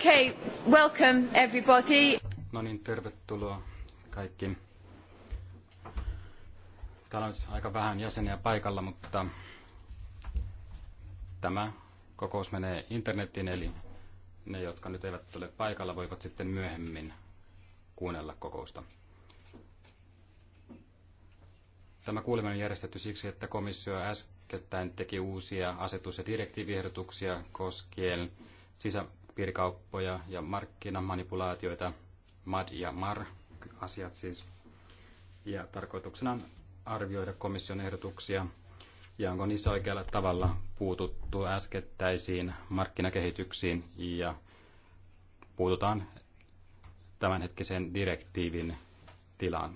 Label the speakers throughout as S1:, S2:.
S1: Okay, welcome everybody.
S2: No niin, tervetuloa kaikki. Täällä on aika vähän jäseniä paikalla, mutta tämä kokous menee internetiin, eli ne, jotka nyt eivät ole paikalla, voivat sitten myöhemmin kuunnella kokousta. Tämä kuuleminen on järjestetty siksi, että komissio äskettäin teki uusia asetus- ja direktiiviehdotuksia koskien sisä- piirikauppoja ja markkinamanipulaatioita, MAD ja MAR-asiat siis. Ja tarkoituksena on arvioida komission ehdotuksia ja onko niissä oikealla tavalla puututtu äskettäisiin markkinakehityksiin ja puututaan tämänhetkisen direktiivin tilaan.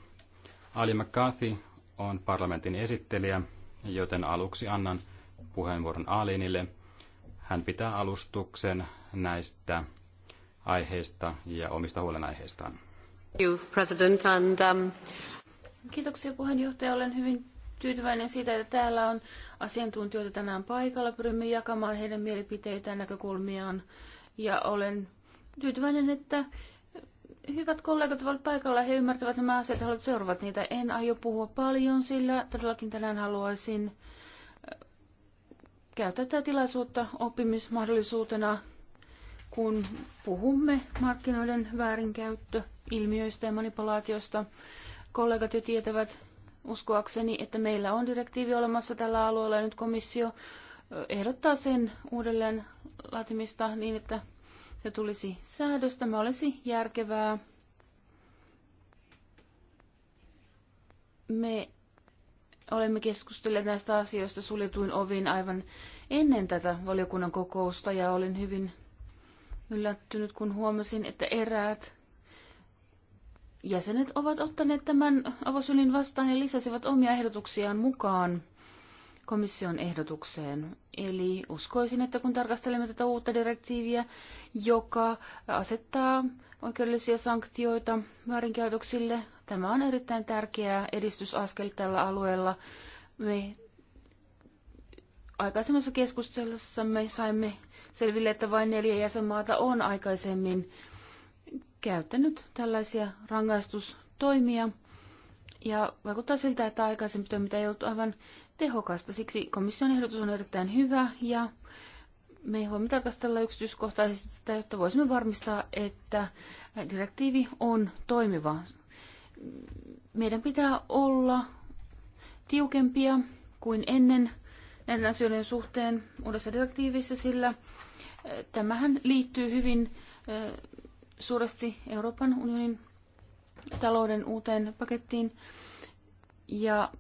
S2: Ali McCarthy on parlamentin esittelijä, joten aluksi annan puheenvuoron Alinille. Hän pitää alustuksen näistä aiheista ja omista huolenaiheistaan.
S3: Um,
S4: Kiitoksia puheenjohtaja. Olen hyvin tyytyväinen siitä, että täällä on asiantuntijoita tänään paikalla. Pyrimme jakamaan heidän mielipiteitään, näkökulmiaan. Ja olen tyytyväinen, että hyvät kollegat ovat paikalla. He ymmärtävät nämä asiat ja seuraavat niitä. En aio puhua paljon, sillä todellakin tänään haluaisin äh, käyttää tätä tilaisuutta oppimismahdollisuutena kun puhumme markkinoiden väärinkäyttöilmiöistä ja manipulaatiosta. Kollegat jo tietävät uskoakseni, että meillä on direktiivi olemassa tällä alueella ja nyt komissio ehdottaa sen uudelleen laatimista niin, että se tulisi säädöstä. Mä olisi järkevää. Me olemme keskustelleet näistä asioista suljetuin ovin aivan ennen tätä valiokunnan kokousta ja olin hyvin yllättynyt, kun huomasin, että eräät jäsenet ovat ottaneet tämän avosylin vastaan ja lisäsivät omia ehdotuksiaan mukaan komission ehdotukseen. Eli uskoisin, että kun tarkastelemme tätä uutta direktiiviä, joka asettaa oikeudellisia sanktioita väärinkäytöksille, tämä on erittäin tärkeä edistysaskel tällä alueella. Me aikaisemmassa me saimme selville, että vain neljä jäsenmaata on aikaisemmin käyttänyt tällaisia rangaistustoimia. Ja vaikuttaa siltä, että aikaisempi toiminta ei ollut aivan tehokasta. Siksi komission ehdotus on erittäin hyvä ja me voimme tarkastella yksityiskohtaisesti tätä, jotta voisimme varmistaa, että direktiivi on toimiva. Meidän pitää olla tiukempia kuin ennen näiden asioiden suhteen uudessa direktiivissä, sillä eh, tämähän liittyy hyvin eh, suuresti Euroopan unionin talouden uuteen pakettiin ja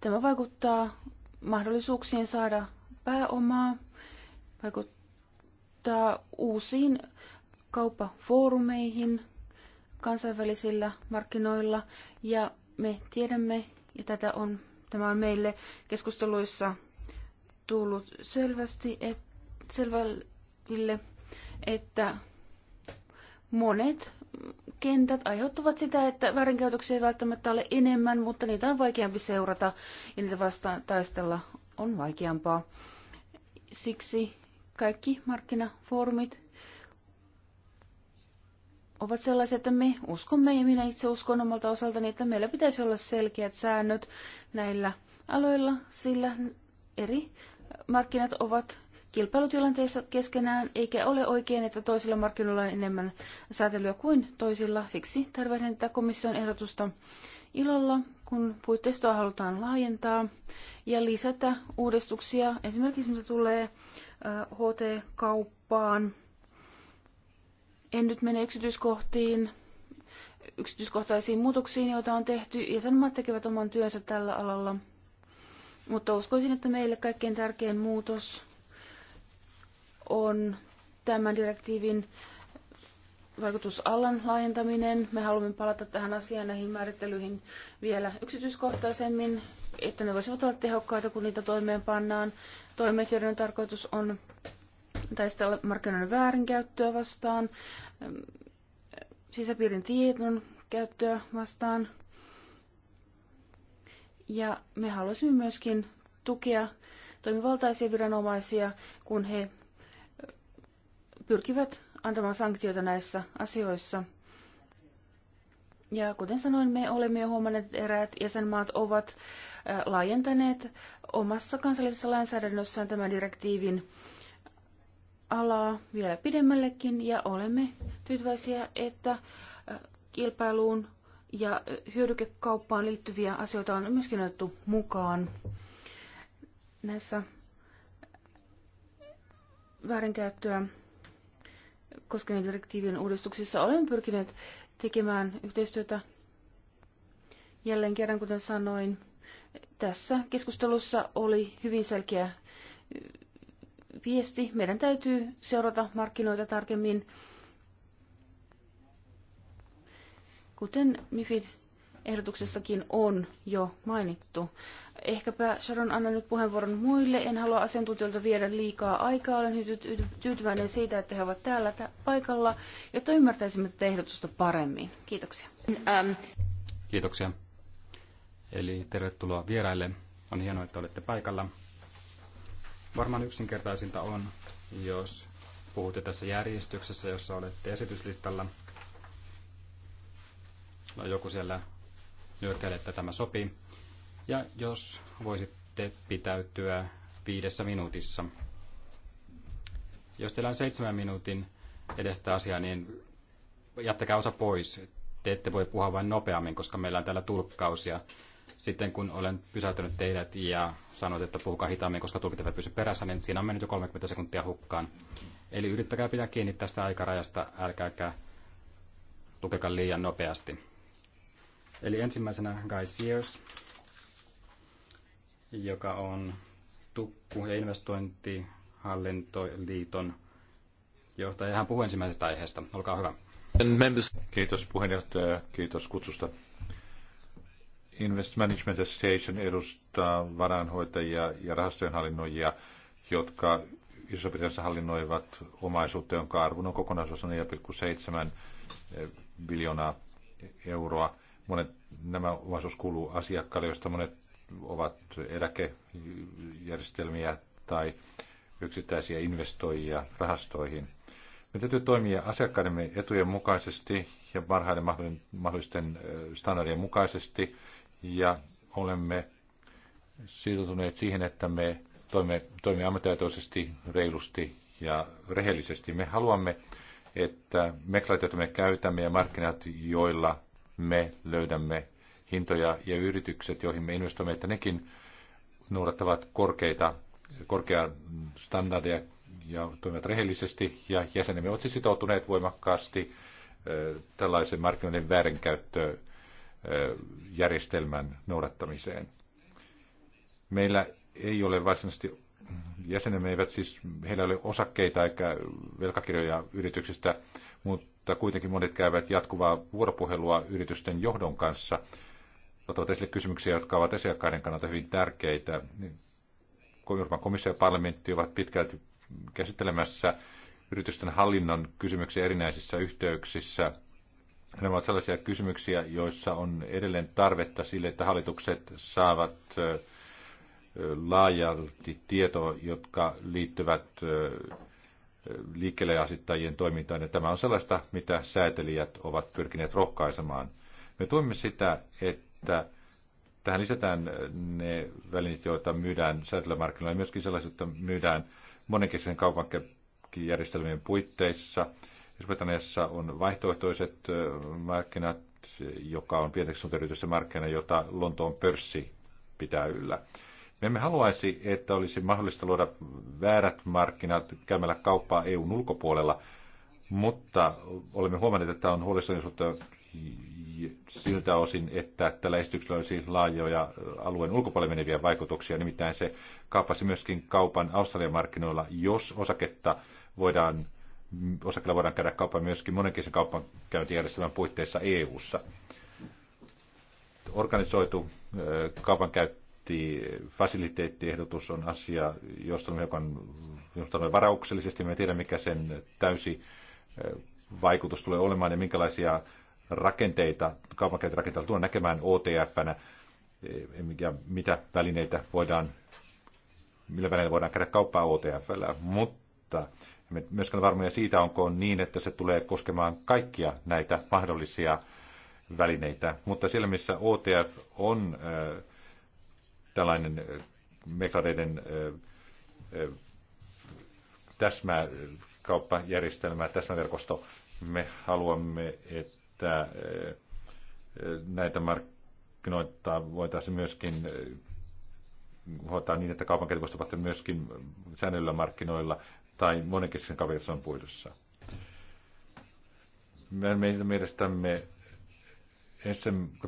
S4: tämä vaikuttaa mahdollisuuksiin saada pääomaa, vaikuttaa uusiin kauppafoorumeihin kansainvälisillä markkinoilla ja me tiedämme, ja tätä on, tämä on meille keskusteluissa tullut selvästi, et, selville, että monet kentät aiheuttavat sitä, että väärinkäytöksiä ei välttämättä ole enemmän, mutta niitä on vaikeampi seurata ja niitä vastaan taistella on vaikeampaa. Siksi kaikki markkinafoorumit ovat sellaisia, että me uskomme ja minä itse uskon omalta osaltani, että meillä pitäisi olla selkeät säännöt näillä aloilla, sillä eri markkinat ovat kilpailutilanteessa keskenään, eikä ole oikein, että toisilla markkinoilla on enemmän säätelyä kuin toisilla. Siksi tervehdin tätä komission ehdotusta ilolla, kun puitteistoa halutaan laajentaa ja lisätä uudistuksia, esimerkiksi mitä tulee HT-kauppaan. En nyt mene yksityiskohtiin, yksityiskohtaisiin muutoksiin, joita on tehty. Jäsenmaat tekevät oman työnsä tällä alalla – mutta uskoisin, että meille kaikkein tärkein muutos on tämän direktiivin vaikutusalan laajentaminen. Me haluamme palata tähän asiaan näihin määrittelyihin vielä yksityiskohtaisemmin, että ne voisivat olla tehokkaita, kun niitä toimeenpannaan. Toimet, joiden tarkoitus on taistella markkinoiden väärinkäyttöä vastaan, sisäpiirin tiedon käyttöä vastaan, ja me haluaisimme myöskin tukea toimivaltaisia viranomaisia, kun he pyrkivät antamaan sanktioita näissä asioissa. Ja kuten sanoin, me olemme jo huomanneet, että eräät jäsenmaat ovat laajentaneet omassa kansallisessa lainsäädännössään tämän direktiivin alaa vielä pidemmällekin ja olemme tyytyväisiä, että kilpailuun ja hyödykekauppaan liittyviä asioita on myöskin otettu mukaan näissä väärinkäyttöä koskevien direktiivien uudistuksissa. Olen pyrkinyt tekemään yhteistyötä jälleen kerran, kuten sanoin. Tässä keskustelussa oli hyvin selkeä viesti. Meidän täytyy seurata markkinoita tarkemmin kuten MIFID ehdotuksessakin on jo mainittu. Ehkäpä Sharon anna nyt puheenvuoron muille. En halua asiantuntijoilta viedä liikaa aikaa. Olen tyytyväinen siitä, että he ovat täällä paikalla, jotta ymmärtäisimme tätä ehdotusta paremmin. Kiitoksia. Ähm.
S2: Kiitoksia. Eli tervetuloa vieraille. On hienoa, että olette paikalla. Varmaan yksinkertaisinta on, jos puhutte tässä järjestyksessä, jossa olette esityslistalla – No, joku siellä nyökkäilee, että tämä sopii. Ja jos voisitte pitäytyä viidessä minuutissa. Jos teillä on seitsemän minuutin edestä asiaa, niin jättäkää osa pois. Te ette voi puhua vain nopeammin, koska meillä on täällä tulkkaus. Ja sitten kun olen pysäyttänyt teidät ja sanoit, että puhukaa hitaammin, koska tulkit eivät pysy perässä, niin siinä on mennyt jo 30 sekuntia hukkaan. Eli yrittäkää pitää kiinni tästä aikarajasta, älkääkä lukeka liian nopeasti. Eli ensimmäisenä Guy Sears, joka on tukku- ja investointihallintoliiton
S3: johtaja. Hän puhuu ensimmäisestä aiheesta. Olkaa hyvä. Kiitos puheenjohtaja, kiitos kutsusta. Invest Management Association edustaa varainhoitajia ja rahastojen hallinnoijia, jotka Iso-Britanniassa hallinnoivat omaisuutta, jonka arvon on kokonaisuudessa 4,7 eh, biljoonaa euroa. Monet, nämä omaisuus kuuluu asiakkaille, joista monet ovat eläkejärjestelmiä tai yksittäisiä investoijia rahastoihin. Me täytyy toimia asiakkaidemme etujen mukaisesti ja parhaiden mahdollisten standardien mukaisesti ja olemme sitoutuneet siihen, että me toimme, toimimme ammattitaitoisesti, reilusti ja rehellisesti. Me haluamme, että meklarit, me käytämme ja markkinat, joilla me löydämme hintoja ja yritykset, joihin me investoimme, että nekin noudattavat korkeita, korkeaa standardeja ja toimivat rehellisesti ja jäsenemme ovat siis sitoutuneet voimakkaasti tällaisen markkinoiden väärinkäyttöjärjestelmän noudattamiseen. Meillä ei ole varsinaisesti, jäsenemme eivät siis, heillä ei ole osakkeita eikä velkakirjoja yrityksistä, mutta kuitenkin monet käyvät jatkuvaa vuoropuhelua yritysten johdon kanssa, ottavat esille kysymyksiä, jotka ovat asiakkaiden kannalta hyvin tärkeitä. Niin, Euroopan komissio ja parlamentti ovat pitkälti käsittelemässä yritysten hallinnon kysymyksiä erinäisissä yhteyksissä. Nämä ovat sellaisia kysymyksiä, joissa on edelleen tarvetta sille, että hallitukset saavat laajalti tietoa, jotka liittyvät liikkeelle asittajien toimintaan, ja tämä on sellaista, mitä säätelijät ovat pyrkineet rohkaisemaan. Me tuemme sitä, että tähän lisätään ne välineet, joita myydään säätelymarkkinoilla, ja myöskin sellaiset, joita myydään monenkeskisen kaupankäyntijärjestelmien puitteissa. Britanniassa on vaihtoehtoiset markkinat, joka on pieneksi yritysten markkina, jota Lontoon pörssi pitää yllä. Me emme haluaisi, että olisi mahdollista luoda väärät markkinat käymällä kauppaa EUn ulkopuolella, mutta olemme huomanneet, että on huolestuneisuutta siltä osin, että tällä esityksellä olisi laajoja alueen ulkopuolelle meneviä vaikutuksia. Nimittäin se kaupasi myöskin kaupan Australian markkinoilla, jos osaketta voidaan, osakella voidaan käydä kauppa myöskin monenkin kaupan käyntijärjestelmän puitteissa EU-ssa. Organisoitu kaupankäyttö Tietysti fasiliteettiehdotus on asia, josta olemme on, josta olemme varauksellisesti. Me tiedämme, mikä sen täysi vaikutus tulee olemaan ja minkälaisia rakenteita kaupankäyntirakenteella tulee näkemään otf e, ja mitä välineitä voidaan, millä välineillä voidaan käydä kauppaa OTFllä, mutta myöskin myöskään varmoja siitä, onko niin, että se tulee koskemaan kaikkia näitä mahdollisia välineitä, mutta siellä missä OTF on äh, tällainen mekareiden täsmäkauppajärjestelmä, täsmäverkosto. Me haluamme, että näitä markkinoita voitaisiin myöskin hoitaa niin, että kaupankäynti voisi tapahtua myöskin säännöllä markkinoilla tai monenkeskisen kaupankäytön puidossa. Meidän mielestämme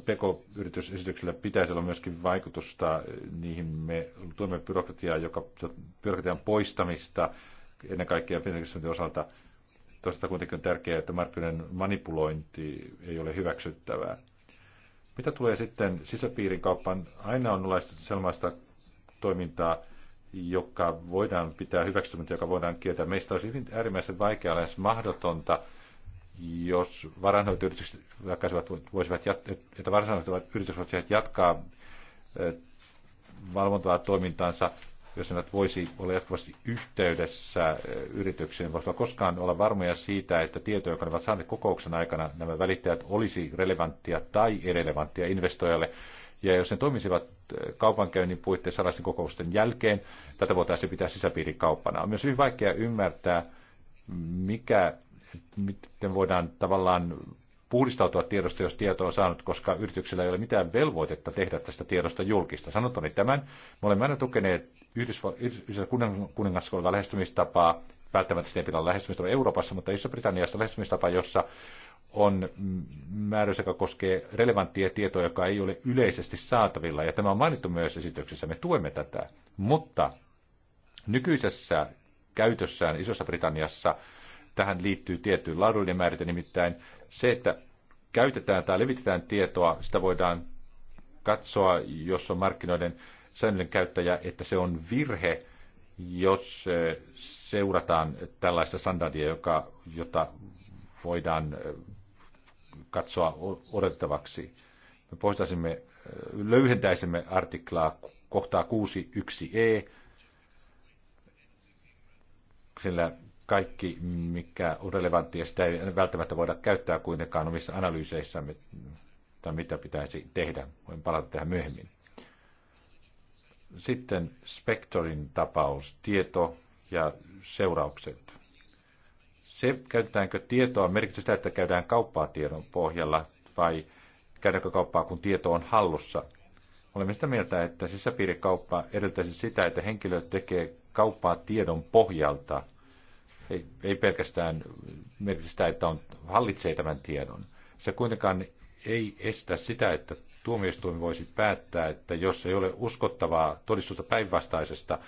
S3: pk yritysesityksellä pitäisi olla myöskin vaikutusta eh, niihin. Me tuemme byrokratiaa, joka, byrokratian poistamista ennen kaikkea finanssityön osalta. Toista kuitenkin on tärkeää, että markkinoiden manipulointi ei ole hyväksyttävää. Mitä tulee sitten sisäpiirin kauppaan, aina on sellaista toimintaa, joka voidaan pitää hyväksymättä, joka voidaan kieltää. Meistä olisi hyvin äärimmäisen vaikeaa, lähes mahdotonta jos varainhoitoyritykset voisivat, että varainhoitoyritykset voisivat jatkaa valvontaa toimintaansa, jos ne voisi olla jatkuvasti yhteydessä yritykseen, voisivat koskaan olla varmoja siitä, että tietoja, jotka ne ovat saaneet kokouksen aikana, nämä välittäjät olisi relevanttia tai irrelevanttia investoijalle. Ja jos ne toimisivat kaupankäynnin puitteissa salaisten kokousten jälkeen, tätä voitaisiin pitää kauppana. On myös hyvin vaikea ymmärtää, mikä miten voidaan tavallaan puhdistautua tiedosta, jos tietoa on saanut, koska yrityksellä ei ole mitään velvoitetta tehdä tästä tiedosta julkista. sanottoni tämän, me olemme aina tukeneet Yhdysvallan kuningaskunnan lähestymistapaa, välttämättä sitä ei pidä lähestymistapa Euroopassa, mutta Iso-Britanniasta lähestymistapa, jossa on määräys, joka koskee relevanttia tietoa, joka ei ole yleisesti saatavilla. Ja tämä on mainittu myös esityksessä. Me tuemme tätä. Mutta nykyisessä käytössään Isossa Britanniassa tähän liittyy tietty laadullinen määrite, nimittäin se, että käytetään tai levitetään tietoa, sitä voidaan katsoa, jos on markkinoiden säännöllinen käyttäjä, että se on virhe, jos seurataan tällaista standardia, joka, jota voidaan katsoa odotettavaksi. Me poistaisimme, löyhentäisimme artiklaa kohtaa 6.1e, sillä kaikki, mikä on relevanttia, sitä ei välttämättä voida käyttää kuitenkaan omissa analyyseissamme, tai mitä pitäisi tehdä. Voin palata tähän myöhemmin. Sitten spektorin tapaus, tieto ja seuraukset. Se, käytetäänkö tietoa, merkitsee sitä, että käydään kauppaa tiedon pohjalla, vai käydäänkö kauppaa, kun tieto on hallussa. Olemme sitä mieltä, että sisäpiirikauppa edellyttäisi sitä, että henkilö tekee kauppaa tiedon pohjalta – ei, ei pelkästään merkitä että on, hallitsee tämän tiedon. Se kuitenkaan ei estä sitä, että tuomioistuin voisi päättää, että jos ei ole uskottavaa todistusta päinvastaisesta,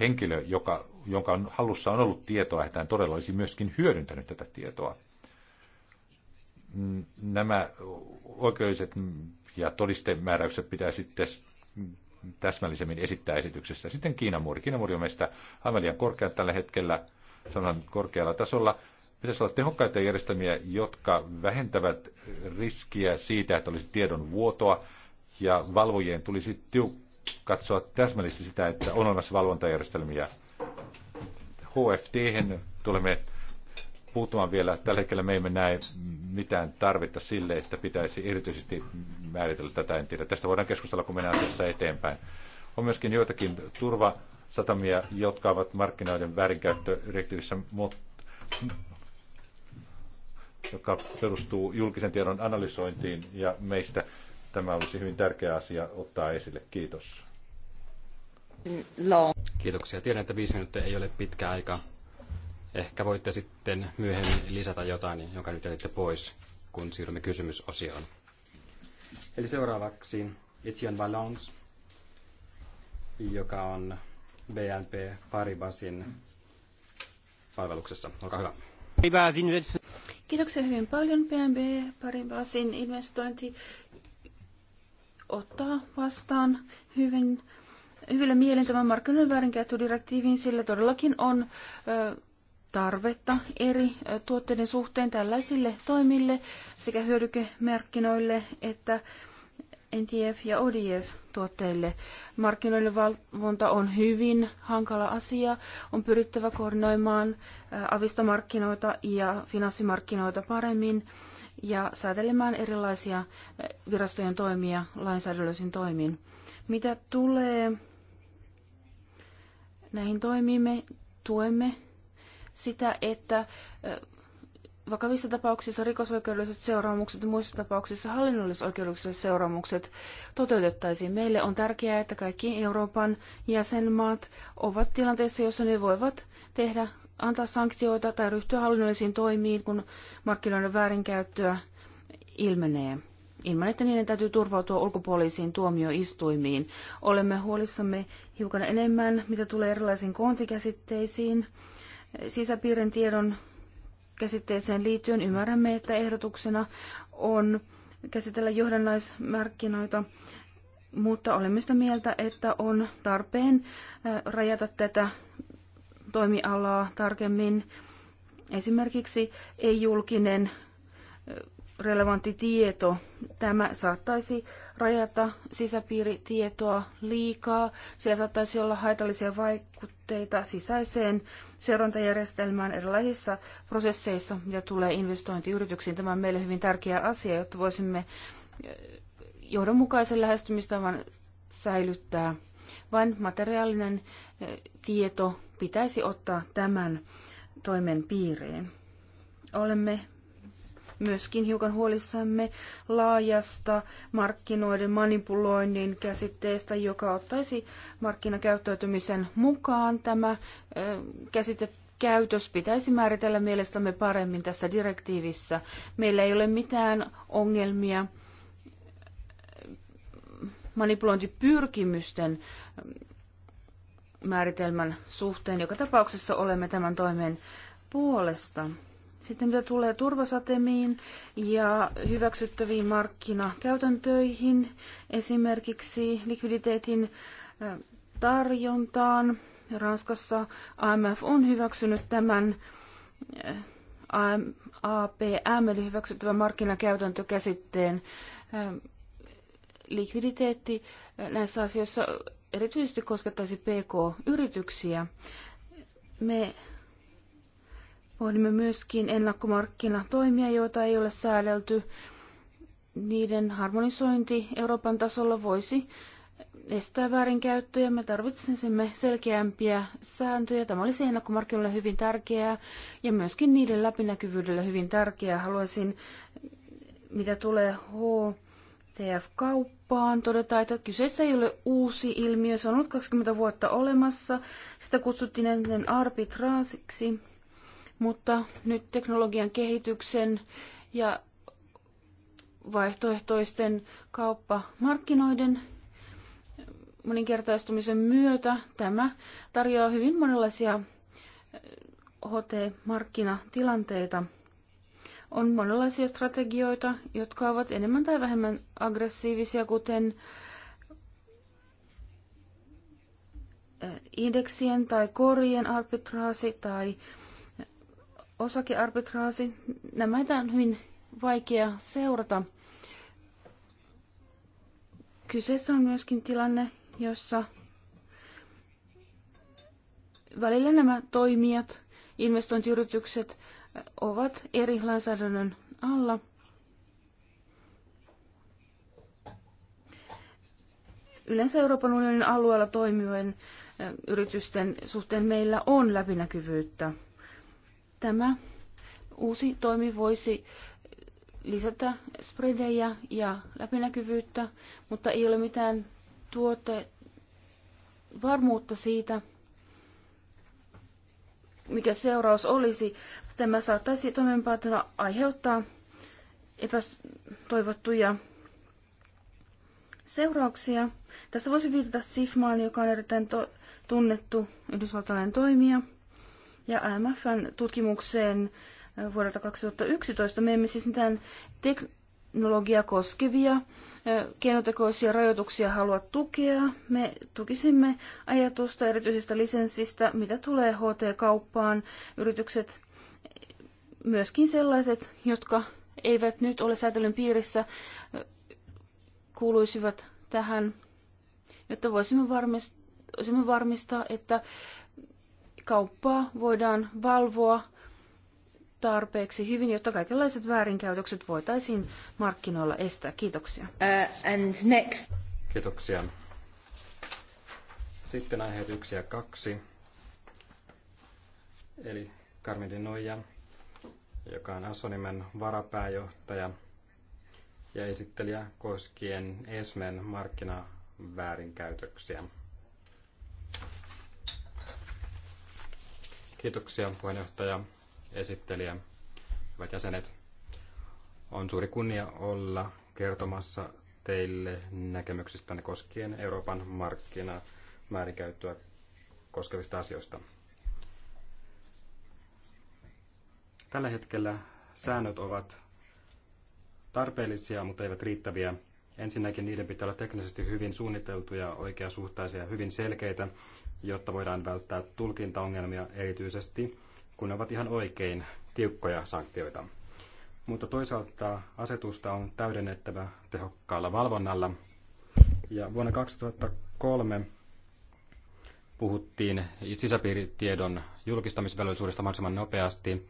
S3: henkilö, joka, jonka on, hallussa on ollut tietoa, että hän todella olisi myöskin hyödyntänyt tätä tietoa. Mm, nämä oikeudelliset ja todistemääräykset pitää sitten täsmällisemmin esittää esityksessä. Sitten Kiinamuuri. Kiinamuuri on meistä Amelian korkea tällä hetkellä sanan korkealla tasolla. Pitäisi olla tehokkaita järjestelmiä, jotka vähentävät riskiä siitä, että olisi tiedon vuotoa, ja valvojien tulisi tiuk- katsoa täsmällisesti sitä, että on olemassa valvontajärjestelmiä. HFT tulemme puuttumaan vielä. Tällä hetkellä me emme näe mitään tarvetta sille, että pitäisi erityisesti määritellä tätä, en tiedä. Tästä voidaan keskustella, kun mennään tässä eteenpäin. On myöskin joitakin turva satamia, jotka ovat markkinoiden väärinkäyttödirektiivissä, joka perustuu julkisen tiedon analysointiin ja meistä tämä olisi hyvin tärkeä asia ottaa esille. Kiitos.
S2: Kiitoksia. Tiedän, että viisi minuuttia ei ole pitkä aika. Ehkä voitte sitten myöhemmin lisätä jotain, jonka nyt jätitte pois, kun siirrymme kysymysosioon. Eli seuraavaksi Etienne Valence, joka on BNP Paribasin palveluksessa. Olkaa hyvä.
S4: Kiitoksia hyvin paljon. BNP Paribasin investointi ottaa vastaan hyvin, hyvillä mielen tämän markkinoiden väärinkäyttödirektiivin, sillä todellakin on ö, tarvetta eri tuotteiden suhteen tällaisille toimille sekä hyödykemarkkinoille että NTF ja ODF tuotteille. Markkinoille valvonta on hyvin hankala asia. On pyrittävä koordinoimaan avistomarkkinoita ja finanssimarkkinoita paremmin ja säätelemään erilaisia virastojen toimia lainsäädännöllisin toimin. Mitä tulee näihin toimiin, me tuemme sitä, että vakavissa tapauksissa rikosoikeudelliset seuraamukset ja muissa tapauksissa hallinnollisoikeudelliset seuraamukset toteutettaisiin. Meille on tärkeää, että kaikki Euroopan jäsenmaat ovat tilanteessa, jossa ne voivat tehdä, antaa sanktioita tai ryhtyä hallinnollisiin toimiin, kun markkinoiden väärinkäyttöä ilmenee ilman että niiden täytyy turvautua ulkopuolisiin tuomioistuimiin. Olemme huolissamme hiukan enemmän, mitä tulee erilaisiin koontikäsitteisiin, sisäpiirin tiedon käsitteeseen liittyen ymmärrämme, että ehdotuksena on käsitellä johdannaismarkkinoita, mutta olemme sitä mieltä, että on tarpeen rajata tätä toimialaa tarkemmin. Esimerkiksi ei-julkinen relevantti tieto. Tämä saattaisi rajata sisäpiiritietoa liikaa. Siellä saattaisi olla haitallisia vaikutteita sisäiseen seurantajärjestelmään erilaisissa prosesseissa, mitä tulee investointiyrityksiin. Tämä on meille hyvin tärkeä asia, jotta voisimme eh, johdonmukaisen lähestymistavan säilyttää. Vain materiaalinen eh, tieto pitäisi ottaa tämän toimen piiriin. Olemme myöskin hiukan huolissamme laajasta markkinoiden manipuloinnin käsitteestä, joka ottaisi markkinakäyttäytymisen mukaan. Tämä käsite käytös pitäisi määritellä mielestämme paremmin tässä direktiivissä. Meillä ei ole mitään ongelmia manipulointipyrkimysten määritelmän suhteen. Joka tapauksessa olemme tämän toimen puolesta. Sitten mitä tulee turvasatemiin ja hyväksyttäviin markkinakäytäntöihin, esimerkiksi likviditeetin tarjontaan. Ranskassa AMF on hyväksynyt tämän APM eli hyväksyttävän markkinakäytäntökäsitteen likviditeetti näissä asioissa erityisesti koskettaisi PK-yrityksiä. Me Pohdimme myöskin ennakkomarkkinatoimia, joita ei ole säädelty. Niiden harmonisointi Euroopan tasolla voisi estää väärinkäyttöjä. Me tarvitsisimme selkeämpiä sääntöjä. Tämä olisi ennakkomarkkinoille hyvin tärkeää ja myöskin niiden läpinäkyvyydelle hyvin tärkeää. Haluaisin, mitä tulee HTF-kauppaan, todeta, että kyseessä ei ole uusi ilmiö. Se on ollut 20 vuotta olemassa. Sitä kutsuttiin ennen arbitraasiksi mutta nyt teknologian kehityksen ja vaihtoehtoisten kauppamarkkinoiden moninkertaistumisen myötä tämä tarjoaa hyvin monenlaisia HT-markkinatilanteita. Eh, On monenlaisia strategioita, jotka ovat enemmän tai vähemmän aggressiivisia, kuten eh, indeksien tai korien arbitraasi tai osakearbitraasi. Nämä on hyvin vaikea seurata. Kyseessä on myöskin tilanne, jossa välillä nämä toimijat, investointiyritykset ovat eri lainsäädännön alla. Yleensä Euroopan unionin alueella toimivien yritysten suhteen meillä on läpinäkyvyyttä. Tämä uusi toimi voisi lisätä spreadejä ja läpinäkyvyyttä, mutta ei ole mitään tuote varmuutta siitä, mikä seuraus olisi. Tämä saattaisi toimenpäätönä aiheuttaa epätoivottuja seurauksia. Tässä voisi viitata Sifmaan, joka on erittäin tunnettu yhdysvaltalainen toimija – ja IMFn tutkimukseen vuodelta 2011. Me emme siis mitään teknologia koskevia keinotekoisia rajoituksia halua tukea. Me tukisimme ajatusta erityisestä lisenssistä, mitä tulee HT-kauppaan. Yritykset, myöskin sellaiset, jotka eivät nyt ole säätelyn piirissä, kuuluisivat tähän, jotta voisimme varmistaa että kauppaa voidaan valvoa tarpeeksi hyvin, jotta kaikenlaiset väärinkäytökset voitaisiin markkinoilla estää. Kiitoksia. Uh, and next.
S2: Kiitoksia. Sitten aiheet yksi ja kaksi. Eli Carmen de Noja, joka on Asonimen varapääjohtaja ja esittelijä koskien Esmen markkinaväärinkäytöksiä. Kiitoksia puheenjohtaja, esittelijä, hyvät jäsenet. On suuri kunnia olla kertomassa teille näkemyksistänne koskien Euroopan markkina määrinkäyttöä koskevista asioista. Tällä hetkellä säännöt ovat tarpeellisia, mutta eivät riittäviä, Ensinnäkin niiden pitää olla teknisesti hyvin suunniteltuja, oikeasuhtaisia ja hyvin selkeitä, jotta voidaan välttää tulkintaongelmia erityisesti, kun ne ovat ihan oikein tiukkoja sanktioita. Mutta toisaalta asetusta on täydennettävä tehokkaalla valvonnalla. Ja vuonna 2003 puhuttiin sisäpiiritiedon julkistamisvelvollisuudesta mahdollisimman nopeasti.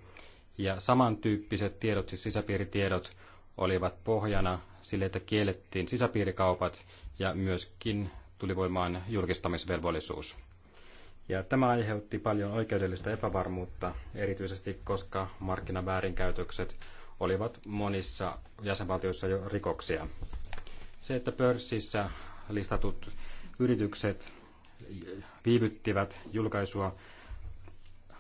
S2: Ja samantyyppiset tiedot, siis sisäpiiritiedot, olivat pohjana sille, että kiellettiin sisäpiirikaupat ja myöskin tuli voimaan julkistamisvelvollisuus. Ja tämä aiheutti paljon oikeudellista epävarmuutta, erityisesti koska markkinaväärinkäytökset olivat monissa jäsenvaltioissa jo rikoksia. Se, että pörssissä listatut yritykset viivyttivät julkaisua,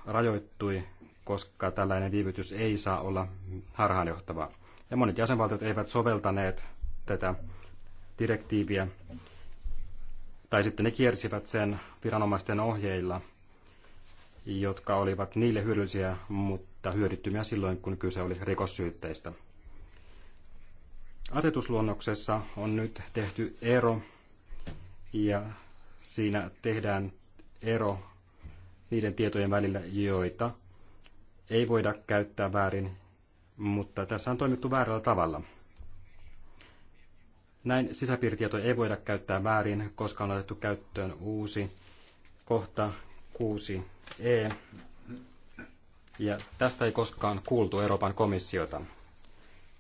S2: rajoittui, koska tällainen viivytys ei saa olla harhaanjohtavaa ja monet jäsenvaltiot eivät soveltaneet tätä direktiiviä, tai sitten ne kiersivät sen viranomaisten ohjeilla, jotka olivat niille hyödyllisiä, mutta hyödyttömiä silloin, kun kyse oli rikossyytteistä. Asetusluonnoksessa on nyt tehty ero, ja siinä tehdään ero niiden tietojen välillä, joita ei voida käyttää väärin mutta tässä on toimittu väärällä tavalla. Näin sisäpiirtietoja ei voida käyttää väärin, koska on otettu käyttöön uusi kohta 6e. Ja tästä ei koskaan kuultu Euroopan komissiota.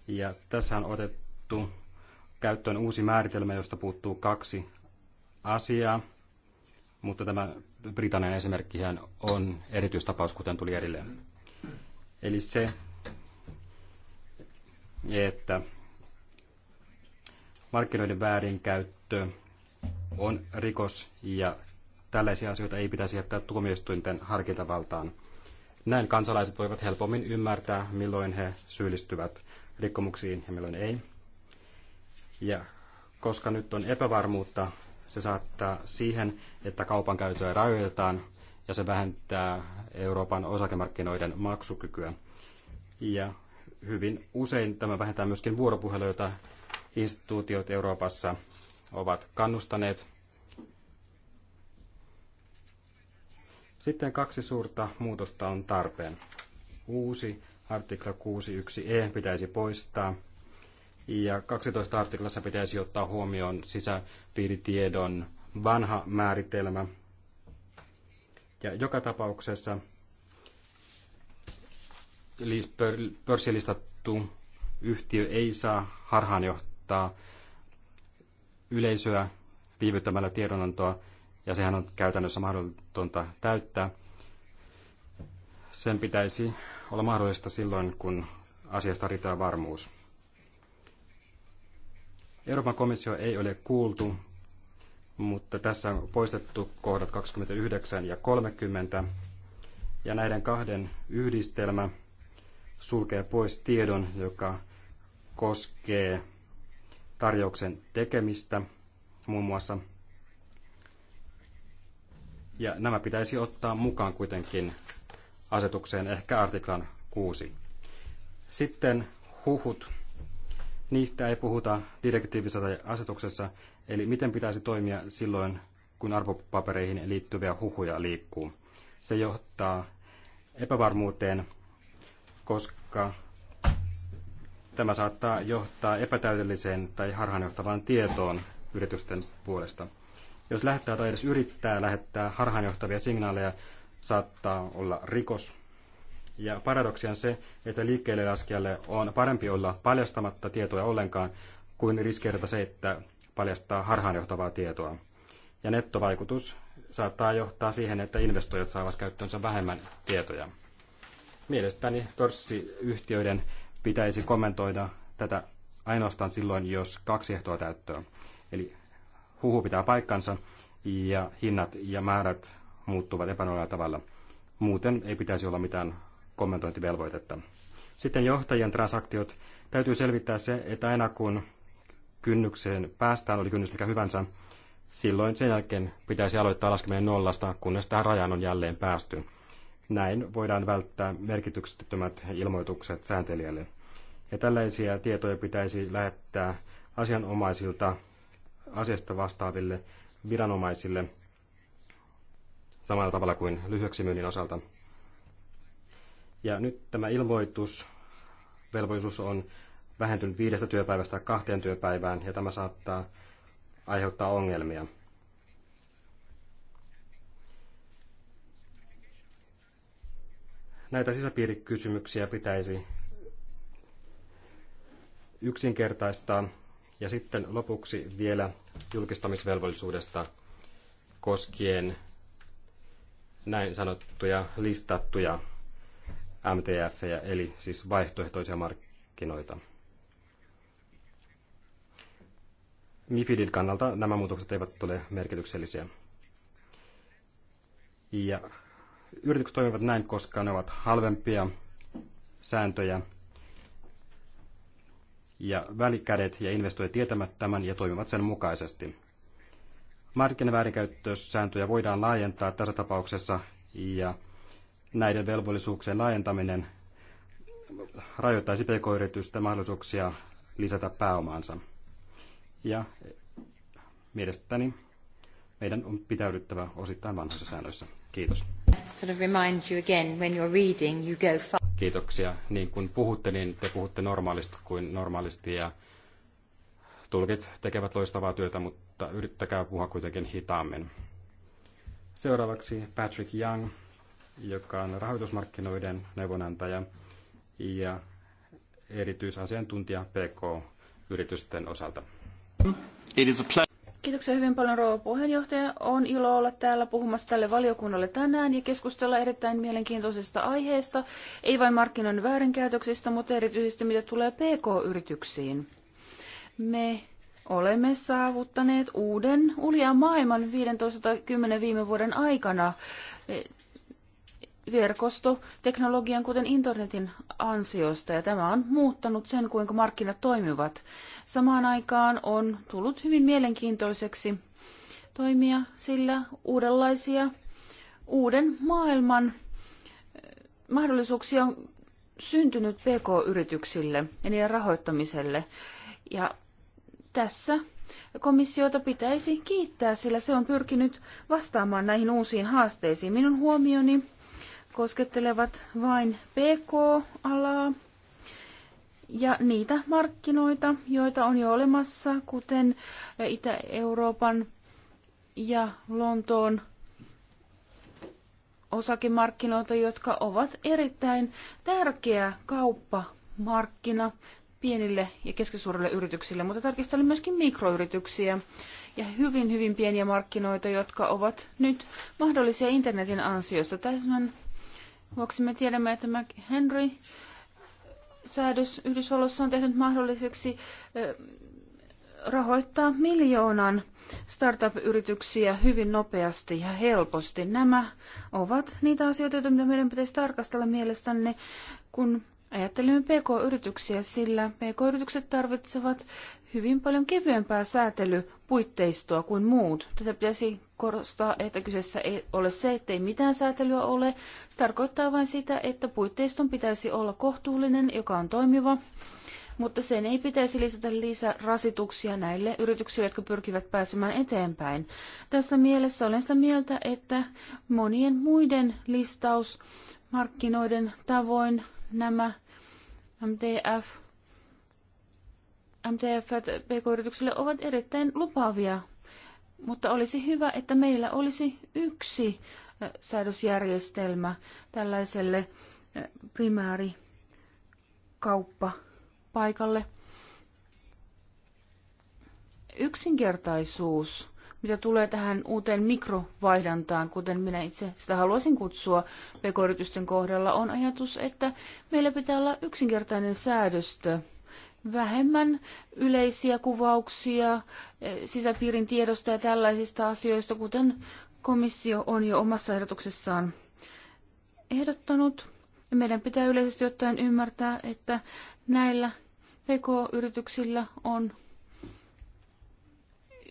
S2: Ja tässä on otettu käyttöön uusi määritelmä, josta puuttuu kaksi asiaa. Mutta tämä Britannian esimerkkihän on erityistapaus, kuten tuli erilleen. Eli se, että markkinoiden väärinkäyttö on rikos ja tällaisia asioita ei pitäisi jättää tuomioistuinten harkintavaltaan. Näin kansalaiset voivat helpommin ymmärtää, milloin he syyllistyvät rikkomuksiin ja milloin ei. Ja koska nyt on epävarmuutta, se saattaa siihen, että kaupankäytöä rajoitetaan ja se vähentää Euroopan osakemarkkinoiden maksukykyä. Ja hyvin usein tämä vähentää myöskin vuoropuhelua, jota instituutiot Euroopassa ovat kannustaneet. Sitten kaksi suurta muutosta on tarpeen. Uusi artikla 61e pitäisi poistaa ja 12 artiklassa pitäisi ottaa huomioon sisäpiiritiedon vanha määritelmä. Ja joka tapauksessa pörssilistattu yhtiö ei saa harhaanjohtaa yleisöä viivyttämällä tiedonantoa, ja sehän on käytännössä mahdotonta täyttää. Sen pitäisi olla mahdollista silloin, kun asiasta riittää varmuus. Euroopan komissio ei ole kuultu, mutta tässä on poistettu kohdat 29 ja 30, ja näiden kahden yhdistelmä – sulkee pois tiedon, joka koskee tarjouksen tekemistä muun muassa. Ja nämä pitäisi ottaa mukaan kuitenkin asetukseen, ehkä artiklan 6. Sitten huhut. Niistä ei puhuta direktiivissä tai asetuksessa, eli miten pitäisi toimia silloin, kun arvopapereihin liittyviä huhuja liikkuu. Se johtaa epävarmuuteen koska tämä saattaa johtaa epätäydelliseen tai harhaanjohtavaan tietoon yritysten puolesta. Jos lähettää tai edes yrittää lähettää harhaanjohtavia signaaleja, saattaa olla rikos. Ja paradoksi on se, että liikkeelle laskijalle on parempi olla paljastamatta tietoja ollenkaan kuin riskeerata se, että paljastaa harhaanjohtavaa tietoa. Ja nettovaikutus saattaa johtaa siihen, että investoijat saavat käyttöönsä vähemmän tietoja. Mielestäni pörssiyhtiöiden pitäisi kommentoida tätä ainoastaan silloin, jos kaksi ehtoa täyttöä. Eli huhu pitää paikkansa ja hinnat ja määrät muuttuvat epänormaalilla tavalla. Muuten ei pitäisi olla mitään kommentointivelvoitetta. Sitten johtajien transaktiot. Täytyy selvittää se, että aina kun kynnykseen päästään, oli kynnys mikä hyvänsä, silloin sen jälkeen pitäisi aloittaa laskeminen nollasta, kunnes tähän rajaan on jälleen päästy. Näin voidaan välttää merkityksettömät ilmoitukset sääntelijälle. Ja tällaisia tietoja pitäisi lähettää asianomaisilta asiasta vastaaville viranomaisille samalla tavalla kuin lyhyeksi myynnin osalta. Ja nyt tämä ilmoitusvelvollisuus on vähentynyt viidestä työpäivästä kahteen työpäivään, ja tämä saattaa aiheuttaa ongelmia. Näitä sisäpiirikysymyksiä pitäisi yksinkertaistaa. Ja sitten lopuksi vielä julkistamisvelvollisuudesta koskien näin sanottuja listattuja MTF, eli siis vaihtoehtoisia markkinoita. MIFIDin kannalta nämä muutokset eivät ole merkityksellisiä. Ja Yritykset toimivat näin, koska ne ovat halvempia sääntöjä ja välikädet ja investoijat tietämät tämän ja toimivat sen mukaisesti. Markkinaväärinkäyttösääntöjä voidaan laajentaa tässä tapauksessa ja näiden velvollisuuksien laajentaminen rajoittaisi pk-yritysten mahdollisuuksia lisätä pääomaansa. Ja mielestäni meidän on pitäydyttävä osittain vanhoissa säännöissä.
S1: Kiitos. Sort of remind you again, when you're reading, you go far.
S2: Kiitoksia. Niin kun puhutte, niin te puhutte normaalisti kuin normaalisti ja tulkit tekevät loistavaa työtä, mutta yrittäkää puhua kuitenkin hitaammin. Seuraavaksi Patrick Young, joka on rahoitusmarkkinoiden neuvonantaja ja erityisasiantuntija PK-yritysten osalta. It
S5: is a
S4: Kiitoksia hyvin paljon rouva puheenjohtaja. On ilo olla täällä puhumassa tälle valiokunnalle tänään ja keskustella erittäin mielenkiintoisesta aiheesta, ei vain markkinoiden väärinkäytöksistä, mutta erityisesti mitä tulee PK-yrityksiin. Me olemme saavuttaneet uuden uljaan maailman 15 10 viime vuoden aikana verkostoteknologian, kuten internetin ansiosta, ja tämä on muuttanut sen, kuinka markkinat toimivat. Samaan aikaan on tullut hyvin mielenkiintoiseksi toimia, sillä uudenlaisia uuden maailman eh, mahdollisuuksia on syntynyt PK-yrityksille ja niiden rahoittamiselle. Ja tässä komissiota pitäisi kiittää, sillä se on pyrkinyt vastaamaan näihin uusiin haasteisiin. Minun huomioni koskettelevat vain PK-alaa ja niitä markkinoita, joita on jo olemassa, kuten Itä-Euroopan ja Lontoon osakemarkkinoita, jotka ovat erittäin tärkeä kauppamarkkina pienille ja keskisuurille yrityksille, mutta tarkistelin myöskin mikroyrityksiä ja hyvin, hyvin pieniä markkinoita, jotka ovat nyt mahdollisia internetin ansiosta. Täsmän vuoksi me tiedämme, että McHenry säädös Yhdysvalloissa on tehnyt mahdolliseksi rahoittaa miljoonan startup-yrityksiä hyvin nopeasti ja helposti. Nämä ovat niitä asioita, joita meidän pitäisi tarkastella mielestänne, kun ajattelemme PK-yrityksiä, sillä PK-yritykset tarvitsevat hyvin paljon kevyempää säätelypuitteistoa kuin muut. Tätä pitäisi korostaa, että kyseessä ei ole se, ettei mitään säätelyä ole. Se tarkoittaa vain sitä, että puitteiston pitäisi olla kohtuullinen, joka on toimiva, mutta sen ei pitäisi lisätä lisärasituksia näille yrityksille, jotka pyrkivät pääsemään eteenpäin. Tässä mielessä olen sitä mieltä, että monien muiden listausmarkkinoiden tavoin nämä MTF MTF PK-yrityksille ovat erittäin lupaavia, mutta olisi hyvä, että meillä olisi yksi säädösjärjestelmä tällaiselle primäärikauppapaikalle. Yksinkertaisuus, mitä tulee tähän uuteen mikrovaihdantaan, kuten minä itse sitä haluaisin kutsua pk kohdalla, on ajatus, että meillä pitää olla yksinkertainen säädöstö – vähemmän yleisiä kuvauksia eh, sisäpiirin tiedosta ja tällaisista asioista, kuten komissio on jo omassa ehdotuksessaan ehdottanut. meidän pitää yleisesti ottaen ymmärtää, että näillä PK-yrityksillä on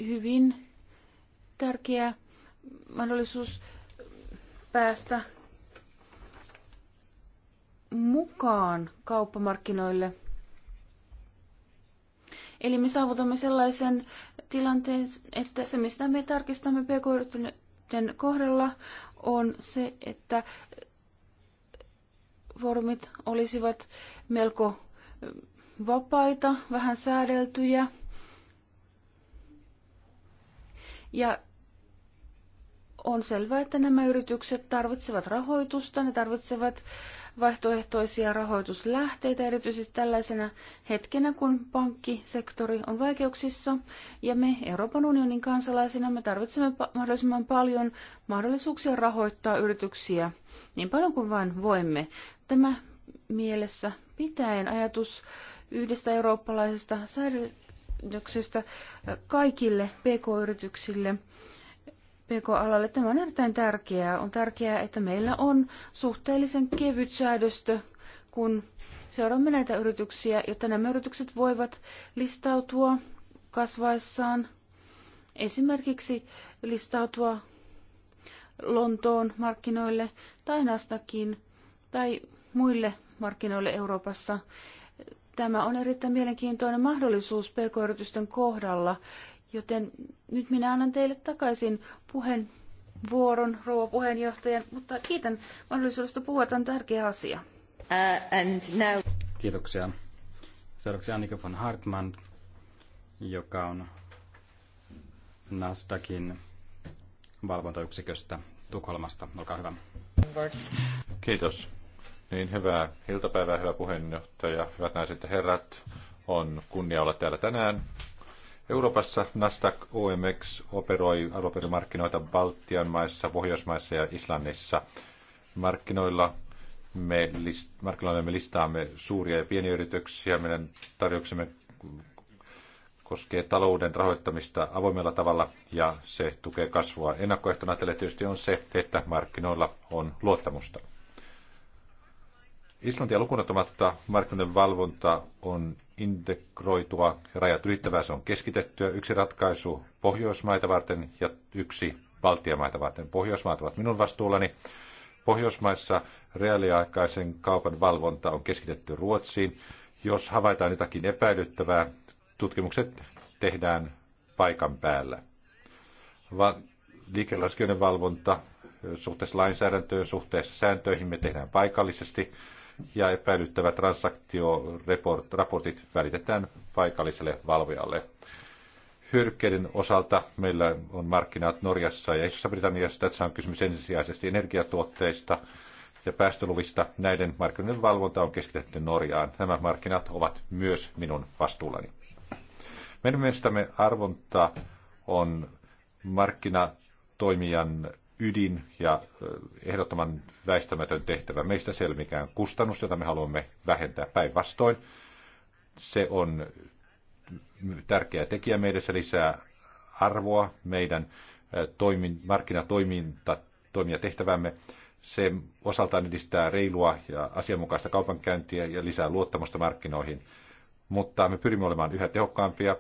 S4: hyvin tärkeä mahdollisuus päästä mukaan kauppamarkkinoille – Eli me saavutamme sellaisen tilanteen, että se mistä me tarkistamme pk-yritysten kohdalla on se, että foorumit olisivat melko vapaita, vähän säädeltyjä. Ja on selvää, että nämä yritykset tarvitsevat rahoitusta, ne tarvitsevat äh, vaihtoehtoisia rahoituslähteitä, erityisesti tällaisena hetkenä, kun pankkisektori on vaikeuksissa. Ja me Euroopan unionin kansalaisina me tarvitsemme mahdollisimman paljon mahdollisuuksia rahoittaa yrityksiä niin paljon kuin vain voimme. Tämä mielessä pitäen ajatus yhdestä eurooppalaisesta säädöksestä kaikille pk-yrityksille PK-alalle. Tämä on erittäin tärkeää. On tärkeää, että meillä on suhteellisen kevyt säädöstö, kun seuraamme näitä yrityksiä, jotta nämä yritykset voivat listautua kasvaessaan, esimerkiksi listautua Lontoon markkinoille tai Nastakin tai muille markkinoille Euroopassa. Tämä on erittäin mielenkiintoinen mahdollisuus pk-yritysten kohdalla Joten nyt minä annan teille takaisin puheenvuoron, rouva puheenjohtajan, mutta kiitän mahdollisuudesta puhua, tämä on tärkeä asia. Uh, and now...
S2: Kiitoksia. Seuraavaksi Annika von Hartmann, joka on Nasdaqin valvontayksiköstä Tukholmasta. Olkaa hyvä.
S3: Kiitos. Niin, hyvää iltapäivää, hyvä puheenjohtaja, hyvät naiset ja herrat. On kunnia olla täällä tänään Euroopassa Nasdaq OMX operoi arvopaperimarkkinoita Baltian maissa, Pohjoismaissa ja Islannissa. Markkinoilla me, list, markkinoilla me listaamme suuria ja pieniä yrityksiä. Meidän tarjouksemme koskee talouden rahoittamista avoimella tavalla ja se tukee kasvua. Ennakkoehtona tälle tietysti on se, että markkinoilla on luottamusta. Islantia lukunottamatta markkinoiden valvonta on integroitua, rajat ylittävää, se on keskitettyä. Yksi ratkaisu Pohjoismaita varten ja yksi Baltiamaita varten. Pohjoismaat ovat minun vastuullani. Pohjoismaissa reaaliaikaisen kaupan valvonta on keskitetty Ruotsiin. Jos havaitaan jotakin epäilyttävää, tutkimukset tehdään paikan päällä. Va- liikelaskijoiden valvonta suhteessa lainsäädäntöön, suhteessa sääntöihin me tehdään paikallisesti ja epäilyttävät transaktioraportit välitetään paikalliselle valvojalle. Hyrkkeiden osalta meillä on markkinat Norjassa ja Isossa-Britanniassa. Tässä on kysymys ensisijaisesti energiatuotteista ja päästöluvista. Näiden markkinoiden valvonta on keskitetty Norjaan. Nämä markkinat ovat myös minun vastuullani. Meidän mielestämme arvonta on markkinatoimijan ydin ja ehdottoman väistämätön tehtävä. Meistä se mikään kustannus, jota me haluamme vähentää päinvastoin. Se on tärkeä tekijä meidän se lisää arvoa meidän toimin, markkinatoiminta, tehtävämme. Se osaltaan edistää reilua ja asianmukaista kaupankäyntiä ja lisää luottamusta markkinoihin. Mutta me pyrimme olemaan yhä tehokkaampia.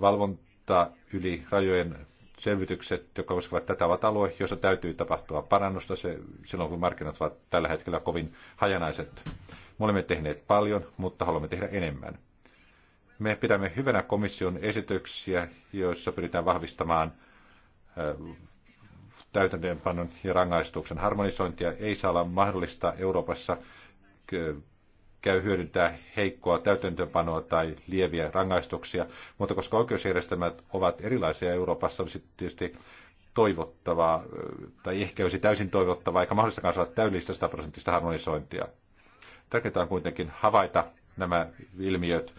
S3: Valvonta yli rajojen selvitykset, jotka koskevat tätä, ovat alue, jossa täytyy tapahtua parannusta se, silloin, kun markkinat ovat tällä hetkellä kovin hajanaiset. Me olemme tehneet paljon, mutta haluamme tehdä enemmän. Me pidämme hyvänä komission esityksiä, joissa pyritään vahvistamaan täytäntöönpanon ja rangaistuksen harmonisointia. Ei saa olla mahdollista Euroopassa käy hyödyntää heikkoa täytäntöpanoa tai lieviä rangaistuksia, mutta koska oikeusjärjestelmät ovat erilaisia Euroopassa, olisi tietysti toivottavaa, tai ehkä olisi täysin toivottavaa, eikä mahdollistakaan saada täydellistä 100 prosenttista harmonisointia. Tärkeintä on kuitenkin havaita nämä ilmiöt.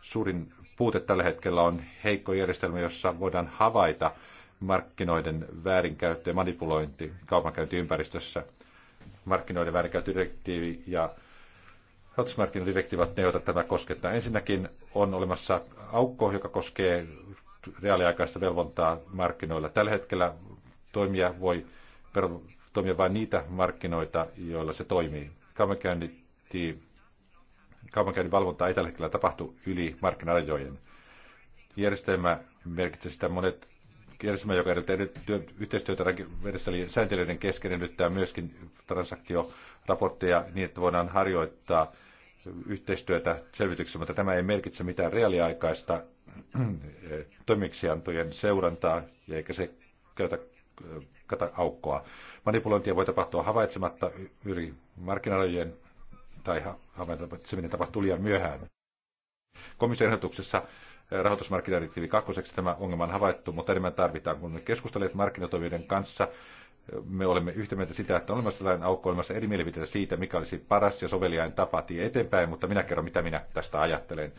S3: Suurin puute tällä hetkellä on heikko järjestelmä, jossa voidaan havaita markkinoiden väärinkäyttö ja manipulointi kaupankäyntiympäristössä. Markkinoiden väärinkäyttödirektiivi ja Hotsmarkin direktiivat ne, joita tämä koskettaa. Ensinnäkin on olemassa aukko, joka koskee reaaliaikaista velvontaa markkinoilla. Tällä hetkellä toimija voi toimia vain niitä markkinoita, joilla se toimii. Kaupankäynnin valvontaa ei tällä hetkellä tapahtu yli markkinarajojen. Järjestelmä merkitsee sitä monet järjestelmä, joka edellyttää yhteistyötä järjestelijien sääntelijöiden kesken, edellyttää myöskin transaktio raportteja niin, että voidaan harjoittaa yhteistyötä selvityksessä, mutta tämä ei merkitse mitään reaaliaikaista toimeksiantojen seurantaa, eikä se käytä kata aukkoa. Manipulointia voi tapahtua havaitsematta yli markkinarajojen tai havaitseminen tapahtuu liian myöhään. Komission ehdotuksessa eh, rahoitusmarkkinadirektiivi kakkoseksi tämä ongelma on havaittu, mutta enemmän tarvitaan. Kun keskustelet markkinatoimijoiden kanssa, me olemme yhtä mieltä sitä, että on olemassa tällainen aukko, olemassa eri mielipiteitä siitä, mikä olisi paras ja soveliain tapa tie eteenpäin, mutta minä kerron, mitä minä tästä ajattelen.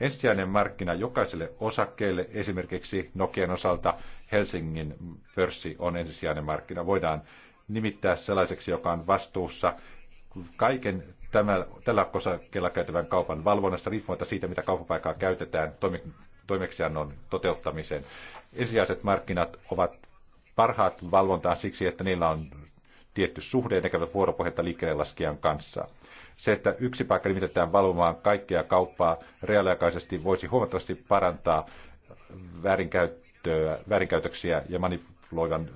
S3: Ensisijainen markkina jokaiselle osakkeelle, esimerkiksi Nokian osalta Helsingin pörssi on ensisijainen markkina. Voidaan nimittää sellaiseksi, joka on vastuussa kaiken tämä, tällä osakkeella käytävän kaupan valvonnasta, riippumatta siitä, mitä kauppapaikkaa käytetään toimeksiannon toteuttamiseen. Ensisijaiset markkinat ovat parhaat valvontaan siksi, että niillä on tietty suhde, ne käyvät vuoropohjalta liikkeelle kanssa. Se, että yksi paikka nimitetään valvomaan kaikkea kauppaa reaaliaikaisesti, voisi huomattavasti parantaa väärinkäyttöä, väärinkäytöksiä ja manipuloivan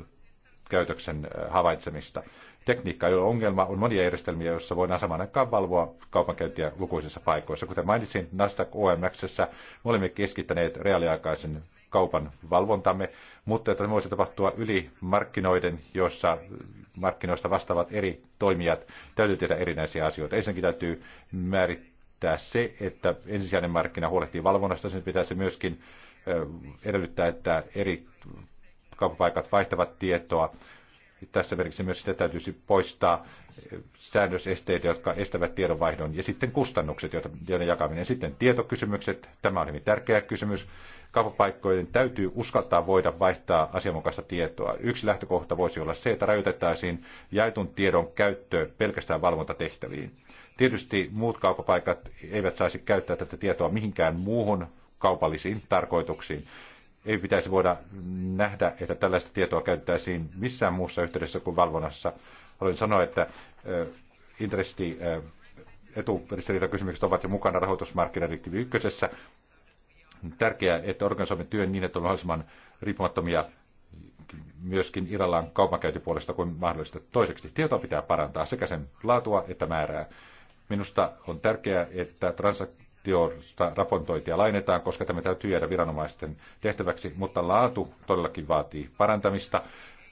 S3: käytöksen äh, havaitsemista. Tekniikka ei ole ongelma, on monia järjestelmiä, joissa voidaan samaan aikaan valvoa kaupankäyntiä lukuisissa paikoissa. Kuten mainitsin, Nasdaq OMXssä me olemme keskittäneet reaaliaikaisen kaupan valvontamme, mutta että voisi tapahtua yli markkinoiden, joissa markkinoista vastaavat eri toimijat täytyy tehdä erinäisiä asioita. Ensinnäkin täytyy määrittää se, että ensisijainen markkina huolehtii valvonnasta, sen pitäisi myöskin edellyttää, että eri kauppapaikat vaihtavat tietoa. Tässä esimerkiksi myös sitä täytyisi poistaa säännösesteitä, jotka estävät tiedonvaihdon, ja sitten kustannukset, joiden jakaminen. Sitten tietokysymykset, tämä on hyvin tärkeä kysymys. Kauppapaikkojen täytyy uskaltaa voida vaihtaa asianmukaista tietoa. Yksi lähtökohta voisi olla se, että rajoitettaisiin jaetun tiedon käyttö pelkästään valvontatehtäviin. Tietysti muut kauppapaikat eivät saisi käyttää tätä tietoa mihinkään muuhun kaupallisiin tarkoituksiin. Ei pitäisi voida nähdä, että tällaista tietoa käytettäisiin missään muussa yhteydessä kuin valvonnassa. Haluan sanoa, että äh, intressi äh, eturistiriitakysymykset ovat jo mukana rahoitusmarkkinadirektiivi ykkösessä, tärkeää, että organisoimme työn niin, että on mahdollisimman riippumattomia myöskin Irallaan kaupankäytipuolesta kuin mahdollista. Toiseksi tietoa pitää parantaa sekä sen laatua että määrää. Minusta on tärkeää, että transaktioista raportointia lainetaan, koska tämä täytyy jäädä viranomaisten tehtäväksi, mutta laatu todellakin vaatii parantamista.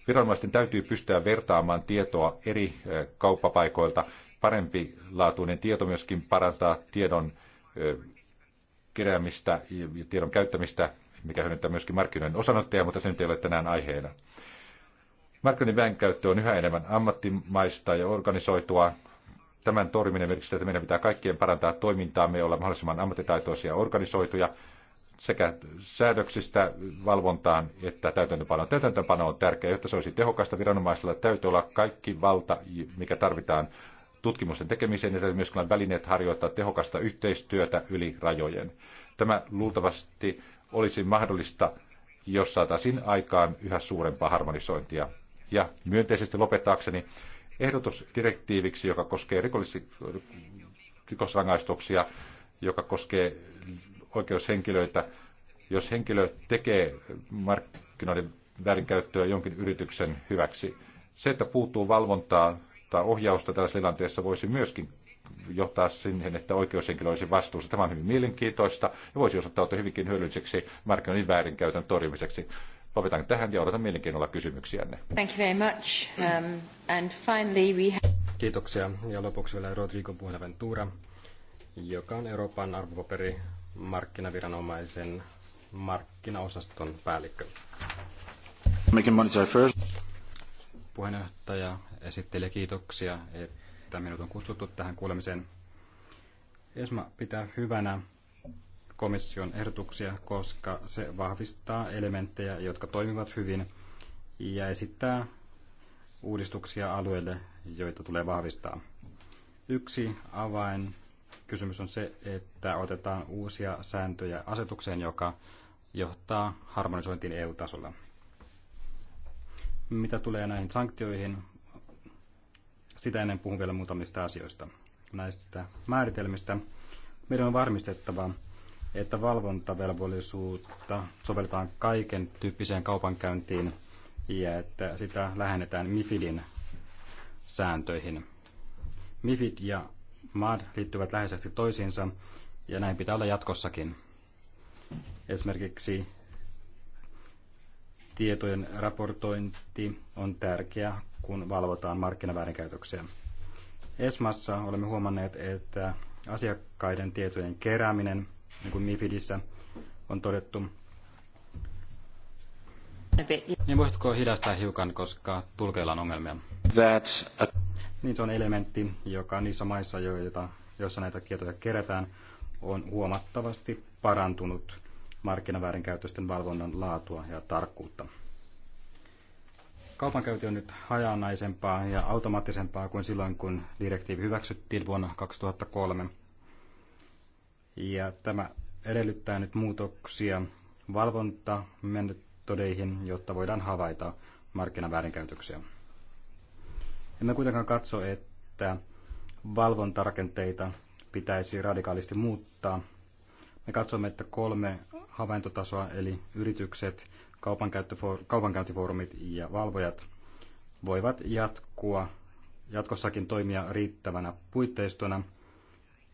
S3: Viranomaisten täytyy pystyä vertaamaan tietoa eri eh, kauppapaikoilta. Parempi laatuinen tieto myöskin parantaa tiedon eh, keräämistä ja tiedon käyttämistä, mikä hyödyntää myöskin markkinoiden osanottaja, mutta se nyt ei ole tänään aiheena. Markkinoiden väenkäyttö on yhä enemmän ammattimaista ja organisoitua. Tämän torjuminen merkitsee, että meidän pitää kaikkien parantaa toimintaa, me olla mahdollisimman ammattitaitoisia ja organisoituja sekä säädöksistä valvontaan että täytäntöpanoon. Täytäntöpano on tärkeä, jotta se olisi tehokasta viranomaisella. Täytyy olla kaikki valta, mikä tarvitaan tutkimusten tekemiseen ja myös välineet harjoittaa tehokasta yhteistyötä yli rajojen. Tämä luultavasti olisi mahdollista, jos saataisiin aikaan yhä suurempaa harmonisointia. Ja myönteisesti lopettaakseni ehdotus direktiiviksi, joka koskee rikosrangaistuksia, joka koskee oikeushenkilöitä, jos henkilö tekee markkinoiden väärinkäyttöä jonkin yrityksen hyväksi. Se, että puuttuu valvontaa, mutta ohjausta tällaisessa tilanteessa voisi myöskin johtaa siihen, että oikeushenkilö olisi vastuussa. Tämä on hyvin mielenkiintoista ja voisi osoittautua hyvinkin hyödylliseksi markkinoinnin väärinkäytön torjumiseksi. Lopetan tähän ja odotan mielenkiinnolla kysymyksiänne.
S1: Thank you very much. Um, and finally we have...
S2: Kiitoksia. Ja lopuksi vielä Rodrigo Buenaventura, joka on Euroopan arvopaperimarkkinaviranomaisen markkinaosaston päällikkö. Making money first. Puheenjohtaja, esittelijä, kiitoksia, että minut on kutsuttu tähän kuulemiseen. ESMA pitää hyvänä komission ehdotuksia, koska se vahvistaa elementtejä, jotka toimivat hyvin ja esittää uudistuksia alueille, joita tulee vahvistaa. Yksi avain kysymys on se, että otetaan uusia sääntöjä asetukseen, joka johtaa harmonisointiin EU-tasolla. Mitä tulee näihin sanktioihin, sitä ennen puhun vielä muutamista asioista. Näistä määritelmistä meidän on varmistettava, että valvontavelvollisuutta sovelletaan kaiken tyyppiseen kaupankäyntiin ja että sitä lähennetään MIFIDin sääntöihin. MIFID ja MAD liittyvät läheisesti toisiinsa ja näin pitää olla jatkossakin. Esimerkiksi tietojen raportointi on tärkeää kun valvotaan markkinaväärinkäytöksiä. ESMassa olemme huomanneet, että asiakkaiden tietojen kerääminen, niin kuin MIFIDissä on todettu, niin voisitko hidastaa hiukan, koska tulkeilla on ongelmia?
S1: That a...
S2: Niin se on elementti, joka niissä maissa, joita, joissa näitä tietoja kerätään, on huomattavasti parantunut markkinaväärinkäytösten valvonnan laatua ja tarkkuutta. Kaupankäynti on nyt hajanaisempaa ja automaattisempaa kuin silloin, kun direktiivi hyväksyttiin vuonna 2003. Ja tämä edellyttää nyt muutoksia valvontamenetodeihin, jotta voidaan havaita markkinaväärinkäytöksiä. Emme kuitenkaan katso, että valvontarakenteita pitäisi radikaalisti muuttaa. Me katsomme, että kolme havaintotasoa, eli yritykset, kaupankäyntifoorumit ja valvojat voivat jatkua, jatkossakin toimia riittävänä puitteistona,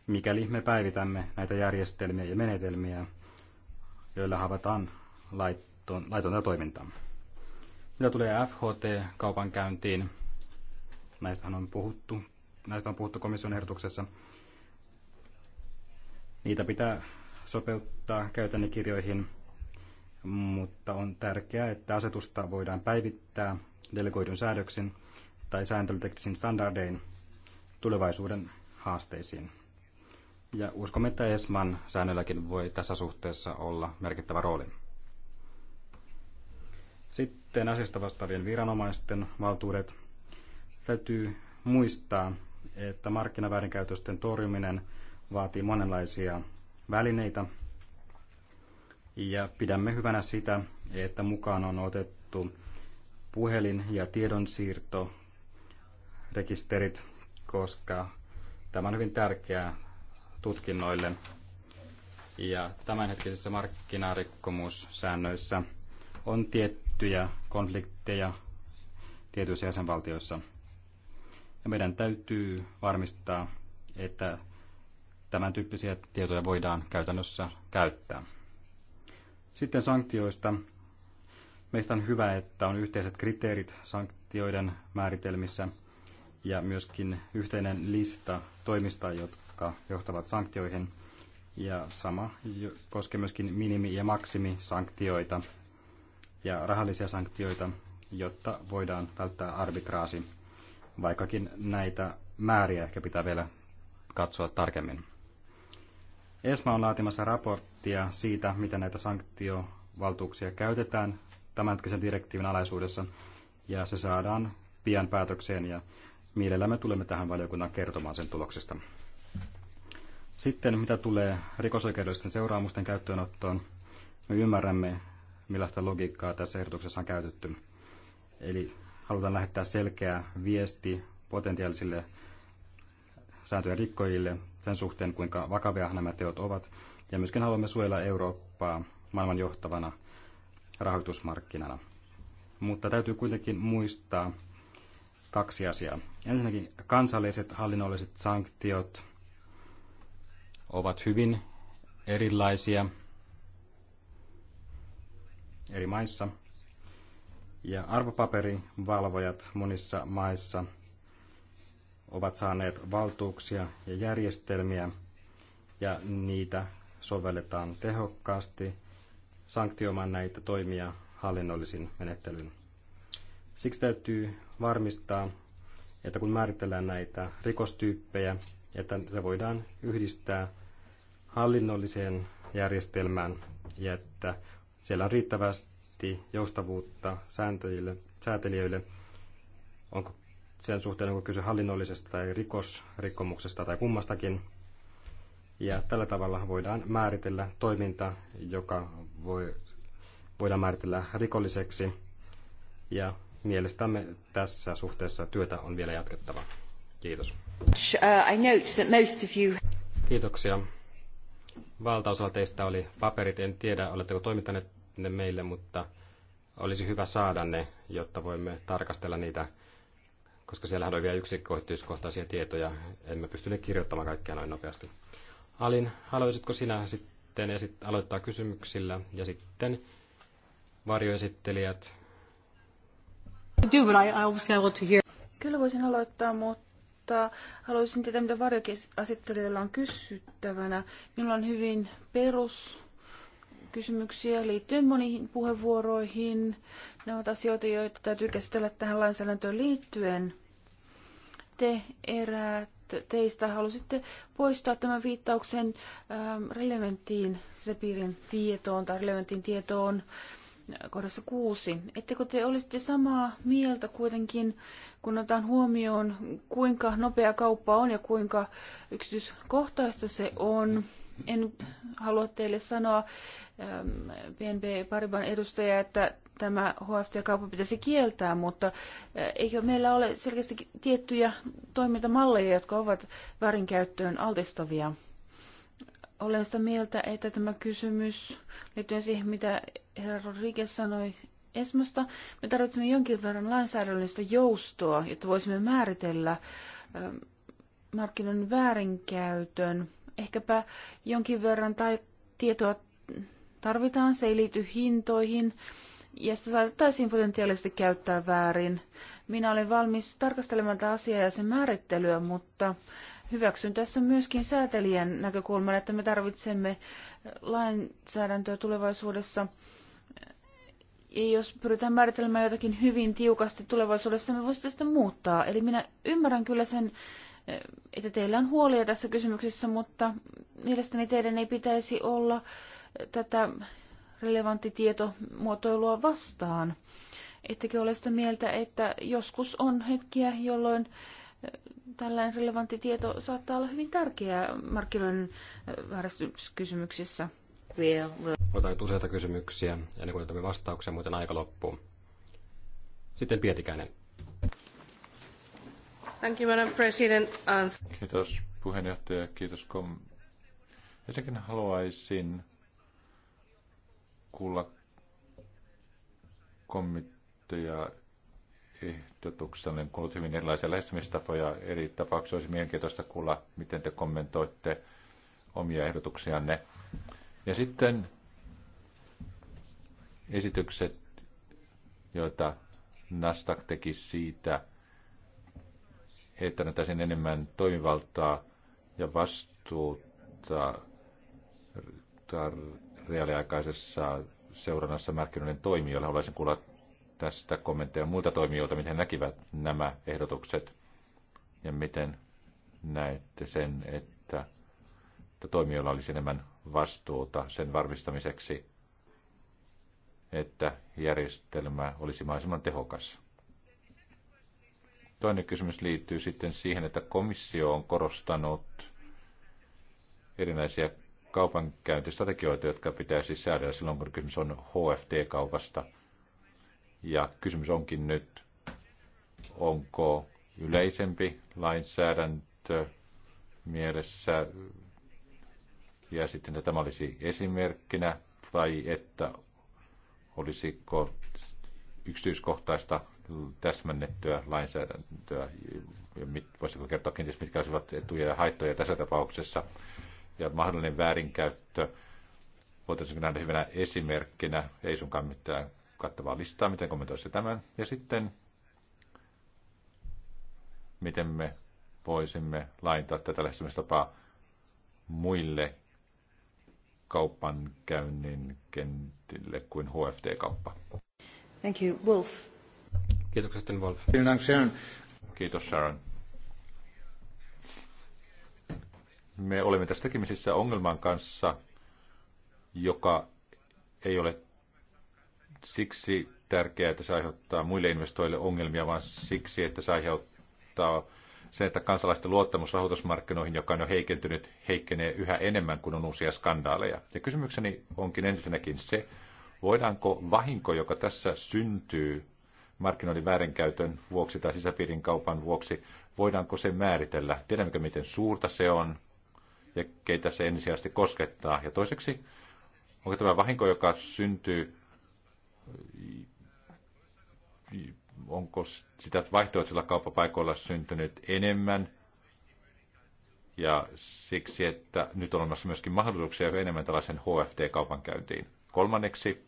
S2: mikäli me päivitämme näitä järjestelmiä ja menetelmiä, joilla havataan laiton, laitonta toimintaa. Mitä tulee FHT-kaupankäyntiin, näistä on puhuttu, näistä on puhuttu komission ehdotuksessa. Niitä pitää sopeuttaa käytännön kirjoihin – mutta on tärkeää, että asetusta voidaan päivittää delegoidun säädöksin tai sääntelyteknisin standardein tulevaisuuden haasteisiin. Ja uskomme, että ESMAN säännölläkin voi tässä suhteessa olla merkittävä rooli. Sitten asiasta vastaavien viranomaisten valtuudet. Täytyy muistaa, että markkinaväärinkäytösten torjuminen vaatii monenlaisia välineitä, ja pidämme hyvänä sitä, että mukaan on otettu puhelin- ja tiedonsiirtorekisterit, koska tämä on hyvin tärkeää tutkinnoille. Ja tämänhetkisissä markkinarikkomussäännöissä on tiettyjä konflikteja tietyissä jäsenvaltioissa. Ja meidän täytyy varmistaa, että tämän tyyppisiä tietoja voidaan käytännössä käyttää. Sitten sanktioista. Meistä on hyvä, että on yhteiset kriteerit sanktioiden määritelmissä ja myöskin yhteinen lista toimista, jotka johtavat sanktioihin. Ja sama koskee myöskin minimi- ja maksimisanktioita ja rahallisia sanktioita, jotta voidaan välttää arbitraasi, vaikkakin näitä määriä ehkä pitää vielä katsoa tarkemmin. ESMA on laatimassa raportti raporttia siitä, miten näitä sanktiovaltuuksia käytetään tämänhetkisen direktiivin alaisuudessa, ja se saadaan pian päätökseen, ja mielellämme tulemme tähän valiokunnan kertomaan sen tuloksesta. Sitten mitä tulee rikosoikeudellisten seuraamusten käyttöönottoon, me ymmärrämme, millaista logiikkaa tässä ehdotuksessa on käytetty. Eli halutaan lähettää selkeä viesti potentiaalisille sääntöjen rikkojille sen suhteen, kuinka vakavia nämä teot ovat ja myöskin haluamme suojella Eurooppaa maailman johtavana rahoitusmarkkinana. Mutta täytyy kuitenkin muistaa kaksi asiaa. Ensinnäkin kansalliset hallinnolliset sanktiot ovat hyvin erilaisia eri maissa. Ja arvopaperivalvojat monissa maissa ovat saaneet valtuuksia ja järjestelmiä, ja niitä sovelletaan tehokkaasti sanktioimaan näitä toimia hallinnollisin menettelyin. Siksi täytyy varmistaa, että kun määritellään näitä rikostyyppejä, että se voidaan yhdistää hallinnolliseen järjestelmään ja että siellä on riittävästi joustavuutta sääntöjille, säätelijöille, onko sen suhteen onko kyse hallinnollisesta tai rikosrikkomuksesta tai kummastakin – ja tällä tavalla voidaan määritellä toiminta, joka voi, voidaan määritellä rikolliseksi. Ja mielestämme tässä suhteessa työtä on vielä jatkettava. Kiitos.
S1: Uh,
S2: Kiitoksia. Valtaosalla teistä oli paperit. En tiedä, oletteko toimittaneet ne meille, mutta olisi hyvä saada ne, jotta voimme tarkastella niitä, koska siellä on vielä yksityiskohtaisia tietoja. Emme pysty ne kirjoittamaan kaikkea noin nopeasti. Alin, haluaisitko sinä sitten esit- aloittaa kysymyksillä ja sitten varjoesittelijät?
S4: Do, but I, I obviously want to hear. Kyllä voisin aloittaa, mutta haluaisin tietää, mitä varjoesittelijöillä on kysyttävänä. Minulla on hyvin perus kysymyksiä liittyen moniin puheenvuoroihin. Ne ovat asioita, joita täytyy käsitellä tähän lainsäädäntöön liittyen. Te eräät teistä halusitte poistaa tämän viittauksen ähm, relevanttiin sisäpiirin tietoon tai relevanttiin tietoon äh, kohdassa kuusi. Ettekö te olisitte samaa mieltä kuitenkin, kun otetaan huomioon, kuinka nopea kauppa on ja kuinka yksityiskohtaista se on? En halua teille sanoa, ähm, PNB Pariban edustaja, että tämä HFT-kauppa pitäisi kieltää, mutta eh, eikö meillä ole selkeästi tiettyjä toimintamalleja, jotka ovat väärinkäyttöön altistavia? Olen sitä mieltä, että tämä kysymys liittyen siihen, mitä herra Rodriguez sanoi Esmasta, me tarvitsemme jonkin verran lainsäädännöllistä joustoa, jotta voisimme määritellä eh, markkinoiden väärinkäytön. Ehkäpä jonkin verran tai tietoa tarvitaan, se ei liity hintoihin, ja sitä saatettaisiin potentiaalisesti käyttää väärin. Minä olen valmis tarkastelemaan tätä asiaa ja sen määrittelyä, mutta hyväksyn tässä myöskin säätelijän näkökulman, että me tarvitsemme lainsäädäntöä tulevaisuudessa. Ja jos pyritään määrittelemään jotakin hyvin tiukasti tulevaisuudessa, me voisimme sitä muuttaa. Eli minä ymmärrän kyllä sen, että teillä on huolia tässä kysymyksessä, mutta mielestäni teidän ei pitäisi olla tätä Relevantti relevanttitietomuotoilua vastaan. Ettekö ole sitä mieltä, että joskus on hetkiä, jolloin eh, tällainen relevantti tieto saattaa olla hyvin tärkeää markkinoiden eh, vääristyskysymyksissä?
S2: Otan nyt useita kysymyksiä ennen kuin otamme vastauksia, muuten aika loppuu.
S3: Sitten Pietikäinen.
S4: Thank you, Madam President.
S3: Kiitos puheenjohtaja, kiitos kom... Ensinnäkin haluaisin kuulla kommentteja ehdotuksestanne. Kun on hyvin erilaisia lähestymistapoja eri tapauksissa, olisi mielenkiintoista kuulla, miten te kommentoitte omia ehdotuksianne. Ja sitten esitykset, joita Nasdaq teki siitä, että näyttäisiin enemmän toimivaltaa ja vastuuta tar- reaaliaikaisessa seurannassa markkinoiden toimijoille. Haluaisin kuulla tästä kommentteja muilta toimijoilta, miten näkivät nämä ehdotukset ja miten näette sen, että, että toimijoilla olisi enemmän vastuuta sen varmistamiseksi, että järjestelmä olisi mahdollisimman tehokas. Toinen kysymys liittyy sitten siihen, että komissio on korostanut erinäisiä kaupankäyntistrategioita, jotka pitäisi siis säädellä silloin, kun kysymys on HFT-kaupasta. Ja kysymys onkin nyt, onko yleisempi lainsäädäntö mielessä, ja sitten että tämä olisi esimerkkinä, vai että olisiko yksityiskohtaista täsmännettyä lainsäädäntöä, ja mit, voisiko kertoa kenties, mitkä olisivat etuja ja haittoja tässä tapauksessa ja mahdollinen väärinkäyttö voitaisiin nähdä hyvänä esimerkkinä. Ei sunkaan mitään kattavaa listaa, miten kommentoisi tämän. Ja sitten, miten me voisimme laintaa tätä lähestymistapaa muille kaupankäynnin kentille kuin HFD-kauppa.
S1: Thank you. Wolf.
S3: Kiitos Kristen Wolf. Kiitos, Sharon. me olemme tässä tekemisissä ongelman kanssa, joka ei ole siksi tärkeää, että se aiheuttaa muille investoijille ongelmia, vaan siksi, että se aiheuttaa sen, että kansalaisten luottamus rahoitusmarkkinoihin, joka on jo heikentynyt, heikkenee yhä enemmän, kuin on uusia skandaaleja. Ja kysymykseni onkin ensinnäkin se, voidaanko vahinko, joka tässä syntyy markkinoiden väärinkäytön vuoksi tai sisäpiirin kaupan vuoksi, voidaanko se määritellä? Tiedämmekö, miten suurta se on? ja keitä se ensisijaisesti koskettaa. Ja toiseksi, onko tämä vahinko, joka syntyy, onko sitä vaihtoehtoisilla kauppapaikoilla syntynyt enemmän – ja siksi, että nyt on olemassa myöskin mahdollisuuksia enemmän tällaisen hft kaupan käyntiin. Kolmanneksi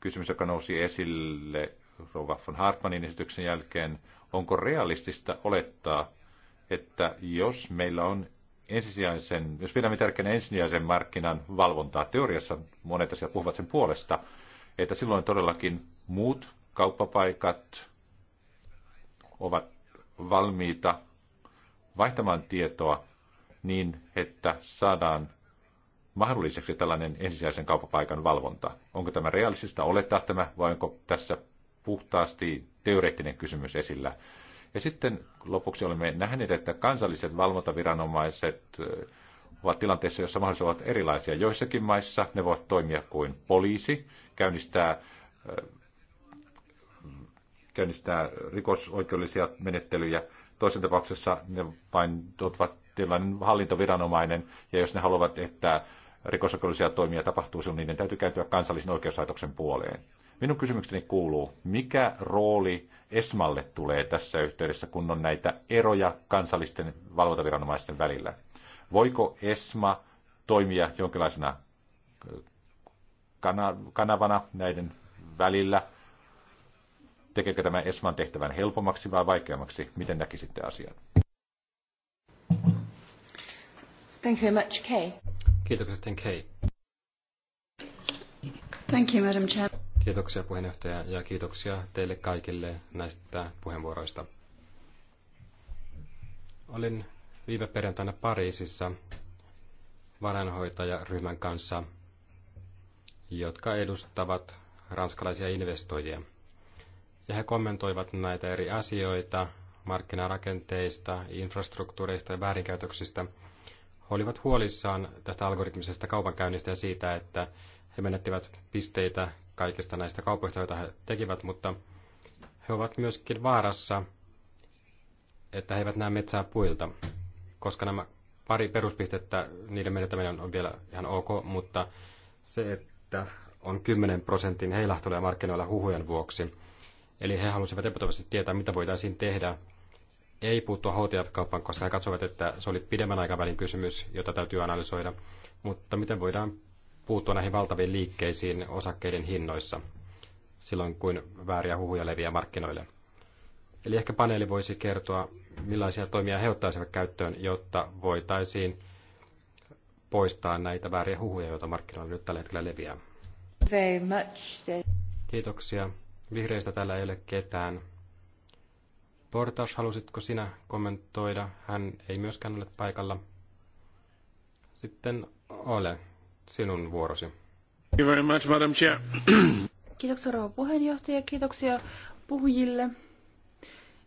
S3: kysymys, joka nousi esille Rova von Hartmanin esityksen jälkeen, onko realistista olettaa, että jos meillä on ensisijaisen, jos pidämme tärkeänä ensisijaisen markkinan valvontaa teoriassa, monet asiat puhuvat sen puolesta, että silloin todellakin muut kauppapaikat ovat valmiita vaihtamaan tietoa niin, että saadaan mahdolliseksi tällainen ensisijaisen kauppapaikan valvonta. Onko tämä realistista olettaa tämä vai onko tässä puhtaasti teoreettinen kysymys esillä? Ja sitten lopuksi olemme nähneet, että kansalliset valvontaviranomaiset äh, ovat tilanteessa, jossa mahdollisuudet ovat erilaisia. Joissakin maissa ne voivat toimia kuin poliisi, käynnistää, äh, käynnistää rikosoikeudellisia menettelyjä. Toisen tapauksessa ne vain ovat tilanne hallintoviranomainen, ja jos ne haluavat, että rikosoikeudellisia toimia tapahtuu, niin niiden täytyy kääntyä kansallisen oikeuslaitoksen puoleen. Minun kysymykseni kuuluu, mikä rooli ESMAlle tulee tässä yhteydessä, kun on näitä eroja kansallisten valvontaviranomaisten välillä? Voiko ESMA toimia jonkinlaisena äh, kanavana näiden välillä? Tekeekö tämä ESMAn tehtävän helpommaksi vai vaikeammaksi? Miten näkisitte asian?
S1: Thank you very much, Kay.
S2: Kiitokset, Kay.
S1: Thank you, Madam Chair.
S2: Kiitoksia puheenjohtaja ja kiitoksia teille kaikille näistä puheenvuoroista. Olin viime perjantaina Pariisissa varainhoitajaryhmän kanssa, jotka edustavat ranskalaisia investoijia. Ja he kommentoivat näitä eri asioita, markkinarakenteista, infrastruktuureista ja väärinkäytöksistä. He olivat huolissaan tästä algoritmisesta kaupankäynnistä ja siitä, että he menettivät pisteitä kaikista näistä kaupoista, joita he tekivät, mutta he ovat myöskin vaarassa, että he eivät näe metsää puilta, koska nämä pari peruspistettä, niiden menettäminen on vielä ihan ok, mutta se, että on 10 prosentin heilahtelua markkinoilla huhujen vuoksi, eli he halusivat epätoivoisesti tietää, mitä voitaisiin tehdä, ei puuttua HTF-kauppaan, koska he katsovat, että se oli pidemmän aikavälin kysymys, jota täytyy analysoida, mutta miten voidaan puuttua näihin valtaviin liikkeisiin osakkeiden hinnoissa silloin, kun vääriä huhuja leviää markkinoille. Eli ehkä paneeli voisi kertoa, millaisia toimia he ottaisivat käyttöön, jotta voitaisiin poistaa näitä vääriä huhuja, joita markkinoilla nyt tällä hetkellä leviää.
S1: Very much.
S2: Kiitoksia. Vihreistä täällä ei ole ketään. Portas, halusitko sinä kommentoida? Hän ei myöskään ole paikalla. Sitten ole sinun vuorosi. Thank you very much, Madam Chair.
S4: Kiitoksia rouva puheenjohtaja, kiitoksia puhujille.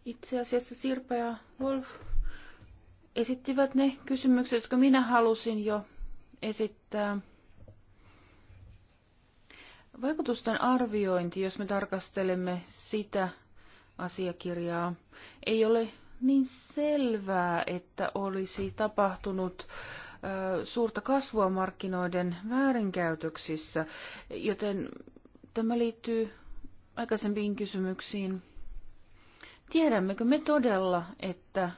S4: Itse asiassa Sirpa ja Wolf esittivät ne kysymykset, jotka minä halusin jo esittää. Vaikutusten arviointi, jos me tarkastelemme sitä asiakirjaa, ei ole niin selvää, että olisi tapahtunut äh, suurta kasvua markkinoiden väärinkäytöksissä, joten tämä liittyy aikaisempiin kysymyksiin. Tiedämmekö me todella, että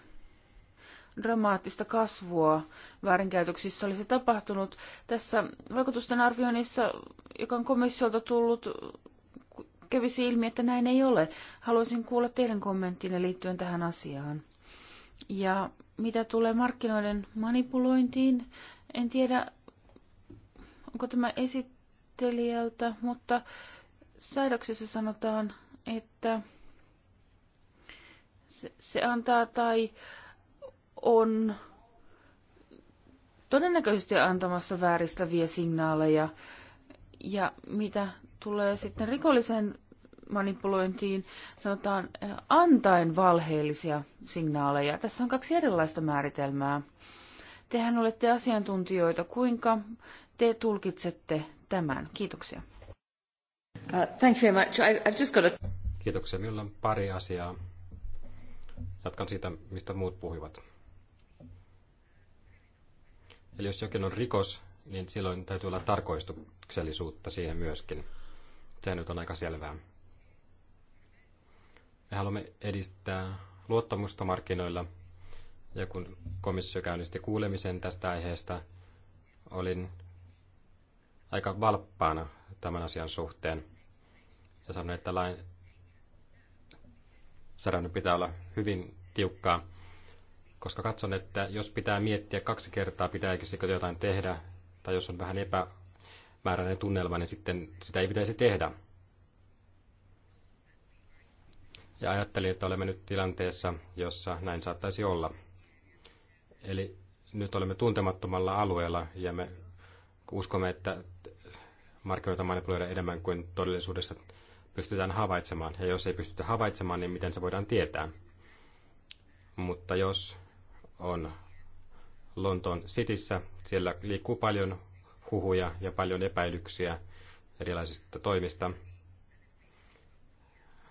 S4: dramaattista kasvua väärinkäytöksissä olisi tapahtunut. Tässä vaikutusten arvioinnissa, joka on komissiolta tullut, kävisi ilmi, että näin ei ole. Haluaisin kuulla teidän kommenttinne liittyen tähän asiaan. Ja mitä tulee markkinoiden manipulointiin, en tiedä, onko tämä esittelijältä, mutta säädöksessä sanotaan, että se, se antaa tai on todennäköisesti antamassa vääristäviä signaaleja. Ja mitä tulee sitten rikolliseen manipulointiin, sanotaan eh, antaen valheellisia signaaleja. Tässä on kaksi erilaista määritelmää. Tehän olette asiantuntijoita. Kuinka te tulkitsette tämän? Kiitoksia. Uh, thank you very much. I, I've just got a...
S2: Kiitoksia. Minulla on pari asiaa. Jatkan siitä, mistä muut puhuivat. Eli jos jokin on rikos, niin silloin täytyy olla tarkoistuksellisuutta siihen myöskin. Se nyt on aika selvää. Me haluamme edistää luottamusta markkinoilla. Ja kun komissio käynnisti kuulemisen tästä aiheesta, olin aika valppaana tämän asian suhteen. Ja sanoin, että lain säädännön pitää olla hyvin tiukkaa, koska katson, että jos pitää miettiä kaksi kertaa, pitääkö jotain tehdä, tai jos on vähän epämääräinen tunnelma, niin sitten sitä ei pitäisi tehdä. ja ajattelin, että olemme nyt tilanteessa, jossa näin saattaisi olla. Eli nyt olemme tuntemattomalla alueella ja me uskomme, että markkinoita manipuloida enemmän kuin todellisuudessa pystytään havaitsemaan. Ja jos ei pystytä havaitsemaan, niin miten se voidaan tietää? Mutta jos on Lontoon Cityssä, siellä liikkuu paljon huhuja ja paljon epäilyksiä erilaisista toimista.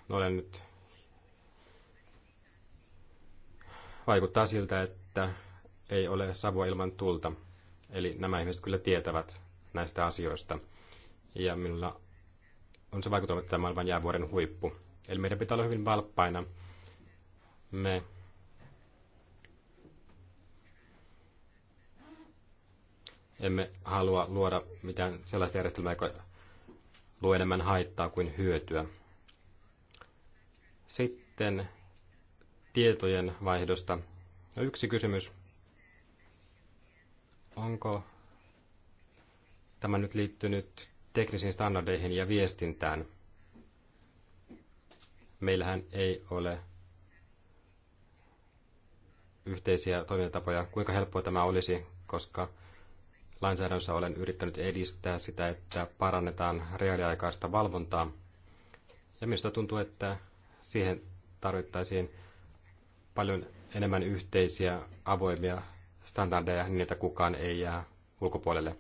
S2: No, olen nyt vaikuttaa siltä, että ei ole savua ilman tulta. Eli nämä ihmiset kyllä tietävät näistä asioista. Ja minulla on se vaikutelma, että tämä on vain jäävuoren huippu. Eli meidän pitää olla hyvin valppaina. Me emme halua luoda mitään sellaista järjestelmää, joka luo enemmän haittaa kuin hyötyä. Sitten tietojen vaihdosta. No yksi kysymys. Onko tämä nyt liittynyt teknisiin standardeihin ja viestintään? Meillähän ei ole yhteisiä toimintatapoja. Kuinka helppoa tämä olisi, koska lainsäädännössä olen yrittänyt edistää sitä, että parannetaan reaaliaikaista valvontaa. Ja minusta tuntuu, että siihen tarvittaisiin paljon enemmän yhteisiä avoimia standardeja niin, että kukaan ei jää ulkopuolelle.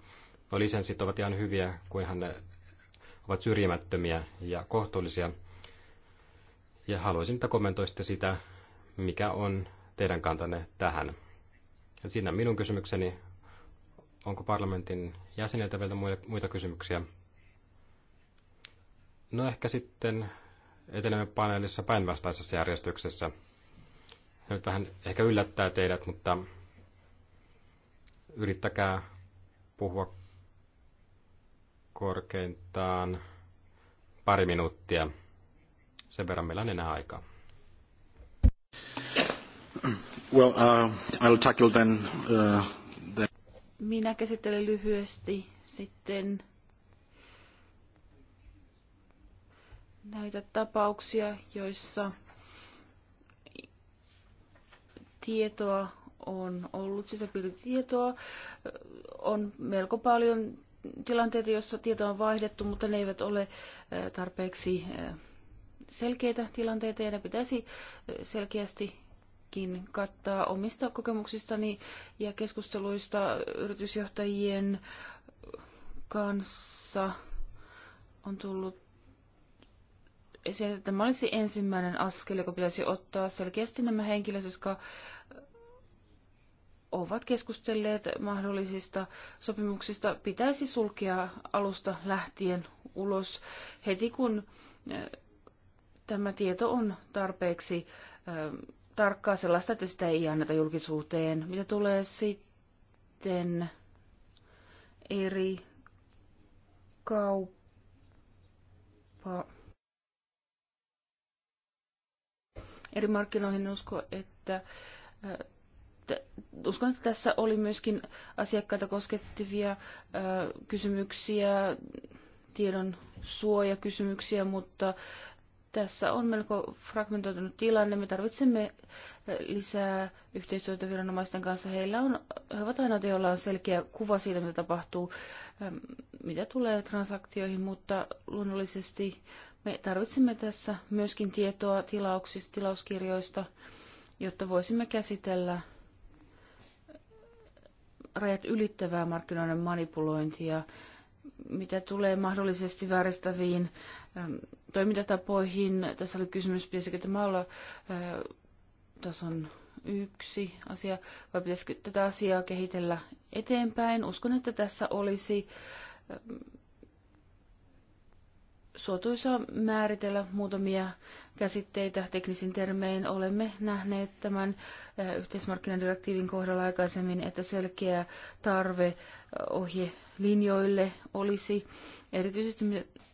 S2: No lisenssit ovat ihan hyviä, kunhan ne ovat syrjimättömiä ja kohtuullisia. Ja haluaisin, että kommentoisitte sitä, mikä on teidän kantanne tähän. Ja siinä minun kysymykseni. Onko parlamentin jäseniltä vielä muita kysymyksiä? No ehkä sitten etenemme paneelissa päinvastaisessa järjestyksessä nyt vähän ehkä yllättää teidät, mutta yrittäkää puhua korkeintaan pari minuuttia. Sen verran meillä on enää aikaa. Well, uh, I'll tackle then, uh, then.
S4: Minä käsittelen lyhyesti sitten näitä tapauksia, joissa tietoa on ollut, sisäpiiritietoa on melko paljon tilanteita, joissa tietoa on vaihdettu, mutta ne eivät ole tarpeeksi selkeitä tilanteita ja ne pitäisi selkeästikin kattaa omista kokemuksistani ja keskusteluista yritysjohtajien kanssa on tullut esiin, että tämä olisi ensimmäinen askel, joka pitäisi ottaa selkeästi nämä henkilöt, jotka ovat keskustelleet mahdollisista sopimuksista, pitäisi sulkea alusta lähtien ulos heti, kun tämä tieto on tarpeeksi tarkkaa sellaista, että sitä ei anneta julkisuuteen. Mitä tulee sitten eri kauppa... Eri markkinoihin usko, että uskon, että tässä oli myöskin asiakkaita koskettavia kysymyksiä, tiedon suojakysymyksiä, mutta tässä on melko fragmentoitunut tilanne. Me tarvitsemme lisää yhteistyötä viranomaisten kanssa. Heillä on, he ovat aina, joilla on selkeä kuva siitä, mitä tapahtuu, mitä tulee transaktioihin, mutta luonnollisesti me tarvitsemme tässä myöskin tietoa tilauksista, tilauskirjoista, jotta voisimme käsitellä rajat ylittävää markkinoiden manipulointia, mitä tulee mahdollisesti vääristäviin ähm, toimintatapoihin. Tässä oli kysymys, pitäisikö tämä olla äh, tason yksi asia, vai pitäisikö tätä asiaa kehitellä eteenpäin. Uskon, että tässä olisi ähm, suotuisa määritellä muutamia käsitteitä teknisin termein. Olemme nähneet tämän yhteismarkkinadirektiivin kohdalla aikaisemmin, että selkeä tarve ohje linjoille olisi, erityisesti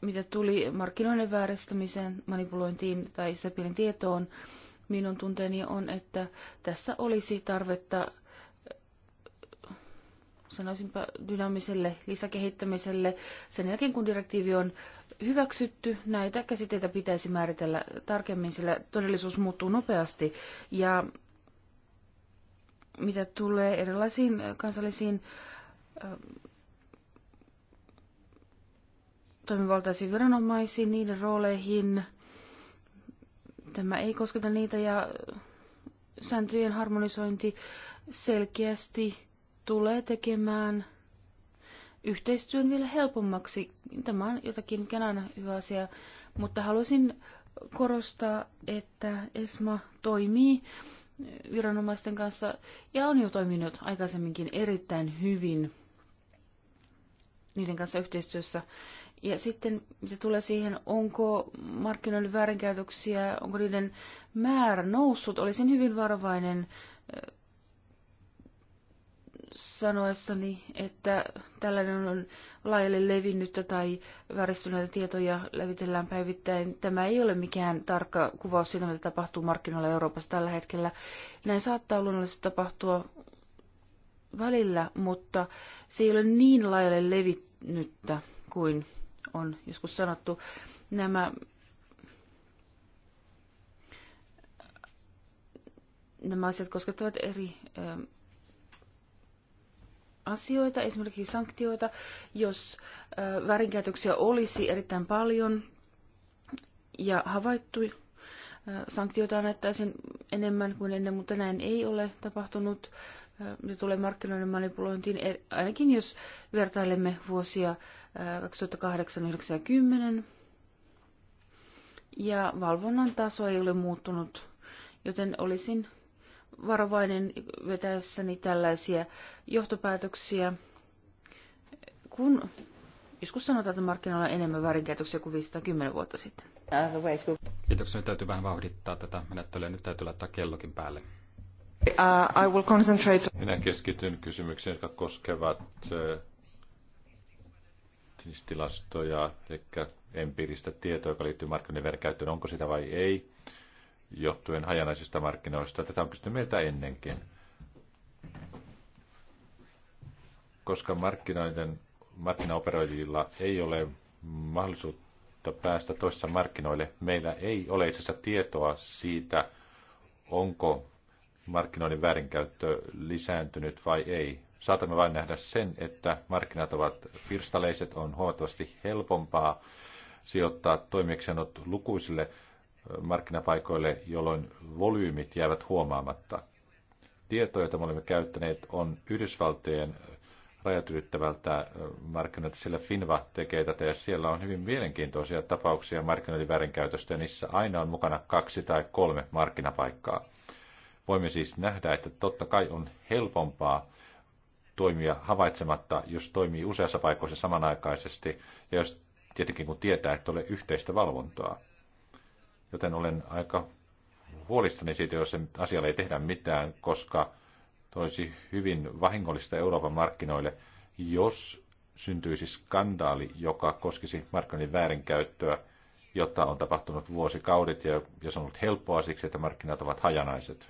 S4: mitä tuli markkinoiden vääristämiseen, manipulointiin tai säpilin tietoon, minun tunteeni on, että tässä olisi tarvetta sanoisinpa dynaamiselle lisäkehittämiselle. Sen jälkeen kun direktiivi on hyväksytty, näitä käsitteitä pitäisi määritellä tarkemmin, sillä todellisuus muuttuu nopeasti. Ja mitä tulee erilaisiin kansallisiin ähm, toimivaltaisiin viranomaisiin, niiden rooleihin, tämä ei kosketa niitä ja sääntöjen harmonisointi selkeästi tulee tekemään yhteistyön vielä helpommaksi. Tämä on jotakin, kenään hyvä asia, mutta haluaisin korostaa, että ESMA toimii viranomaisten kanssa ja on jo toiminut aikaisemminkin erittäin hyvin niiden kanssa yhteistyössä. Ja sitten mitä tulee siihen, onko markkinoiden väärinkäytöksiä, onko niiden määrä noussut, olisin hyvin varovainen sanoessani, että tällainen on laajalle levinnyttä tai vääristyneitä tietoja levitellään päivittäin. Tämä ei ole mikään tarkka kuvaus siitä, mitä tapahtuu markkinoilla Euroopassa tällä hetkellä. Näin saattaa luonnollisesti tapahtua välillä, mutta se ei ole niin laajalle levinnyttä kuin on joskus sanottu. Nämä nämä asiat koskettavat eri ähm, asioita, esimerkiksi sanktioita, jos väärinkäytöksiä olisi erittäin paljon ja havaittu sanktioita annettaisiin enemmän kuin ennen, mutta näin ei ole tapahtunut. Ne tulee markkinoiden manipulointiin, e, ainakin jos vertailemme vuosia 2008-2010. Ja valvonnan taso ei ole muuttunut, joten olisin varovainen vetäessäni tällaisia johtopäätöksiä. Kun joskus sanotaan, että markkinoilla on enemmän väärinkäytöksiä kuin 510 vuotta sitten.
S2: Kiitoksia. Nyt täytyy vähän vauhdittaa tätä menettelyä. Nyt täytyy laittaa kellokin päälle.
S3: Uh, I will concentrate. Minä keskityn kysymyksiin, jotka koskevat uh, tilastoja, eli empiiristä tietoa, joka liittyy markkinoiden väärinkäyttöön. Onko sitä vai ei? johtuen hajanaisista markkinoista. Tätä on kysytty meiltä ennenkin. Koska markkinoiden, markkinaoperoijilla ei ole mahdollisuutta päästä toisessa markkinoille, meillä ei ole itse asiassa tietoa siitä, onko markkinoiden väärinkäyttö lisääntynyt vai ei. Saatamme vain nähdä sen, että markkinat ovat pirstaleiset, on huomattavasti helpompaa sijoittaa toimeksiannot lukuisille markkinapaikoille, jolloin volyymit jäävät huomaamatta. Tieto, jota me olemme käyttäneet, on Yhdysvaltojen rajat ylittävältä markkinoilta, sillä Finva tekee tätä ja siellä on hyvin mielenkiintoisia tapauksia markkinoiden väärinkäytöstä ja niissä aina on mukana kaksi tai kolme markkinapaikkaa. Voimme siis nähdä, että totta kai on helpompaa toimia havaitsematta, jos toimii useassa paikoissa samanaikaisesti ja jos tietenkin kun tietää, että ole yhteistä valvontaa joten olen aika huolistani siitä, jos sen asialle ei tehdä mitään, koska toisi hyvin vahingollista Euroopan markkinoille, jos syntyisi skandaali, joka koskisi markkinoiden väärinkäyttöä, jota on tapahtunut vuosikaudet ja jos on ollut helppoa siksi, että markkinat ovat hajanaiset.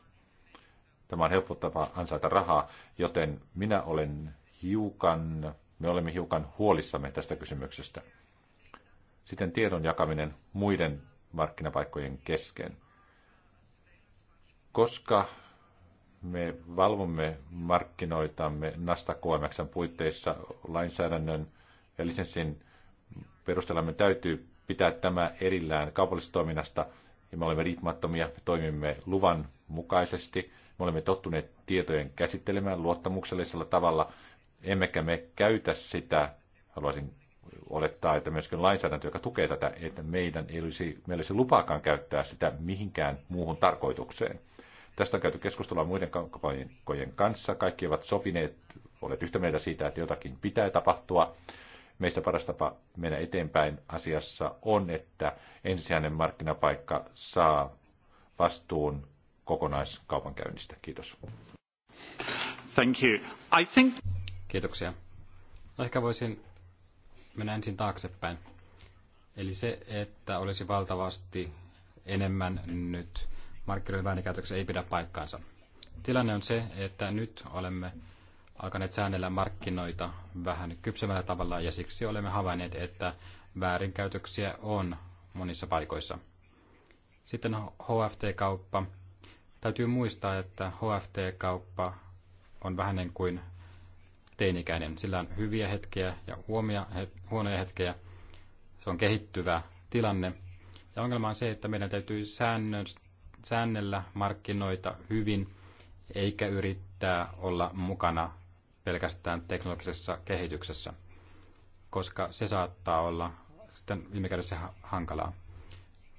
S3: Tämä on helppo tapa ansaita rahaa, joten minä olen hiukan, me olemme hiukan huolissamme tästä kysymyksestä. Sitten tiedon jakaminen muiden markkinapaikkojen kesken. Koska me valvomme markkinoitamme Nasta KMX puitteissa lainsäädännön ja lisenssin perusteella me täytyy pitää tämä erillään kaupallisesta toiminnasta ja me olemme riippumattomia, me toimimme luvan mukaisesti, me olemme tottuneet tietojen käsittelemään luottamuksellisella tavalla, emmekä me käytä sitä, haluaisin olettaa, että myöskin lainsäädäntö, joka tukee tätä, että meidän ei olisi, meillä olisi lupaakaan käyttää sitä mihinkään muuhun tarkoitukseen. Tästä on käyty keskustelua muiden kauppojen kanssa. Kaikki ovat sopineet, olet yhtä mieltä siitä, että jotakin pitää tapahtua. Meistä paras tapa mennä eteenpäin asiassa on, että ensisijainen markkinapaikka saa vastuun kokonaiskaupankäynnistä. Kiitos. Thank you. I think... Kiitoksia.
S2: No, ehkä voisin mennään ensin taaksepäin. Eli se, että olisi valtavasti enemmän nyt markkinoiden väärinkäytöksiä ei pidä paikkaansa. Tilanne on se, että nyt olemme alkaneet säännellä markkinoita vähän kypsemmällä tavalla ja siksi olemme havainneet, että väärinkäytöksiä on monissa paikoissa. Sitten HFT-kauppa. Täytyy muistaa, että HFT-kauppa on vähän niin kuin teinikäinen. Sillä on hyviä hetkiä ja huomia, he, huonoja hetkiä. Se on kehittyvä tilanne. Ja ongelma on se, että meidän täytyy säännö, säännellä markkinoita hyvin, eikä yrittää olla mukana pelkästään teknologisessa kehityksessä, koska se saattaa olla sitten viime kädessä hankalaa.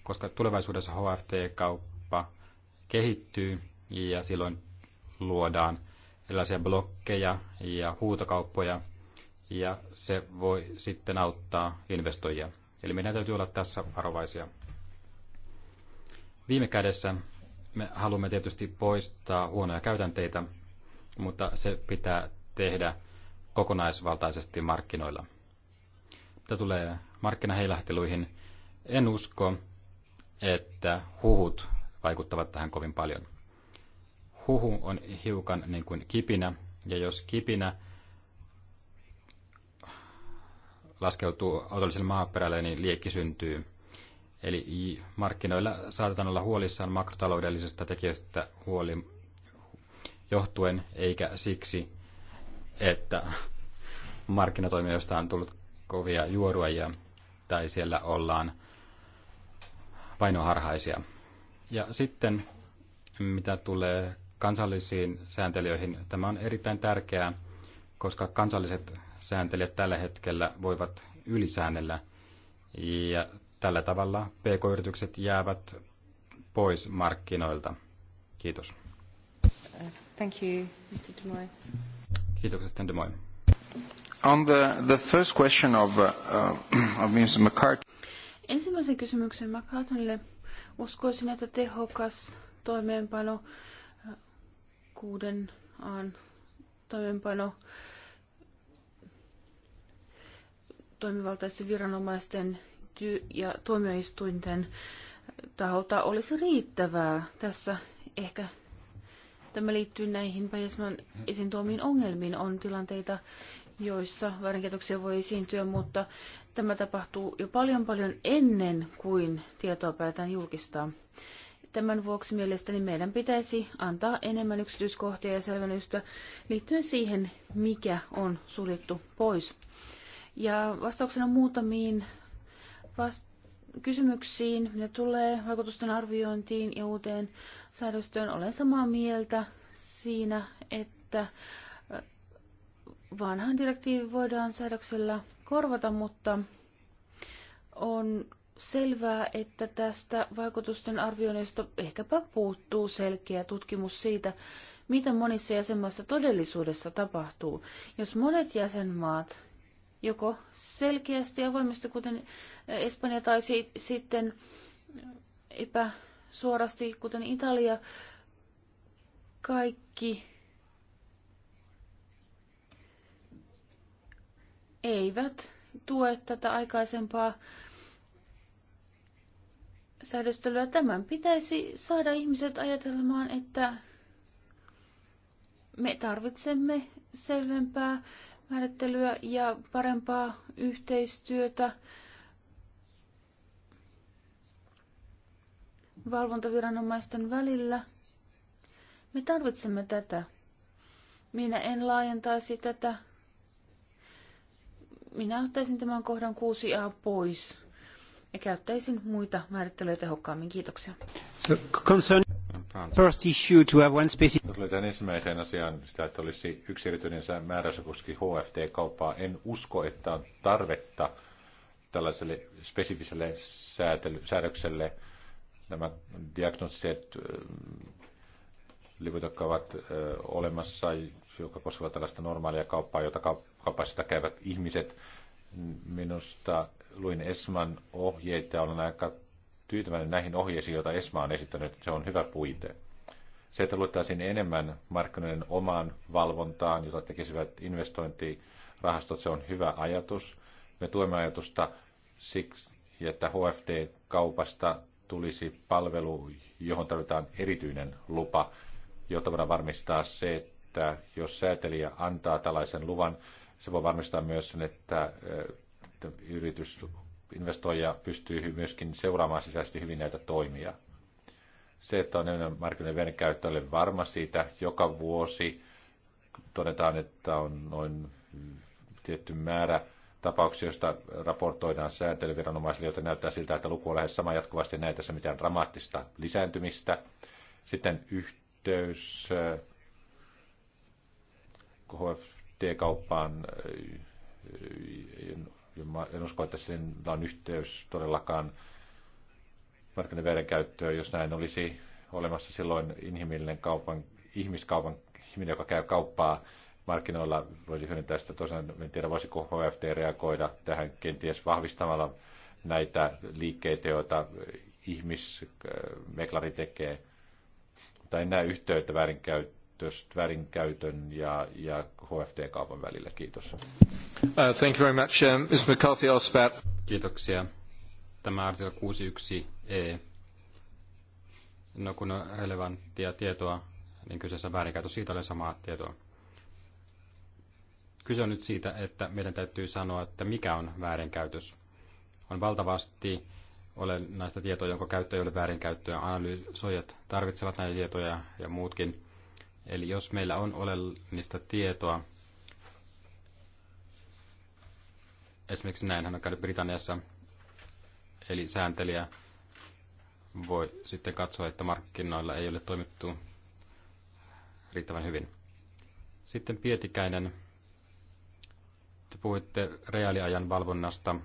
S2: Koska tulevaisuudessa HFT-kauppa kehittyy ja silloin luodaan erilaisia blokkeja ja huutokauppoja, ja se voi sitten auttaa investoijia. Eli meidän täytyy olla tässä varovaisia. Viime kädessä me haluamme tietysti poistaa huonoja käytänteitä, mutta se pitää tehdä kokonaisvaltaisesti markkinoilla. Mitä tulee markkinaheilahteluihin, en usko, että huhut vaikuttavat tähän kovin paljon huhu on hiukan niin kuin kipinä, ja jos kipinä laskeutuu autolliselle maaperälle, niin liekki syntyy. Eli markkinoilla saatetaan olla huolissaan makrotaloudellisesta tekijöistä huoli johtuen, eikä siksi, että markkinatoimijoista on tullut kovia juoruja tai siellä ollaan painoharhaisia. Ja sitten mitä tulee kansallisiin sääntelijöihin. Tämä on erittäin tärkeää, koska kansalliset sääntelijät tällä hetkellä voivat ylisäännellä ja tällä tavalla pk-yritykset jäävät pois markkinoilta. Kiitos.
S4: Thank you, Mr. De Moy.
S2: Kiitoksia, De Moy. On the, the first
S5: question of, uh, of Mr. McCart-
S4: Ensimmäisen kysymyksen McCartneylle. Uskoisin, että tehokas toimeenpano kuuden aan toimenpano toimivaltaisten viranomaisten ja tuomioistuinten taholta olisi riittävää. Tässä ehkä tämä liittyy näihin Pajasman esiin tuomiin ongelmiin. On tilanteita, joissa väärinkäytöksiä voi esiintyä, mutta tämä tapahtuu jo paljon paljon ennen kuin tietoa päätään julkistaa. Tämän vuoksi mielestäni meidän pitäisi antaa enemmän yksityiskohtia ja selvennystä liittyen siihen, mikä on suljettu pois. Ja vastauksena muutamiin vast- kysymyksiin, mitä tulee vaikutusten arviointiin ja uuteen säädöstöön. Olen samaa mieltä siinä, että äh, vanhan direktiivi voidaan säädöksellä korvata, mutta on selvää, että tästä vaikutusten arvioinnista ehkäpä puuttuu selkeä tutkimus siitä, mitä monissa jäsenmaissa todellisuudessa tapahtuu. Jos monet jäsenmaat joko selkeästi avoimesti, kuten Espanja, tai si- sitten epäsuorasti, kuten Italia, kaikki eivät tue tätä aikaisempaa säädöstelyä. Tämän pitäisi saada ihmiset ajatelmaan, että me tarvitsemme selvempää määrittelyä ja parempaa yhteistyötä valvontaviranomaisten välillä. Me tarvitsemme tätä. Minä en laajentaisi tätä. Minä ottaisin tämän kohdan 6a pois ja käyttäisin muita määrittelyjä tehokkaammin. Kiitoksia.
S3: So, concern first issue to have one specific... Tuli tähän ensimmäiseen asiaan sitä, että olisi yksi erityinen määräys koski HFT-kauppaa. En usko, että on tarvetta tällaiselle spesifiselle säätely, säädökselle. Nämä diagnostiset liput, jotka ovat olemassa, jotka koskevat tällaista normaalia kauppaa, jota kaupassa käyvät ihmiset – Minusta luin Esman ohjeita ja olen aika tyytyväinen näihin ohjeisiin, joita Esma on esittänyt. Se on hyvä puite. Se, että luettaisiin enemmän markkinoiden omaan valvontaan, jota tekisivät investointirahastot, se on hyvä ajatus. Me tuemme ajatusta siksi, että HFT kaupasta tulisi palvelu, johon tarvitaan erityinen lupa, jotta voidaan varmistaa se, että jos säätelijä antaa tällaisen luvan, se voi varmistaa myös sen, että yritys investoija pystyy myöskin seuraamaan sisäisesti hyvin näitä toimia. Se, että on enemmän markkinoiden veden käyttö, olen varma siitä. Joka vuosi todetaan, että on noin tietty määrä tapauksia, joista raportoidaan sääntelyviranomaisille, joten näyttää siltä, että luku on lähes sama jatkuvasti näin tässä mitään dramaattista lisääntymistä. Sitten yhteys eh, TE-kauppaan. Eh, en usko, että sillä on yhteys todellakaan markkinoiden käyttöön, Jos näin olisi olemassa silloin inhimillinen kaupan, ihmiskaupan, ihminen, joka käy kauppaa markkinoilla, voisi hyödyntää sitä. Tosiaan en tiedä, voisiko HFT reagoida tähän kenties vahvistamalla näitä liikkeitä, joita ihmismeklari tekee. Tai en näe yhteyttä väärinkäyttöön käytöstä, väärinkäytön ja, ja HFT-kaupan välillä. Kiitos. Uh, thank you very much. Uh, Ms. McCarthy asked about... Kiitoksia. Tämä artikla 61e.
S2: No kun on relevanttia tietoa, niin kyseessä väärinkäytö. Siitä olen samaa tietoa. Kyse on nyt siitä, että meidän täytyy sanoa, että mikä on väärinkäytös. On valtavasti olennaista tietoa, jonka käyttö ei ole väärinkäyttöä. Analysoijat tarvitsevat näitä tietoja ja muutkin. Eli jos meillä on oleellista tietoa, esimerkiksi näinhän on käynyt Britanniassa, eli sääntelijä voi sitten katsoa, että markkinoilla ei ole toimittu riittävän hyvin. Sitten Pietikäinen, te puhuitte reaaliajan valvonnasta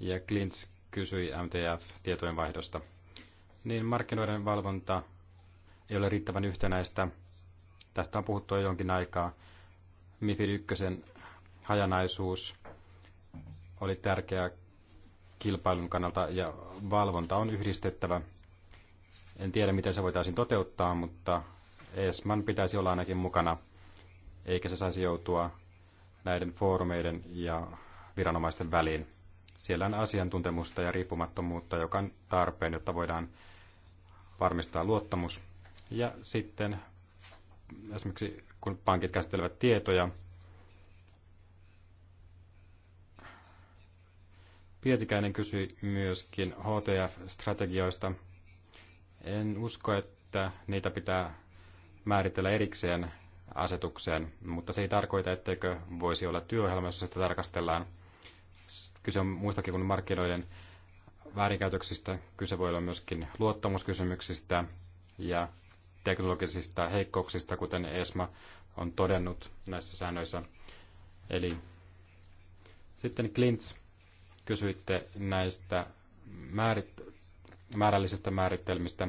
S2: ja Klintz kysyi mtf tietojen vaihdosta. Niin markkinoiden valvonta ei ole riittävän yhtenäistä. Tästä on puhuttu jo jonkin aikaa. MIFID 1 hajanaisuus oli tärkeä kilpailun kannalta ja valvonta on yhdistettävä. En tiedä, miten se voitaisiin toteuttaa, mutta ESMAN pitäisi olla ainakin mukana, eikä se saisi joutua näiden foorumeiden ja viranomaisten väliin. Siellä on asiantuntemusta ja riippumattomuutta, joka on tarpeen, jotta voidaan varmistaa luottamus. Ja sitten esimerkiksi kun pankit käsittelevät tietoja, Pietikäinen kysyi myöskin HTF-strategioista. En usko, että niitä pitää määritellä erikseen asetukseen, mutta se ei tarkoita, etteikö voisi olla työohjelma, jossa sitä tarkastellaan. Kyse on muistakin kuin markkinoiden väärinkäytöksistä. Kyse voi olla myöskin luottamuskysymyksistä ja teknologisista heikkouksista, kuten ESMA on todennut näissä säännöissä. Eli sitten Klints, kysyitte näistä määrit, määrällisistä määritelmistä,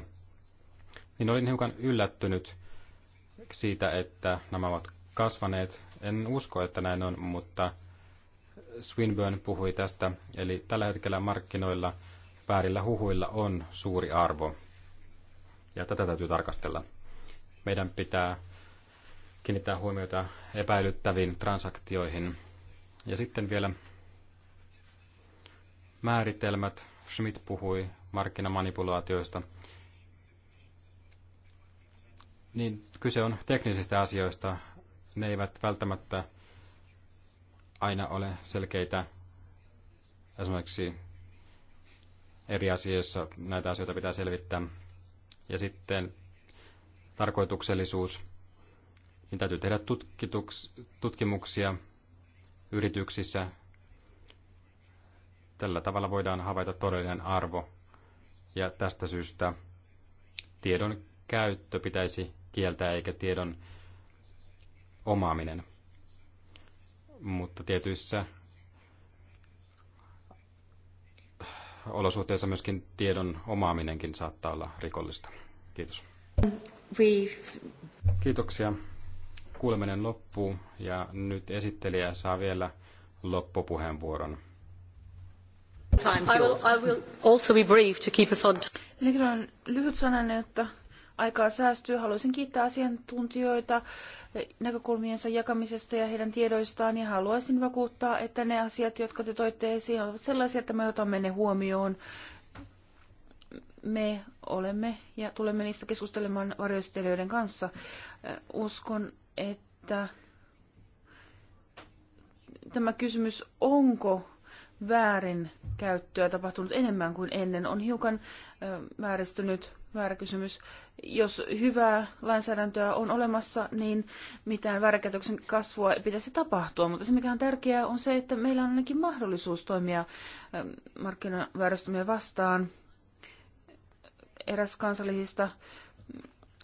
S2: niin olin hiukan yllättynyt siitä, että nämä ovat kasvaneet. En usko, että näin on, mutta Swinburne puhui tästä. Eli tällä hetkellä markkinoilla väärillä huhuilla on suuri arvo ja tätä täytyy tarkastella. Meidän pitää kiinnittää huomiota epäilyttäviin transaktioihin. Ja sitten vielä määritelmät. Schmidt puhui markkinamanipulaatioista. Niin kyse on teknisistä asioista. Ne eivät välttämättä aina ole selkeitä. Esimerkiksi eri asioissa näitä asioita pitää selvittää. Ja sitten tarkoituksellisuus, niin täytyy tehdä tutkimuksia yrityksissä. Tällä tavalla voidaan havaita todellinen arvo. Ja tästä syystä tiedon käyttö pitäisi kieltää eikä tiedon omaaminen. Mutta tietyissä olosuhteissa myöskin tiedon omaaminenkin saattaa olla rikollista. Kiitos. Kiitoksia. Kuuleminen loppuu ja nyt esittelijä saa vielä loppupuheenvuoron.
S5: I I will also be brief to keep us on.
S4: Minäkin olen lyhyt sanan, että aikaa säästyy. Haluaisin kiittää asiantuntijoita näkökulmiensa jakamisesta ja heidän tiedoistaan ja haluaisin vakuuttaa, että ne asiat, jotka te toitte esiin, ovat sellaisia, että me otamme ne huomioon. Me olemme ja tulemme niistä keskustelemaan varjoistelijoiden kanssa. Uskon, että tämä kysymys, onko väärin käyttöä tapahtunut enemmän kuin ennen, on hiukan vääristynyt väärä kysymys. Jos hyvää lainsäädäntöä on olemassa, niin mitään väärinkäytöksen kasvua ei pitäisi tapahtua. Mutta se, mikä on tärkeää, on se, että meillä on ainakin mahdollisuus toimia ähm, markkinavääristymiä vastaan. Eräs kansallisista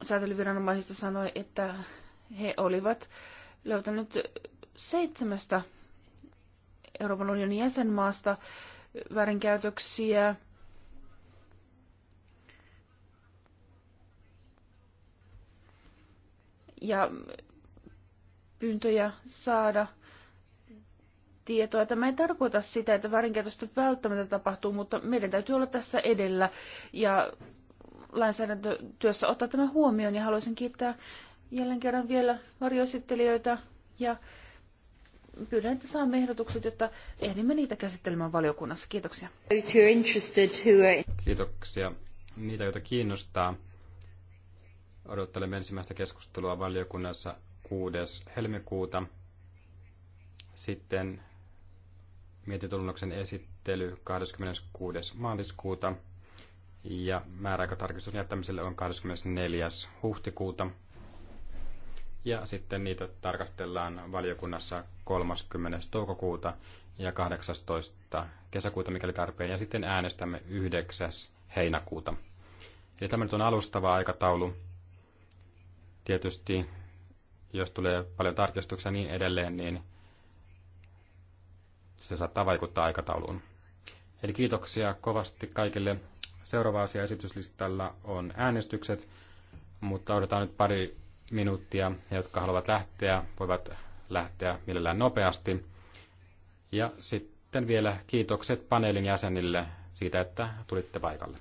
S4: säätelyviranomaisista sanoi, että he olivat löytänyt seitsemästä Euroopan unionin jäsenmaasta väärinkäytöksiä ja pyyntöjä saada tietoa. Tämä ei tarkoita sitä, että väärinkäytöstä välttämättä tapahtuu, mutta meidän täytyy olla tässä edellä ja lainsäädäntötyössä ottaa tämä huomioon. Ja haluaisin kiittää jälleen kerran vielä varjoesittelijöitä ja pyydän, että saamme ehdotukset, jotta ehdimme niitä käsittelemään valiokunnassa. Kiitoksia.
S2: Kiitoksia. Niitä, joita kiinnostaa odottelemme ensimmäistä keskustelua valiokunnassa 6. helmikuuta. Sitten mietitunnoksen esittely 26. maaliskuuta ja määräaikatarkistus jättämiselle on 24. huhtikuuta. Ja sitten niitä tarkastellaan valiokunnassa 30. toukokuuta ja 18. kesäkuuta, mikäli tarpeen, ja sitten äänestämme 9. heinäkuuta. Eli tämä nyt on alustava aikataulu. Tietysti jos tulee paljon tarkistuksia niin edelleen, niin se saattaa vaikuttaa aikatauluun. Eli kiitoksia kovasti kaikille. Seuraava asia esityslistalla on äänestykset, mutta odotetaan nyt pari minuuttia. Ne, jotka haluavat lähteä, voivat lähteä mielellään nopeasti. Ja sitten vielä kiitokset paneelin jäsenille siitä, että tulitte paikalle.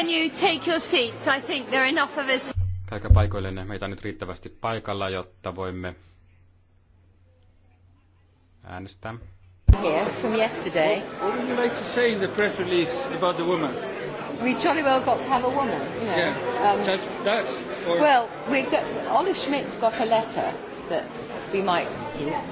S3: Can
S1: you take your seats? I think there are enough of us.
S2: Käykää paikoillenne. Meitä on nyt riittävästi paikalla, jotta voimme äänestää.
S1: Here from yesterday. What
S4: would you like to say in the press release about the woman?
S1: We jolly well got to have a woman, you know.
S4: Yeah, um, just that. Or... Well,
S1: we got, Ollie Schmidt's got a letter that we might. Yeah.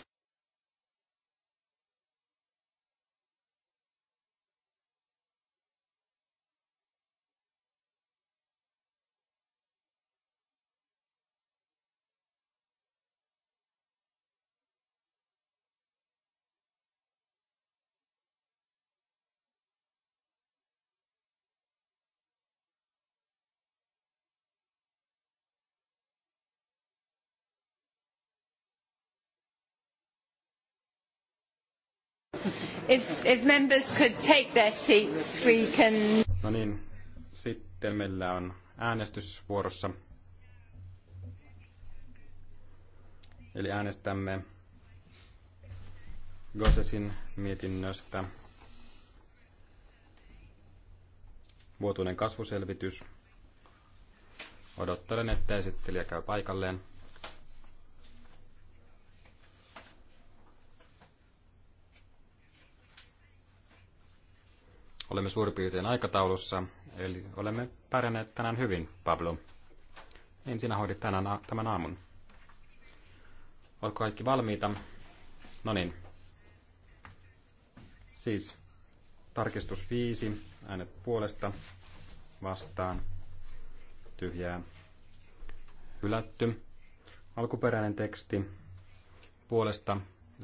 S1: If, if members could take their seats, we can...
S2: No niin, sitten meillä on äänestysvuorossa. Eli äänestämme Gosesin mietinnöstä vuotuinen kasvuselvitys. Odottelen, että esittelijä käy paikalleen. Olemme suurin piirtein aikataulussa, eli olemme pärjänneet tänään hyvin, Pablo. Niin sinä hoidit tänään, tämän aamun. Oletko kaikki valmiita? No niin. Siis tarkistus viisi äänet puolesta, vastaan, tyhjää, hylätty. Alkuperäinen teksti, puolesta,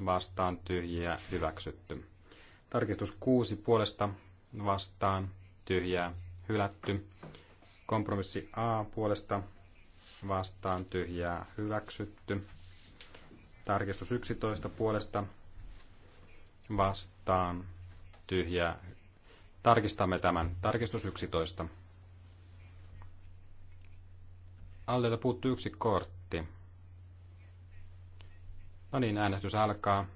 S2: vastaan, tyhjiä, hyväksytty. Tarkistus 6, puolesta, vastaan tyhjää hylätty. Kompromissi A puolesta vastaan tyhjää hyväksytty. Tarkistus 11 puolesta vastaan tyhjää. Tarkistamme tämän. Tarkistus 11. Alleilta puuttuu yksi kortti. No niin, äänestys alkaa.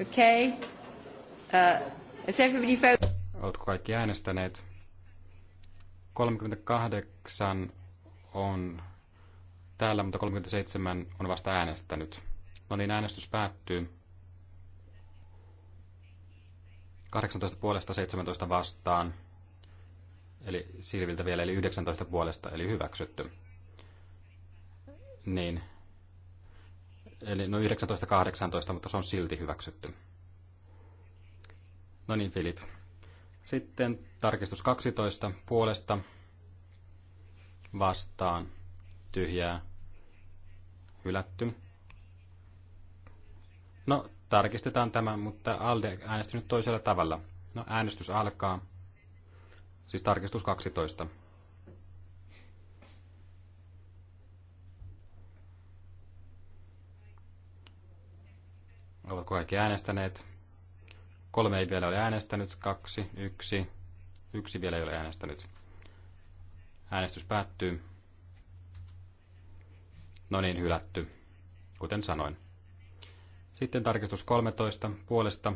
S1: Okay. Uh, has everybody voted?
S2: Oletko kaikki äänestäneet? 38 on täällä, mutta 37 on vasta äänestänyt. No niin, äänestys päättyy. 18 puolesta 17 vastaan. Eli Silviltä vielä, eli 19 puolesta, eli hyväksytty. Niin, Eli no 19.18, mutta se on silti hyväksytty. No niin, Filip. Sitten tarkistus 12 puolesta vastaan tyhjää hylätty. No, tarkistetaan tämä, mutta Alde äänesti nyt toisella tavalla. No, äänestys alkaa. Siis tarkistus 12. Ovatko kaikki äänestäneet? Kolme ei vielä ole äänestänyt, kaksi, yksi, yksi vielä ei ole äänestänyt. Äänestys päättyy. No niin, hylätty, kuten sanoin. Sitten tarkistus 13 puolesta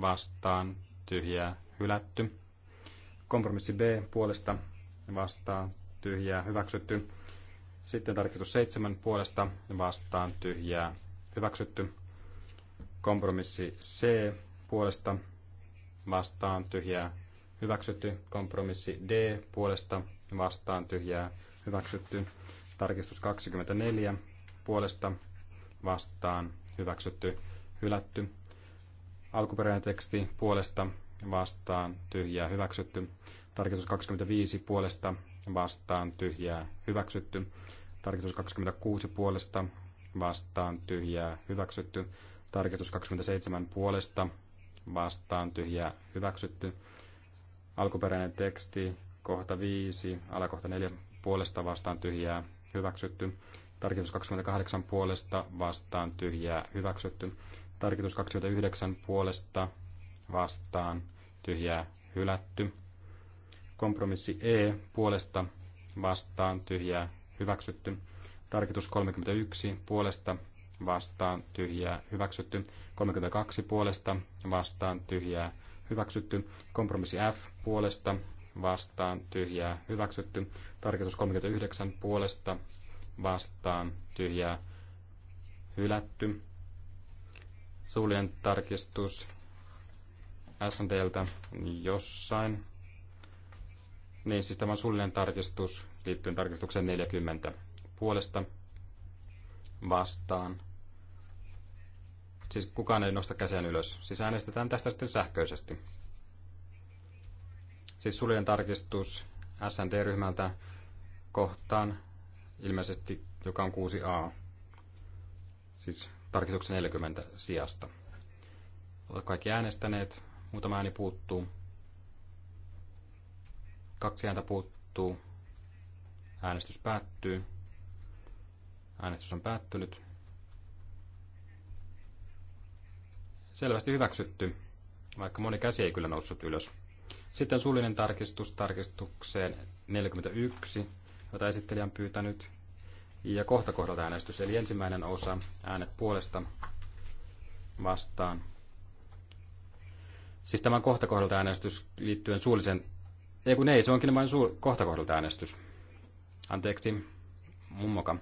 S2: vastaan tyhjää hylätty. Kompromissi B puolesta vastaan tyhjää hyväksytty. Sitten tarkistus 7 puolesta vastaan tyhjää hyväksytty. Kompromissi C puolesta vastaan tyhjää hyväksytty. Kompromissi D puolesta vastaan tyhjää hyväksytty. Tarkistus 24 puolesta vastaan hyväksytty hylätty. Alkuperäinen teksti puolesta vastaan tyhjää hyväksytty. Tarkistus 25 puolesta vastaan tyhjää hyväksytty. Tarkistus 26 puolesta vastaan tyhjää hyväksytty. Tarkistus 27 puolesta vastaan tyhjä hyväksytty. Alkuperäinen teksti kohta 5, alakohta 4 puolesta vastaan tyhjää hyväksytty. Tarkistus 28 puolesta vastaan tyhjää hyväksytty. Tarkistus 29 puolesta vastaan tyhjää hylätty. Kompromissi E puolesta vastaan tyhjää hyväksytty. Tarkistus 31 puolesta vastaan tyhjää hyväksytty. 32 puolesta vastaan tyhjää hyväksytty. Kompromissi F puolesta vastaan tyhjää hyväksytty. Tarkistus 39 puolesta vastaan tyhjää hylätty. Suljen tarkistus SNTltä jossain. Niin, siis tämä suljen tarkistus liittyen tarkistukseen 40 puolesta vastaan Siis kukaan ei nosta käsiään ylös. Siis äänestetään tästä sitten sähköisesti. Siis suljen tarkistus SND-ryhmältä kohtaan, ilmeisesti joka on 6a, siis tarkistuksen 40 sijasta. Olet kaikki äänestäneet, muutama ääni puuttuu, kaksi ääntä puuttuu, äänestys päättyy, äänestys on päättynyt, Selvästi hyväksytty, vaikka moni käsi ei kyllä noussut ylös. Sitten suullinen tarkistus tarkistukseen 41, jota esittelijä on pyytänyt. Ja kohta kohdalta äänestys, eli ensimmäinen osa äänet puolesta vastaan. Siis tämä kohta kohdalta äänestys liittyen suullisen... Ei kun ei, se onkin vain suul... kohta kohdalta äänestys. Anteeksi, mummoka.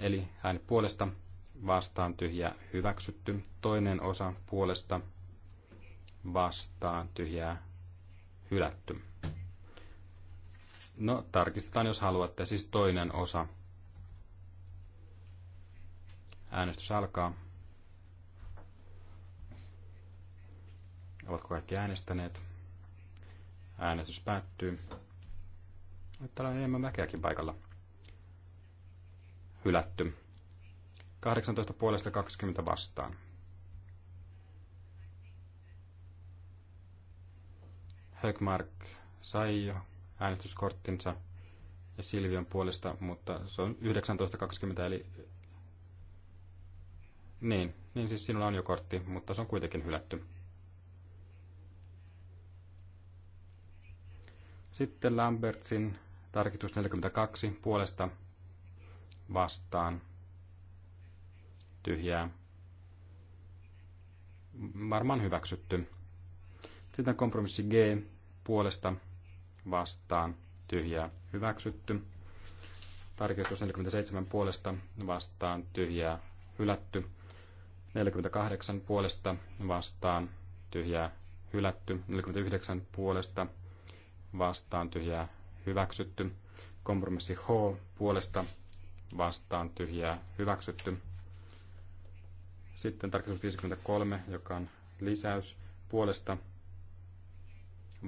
S2: Eli äänet puolesta vastaan tyhjää hyväksytty. Toinen osa puolesta vastaan tyhjää hylätty. No, tarkistetaan jos haluatte. Siis toinen osa. Äänestys alkaa. Ovatko kaikki äänestäneet? Äänestys päättyy. Täällä on enemmän väkeäkin paikalla. Hylätty. 18 puolesta 20 vastaan. Högmark sai jo äänestyskorttinsa ja Silvion puolesta, mutta se on 19.20 eli... Niin, niin siis sinulla on jo kortti, mutta se on kuitenkin hylätty. Sitten Lambertsin tarkistus 42 puolesta vastaan tyhjää, varmaan hyväksytty. Sitten kompromissi G puolesta vastaan tyhjää hyväksytty. Tarkistus 47 puolesta vastaan tyhjää hylätty. 48 puolesta vastaan tyhjää hylätty. 49 puolesta vastaan tyhjää hyväksytty. Kompromissi H puolesta vastaan tyhjää hyväksytty. Sitten tarkistus 53, joka on lisäys puolesta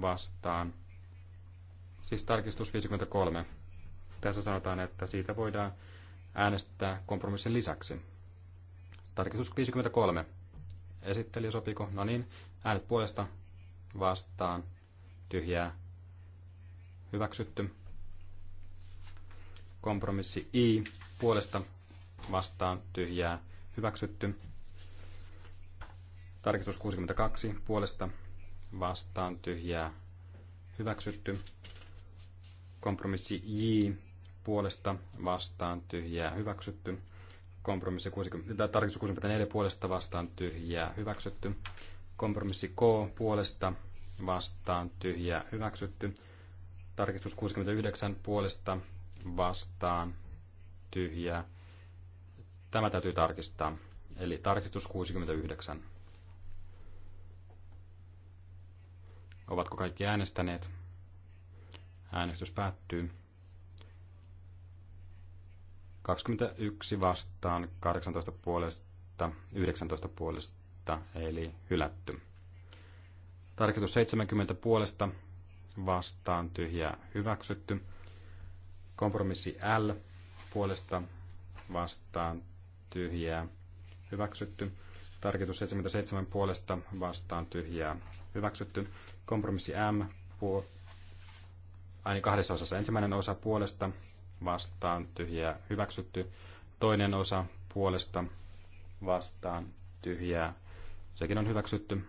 S2: vastaan. Siis tarkistus 53. Tässä sanotaan, että siitä voidaan äänestää kompromissin lisäksi. Tarkistus 53. Esittelijä sopiko? No niin, äänet puolesta vastaan. Tyhjää. Hyväksytty. Kompromissi I puolesta vastaan tyhjää hyväksytty. Tarkistus 62 puolesta vastaan tyhjää hyväksytty. Kompromissi J puolesta vastaan tyhjää hyväksytty. Kompromissi 60, äh, tarkistus 64 puolesta vastaan tyhjää hyväksytty. Kompromissi K puolesta vastaan tyhjää hyväksytty. Tarkistus 69 puolesta vastaan tyhjää. Tämä täytyy tarkistaa. Eli tarkistus 69. Ovatko kaikki äänestäneet? Äänestys päättyy. 21 vastaan, 18 puolesta, 19 puolesta, eli hylätty. Tarkistus 70 puolesta, vastaan, tyhjä, hyväksytty. Kompromissi L puolesta, vastaan, tyhjää, hyväksytty. Tarkistus 77 puolesta, vastaan, tyhjää, hyväksytty. Kompromissi M, puo, aina kahdessa osassa. Ensimmäinen osa puolesta vastaan tyhjää hyväksytty. Toinen osa puolesta vastaan tyhjää. Sekin on hyväksytty.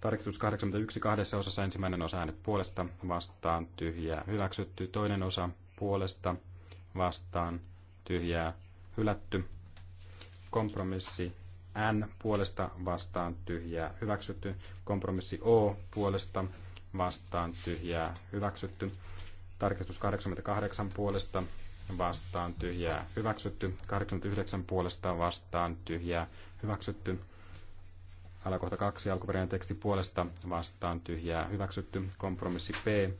S2: Tarkistus 81 kahdessa osassa ensimmäinen osa äänet puolesta vastaan tyhjää hyväksytty. Toinen osa puolesta vastaan tyhjää hylätty. Kompromissi N puolesta vastaan tyhjää hyväksytty. Kompromissi O puolesta vastaan tyhjää hyväksytty. Tarkistus 88 puolesta vastaan tyhjää hyväksytty. 89 puolesta vastaan tyhjää hyväksytty. Alakohta 2 alkuperäinen teksti puolesta vastaan tyhjää hyväksytty. Kompromissi P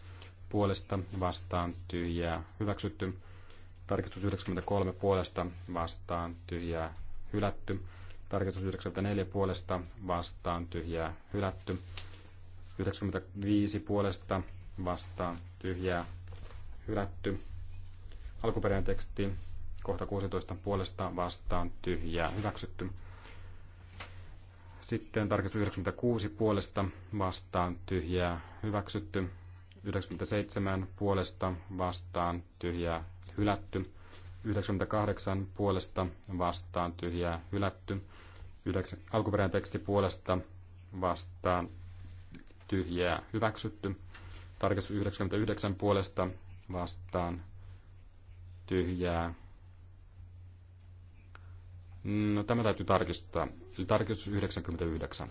S2: puolesta vastaan tyhjää hyväksytty. Tarkistus 93 puolesta vastaan tyhjää hylätty. Tarkistus 94 puolesta vastaan tyhjää hylätty. 95 puolesta vastaan tyhjää hylätty. Alkuperäinen teksti kohta 16 puolesta vastaan tyhjää hyväksytty. Sitten tarkistus 96 puolesta vastaan tyhjää hyväksytty. 97 puolesta vastaan tyhjää hylätty. 98 puolesta vastaan tyhjää hylätty. Yhdeksän, alkuperäinen teksti puolesta vastaan tyhjää hyväksytty. Tarkistus 99 puolesta vastaan tyhjää. No, tämä täytyy tarkistaa. Eli tarkistus 99.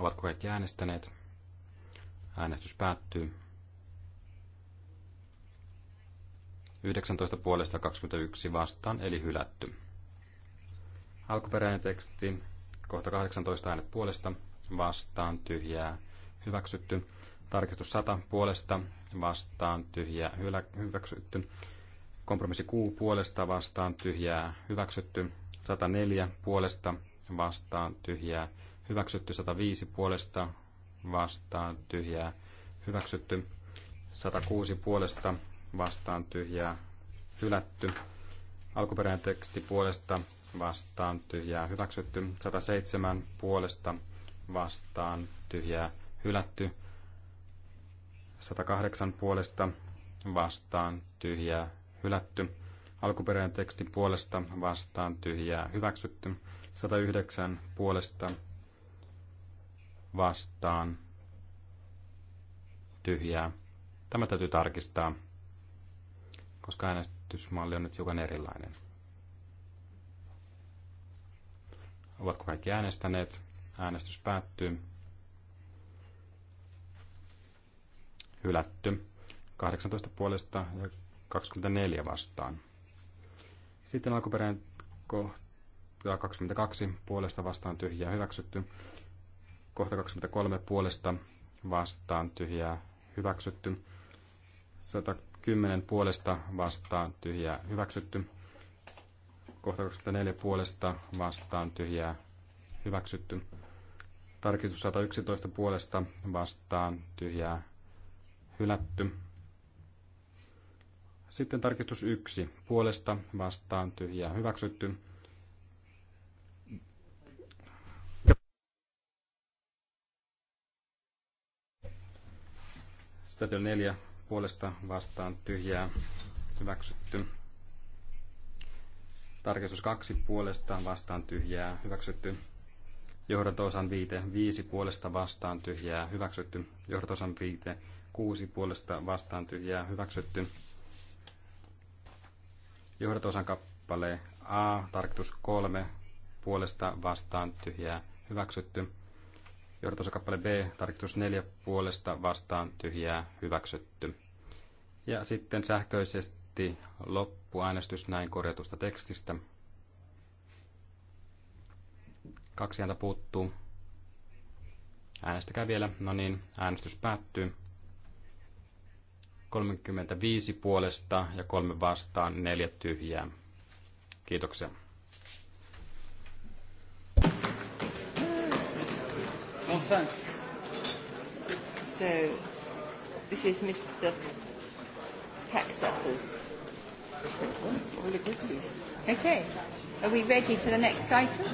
S2: Ovatko kaikki äänestäneet? Äänestys päättyy. 19 puolesta 21 vastaan, eli hylätty. Alkuperäinen teksti, kohta 18 äänet puolesta, vastaan, tyhjää, hyväksytty. Tarkistus 100 puolesta, vastaan, tyhjää, hyväksytty. Kompromissi Q puolesta, vastaan, tyhjää, hyväksytty. 104 puolesta, vastaan, tyhjää, hyväksytty. 105 puolesta, vastaan, tyhjää, hyväksytty. 106 puolesta, vastaan tyhjää hylätty. Alkuperäinen teksti puolesta vastaan tyhjää hyväksytty. 107 puolesta vastaan tyhjää hylätty. 108 puolesta vastaan tyhjää hylätty. Alkuperäinen teksti puolesta vastaan tyhjää hyväksytty. 109 puolesta vastaan tyhjää. Tämä täytyy tarkistaa koska äänestysmalli on nyt hiukan erilainen. Ovatko kaikki äänestäneet? Äänestys päättyy. Hylätty. 18 puolesta ja 24 vastaan. Sitten alkuperäinen kohta 22 puolesta vastaan tyhjää hyväksytty. Kohta 23 puolesta vastaan tyhjää hyväksytty. 10 puolesta vastaan tyhjää hyväksytty. Kohta 24 puolesta vastaan tyhjää hyväksytty. Tarkistus 111 puolesta vastaan tyhjää hylätty. Sitten tarkistus 1 puolesta vastaan tyhjää hyväksytty. Sitten 4 puolesta vastaan tyhjää hyväksytty. Tarkistus 2 puolesta vastaan tyhjää hyväksytty. Johdantosan viite 5 puolesta vastaan tyhjää hyväksytty. Johdantosan viite 6 puolesta vastaan tyhjää hyväksytty. Johdantosan kappale A, tarkistus 3 puolesta vastaan tyhjää hyväksytty. Johdatusokappale B, tarkistus 4 puolesta vastaan tyhjää hyväksytty. Ja sitten sähköisesti loppuäänestys näin korjatusta tekstistä. Kaksi ääntä puuttuu. Äänestäkää vielä. No niin, äänestys päättyy. 35 puolesta ja kolme vastaan, neljä tyhjää. Kiitoksia.
S5: consent.
S4: So,
S1: this is Mr. Texas's. Okay. Are we ready for the next item?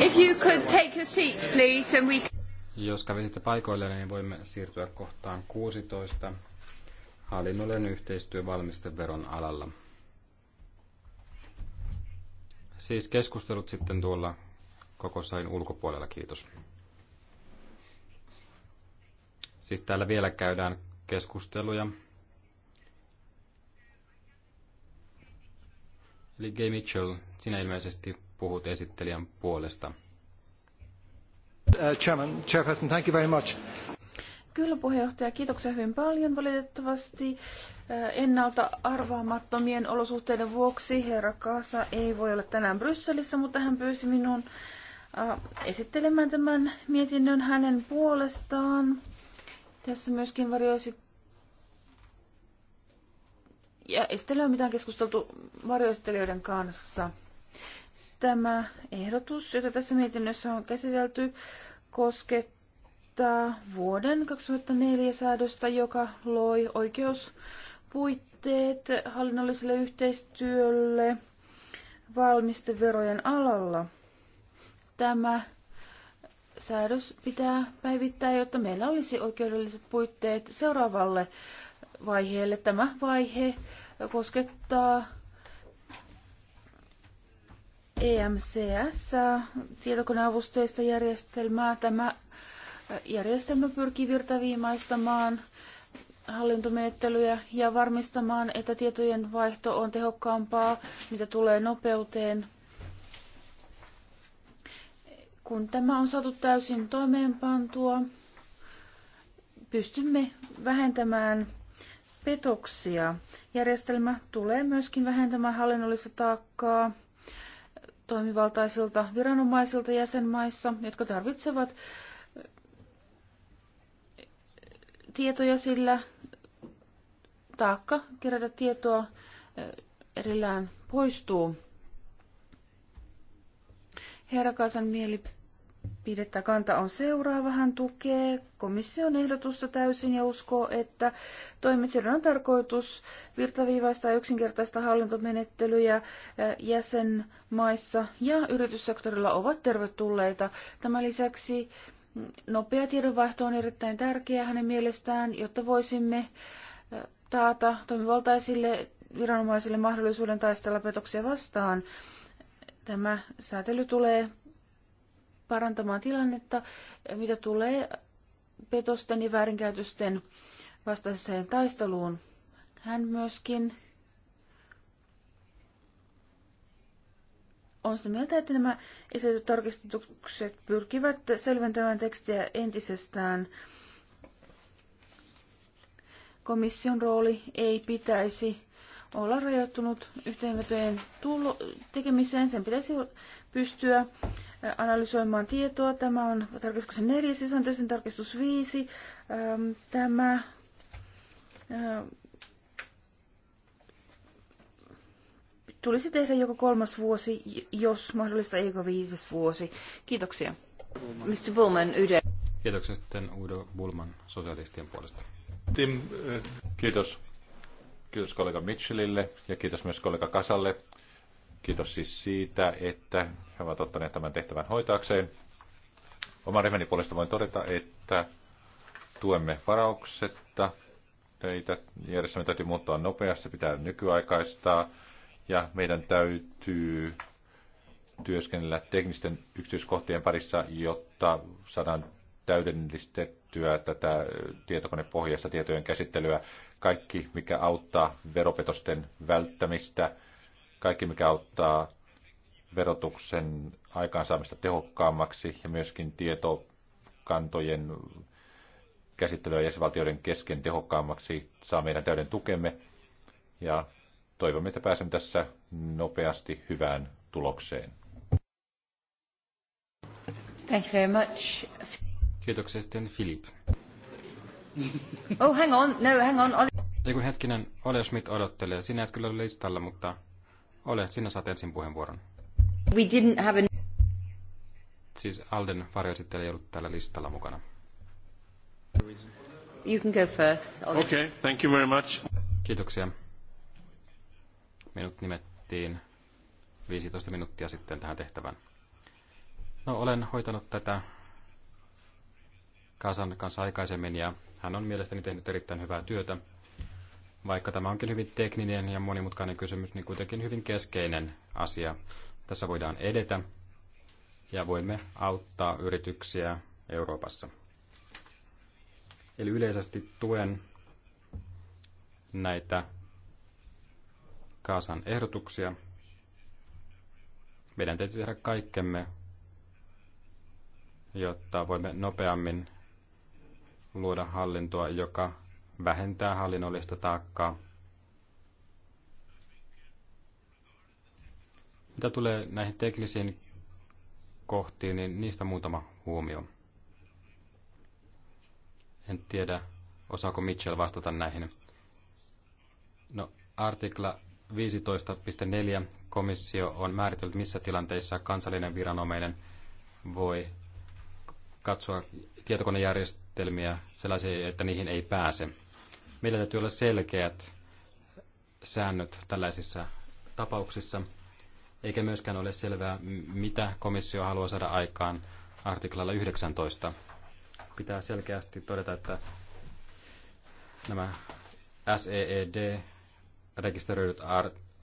S3: If you could take your seats, please, and we... Jos
S2: kävisitte paikoille, niin voimme siirtyä kohtaan 16. Hallinnollinen yhteistyö valmisteveron alalla. Siis keskustelut sitten tuolla koko sain ulkopuolella, kiitos. Siis täällä vielä käydään keskusteluja. Eli Gay Mitchell, sinä ilmeisesti puhut esittelijän puolesta.
S5: Uh, Chairman, Chairperson, thank you very much.
S4: Kyllä puheenjohtaja, kiitoksia hyvin paljon. Valitettavasti uh, ennalta arvaamattomien olosuhteiden vuoksi herra Kaasa ei voi olla tänään Brysselissä, mutta hän pyysi minun uh, esittelemään tämän mietinnön hänen puolestaan. Tässä myöskin varjoisi ja esitellään mitään keskusteltu varjoistelijoiden kanssa. Tämä ehdotus, jota tässä mietinnössä on käsitelty, koskettaa vuoden 2004 säädöstä, joka loi oikeuspuitteet hallinnolliselle yhteistyölle valmisteverojen alalla. Tämä säädös pitää päivittää, jotta meillä olisi oikeudelliset puitteet seuraavalle vaiheelle. Tämä vaihe koskettaa EMCS, äh, tietokoneavusteista järjestelmää. Tämä äh, järjestelmä pyrkii virtaviimaistamaan hallintomenettelyjä ja varmistamaan, että tietojen vaihto on tehokkaampaa, mitä tulee nopeuteen. Kun tämä on saatu täysin toimeenpantua, pystymme vähentämään petoksia. Järjestelmä tulee myöskin vähentämään hallinnollista taakkaa toimivaltaisilta viranomaisilta jäsenmaissa, jotka tarvitsevat eh, tietoja sillä taakka kerätä tietoa eh, erillään poistuu. Herra Kasan mieli pidettää kanta on seuraava. Hän tukee komission ehdotusta täysin ja uskoo, että toimitsijoiden on tarkoitus virtaviivaistaa yksinkertaista hallintomenettelyjä jäsenmaissa ja yrityssektorilla ovat tervetulleita. Tämän lisäksi nopea tiedonvaihto on erittäin tärkeää hänen mielestään, jotta voisimme taata toimivaltaisille viranomaisille mahdollisuuden taistella petoksia vastaan. Tämä säätely tulee parantamaan tilannetta, mitä tulee petosten ja väärinkäytösten vastaiseen taisteluun. Hän myöskin on sitä mieltä, että nämä esitetyt tarkistukset pyrkivät selventämään tekstiä entisestään. Komission rooli ei pitäisi olla rajoittunut yhteenvetojen tulo- tekemiseen. Sen pitäisi pystyä analysoimaan tietoa. Tämä on tarkistuksen neljä, sisäntöisen tarkistus viisi. Tämä tulisi tehdä joko kolmas vuosi, jos mahdollista, eikö viides vuosi. Kiitoksia. Mr. Bullman,
S2: Kiitoksia sitten Udo Bullman sosialistien
S3: puolesta. Tim, Kiitos. Kiitos kollega Mitchellille ja kiitos myös kollega Kasalle. Kiitos siis siitä, että he ovat ottaneet tämän tehtävän hoitaakseen. Oman ryhmäni puolesta voin todeta, että tuemme varauksetta. Teitä järjestämme täytyy muuttua nopeasti, pitää nykyaikaistaa ja meidän täytyy työskennellä teknisten yksityiskohtien parissa, jotta saadaan täydellistä käytettyä tätä tietokonepohjaista tietojen käsittelyä, kaikki mikä auttaa veropetosten välttämistä, kaikki mikä auttaa verotuksen aikaansaamista tehokkaammaksi ja myöskin tietokantojen käsittelyä jäsenvaltioiden kesken tehokkaammaksi saa meidän täyden tukemme. Ja toivomme, että pääsemme tässä nopeasti hyvään tulokseen.
S1: Thank you very much.
S3: Kiitoksia
S2: sitten Filip.
S1: Oh, hang on, no, hang on. Oli...
S2: Ei kun hetkinen, Ole Schmidt odottelee. Sinä et kyllä ole listalla, mutta ole, sinä saat ensin puheenvuoron.
S1: We didn't have a...
S2: Siis Alden sitten ei ollut täällä listalla mukana.
S1: You can go first. Ole.
S2: Okay, thank you very much. Kiitoksia. Minut nimettiin 15 minuuttia sitten tähän tehtävään. No, olen hoitanut tätä Kasan kanssa aikaisemmin ja hän on mielestäni tehnyt erittäin hyvää työtä. Vaikka tämä onkin hyvin tekninen ja monimutkainen kysymys, niin kuitenkin hyvin keskeinen asia. Tässä voidaan edetä ja voimme auttaa yrityksiä Euroopassa. Eli yleisesti tuen näitä Kaasan ehdotuksia. Meidän täytyy tehdä kaikkemme, jotta voimme nopeammin luoda hallintoa, joka vähentää hallinnollista taakkaa. Mitä tulee näihin teknisiin kohtiin, niin niistä muutama huomio. En tiedä, osaako Mitchell vastata näihin. No, artikla 15.4 komissio on määritellyt, missä tilanteissa kansallinen viranomainen voi katsoa tietokonejärjestelmää määritelmiä, sellaisia, että niihin ei pääse. Meillä täytyy olla selkeät säännöt tällaisissa tapauksissa, eikä myöskään ole selvää, mitä komissio haluaa saada aikaan artiklalla 19. Pitää selkeästi todeta, että nämä SEED-rekisteröidyt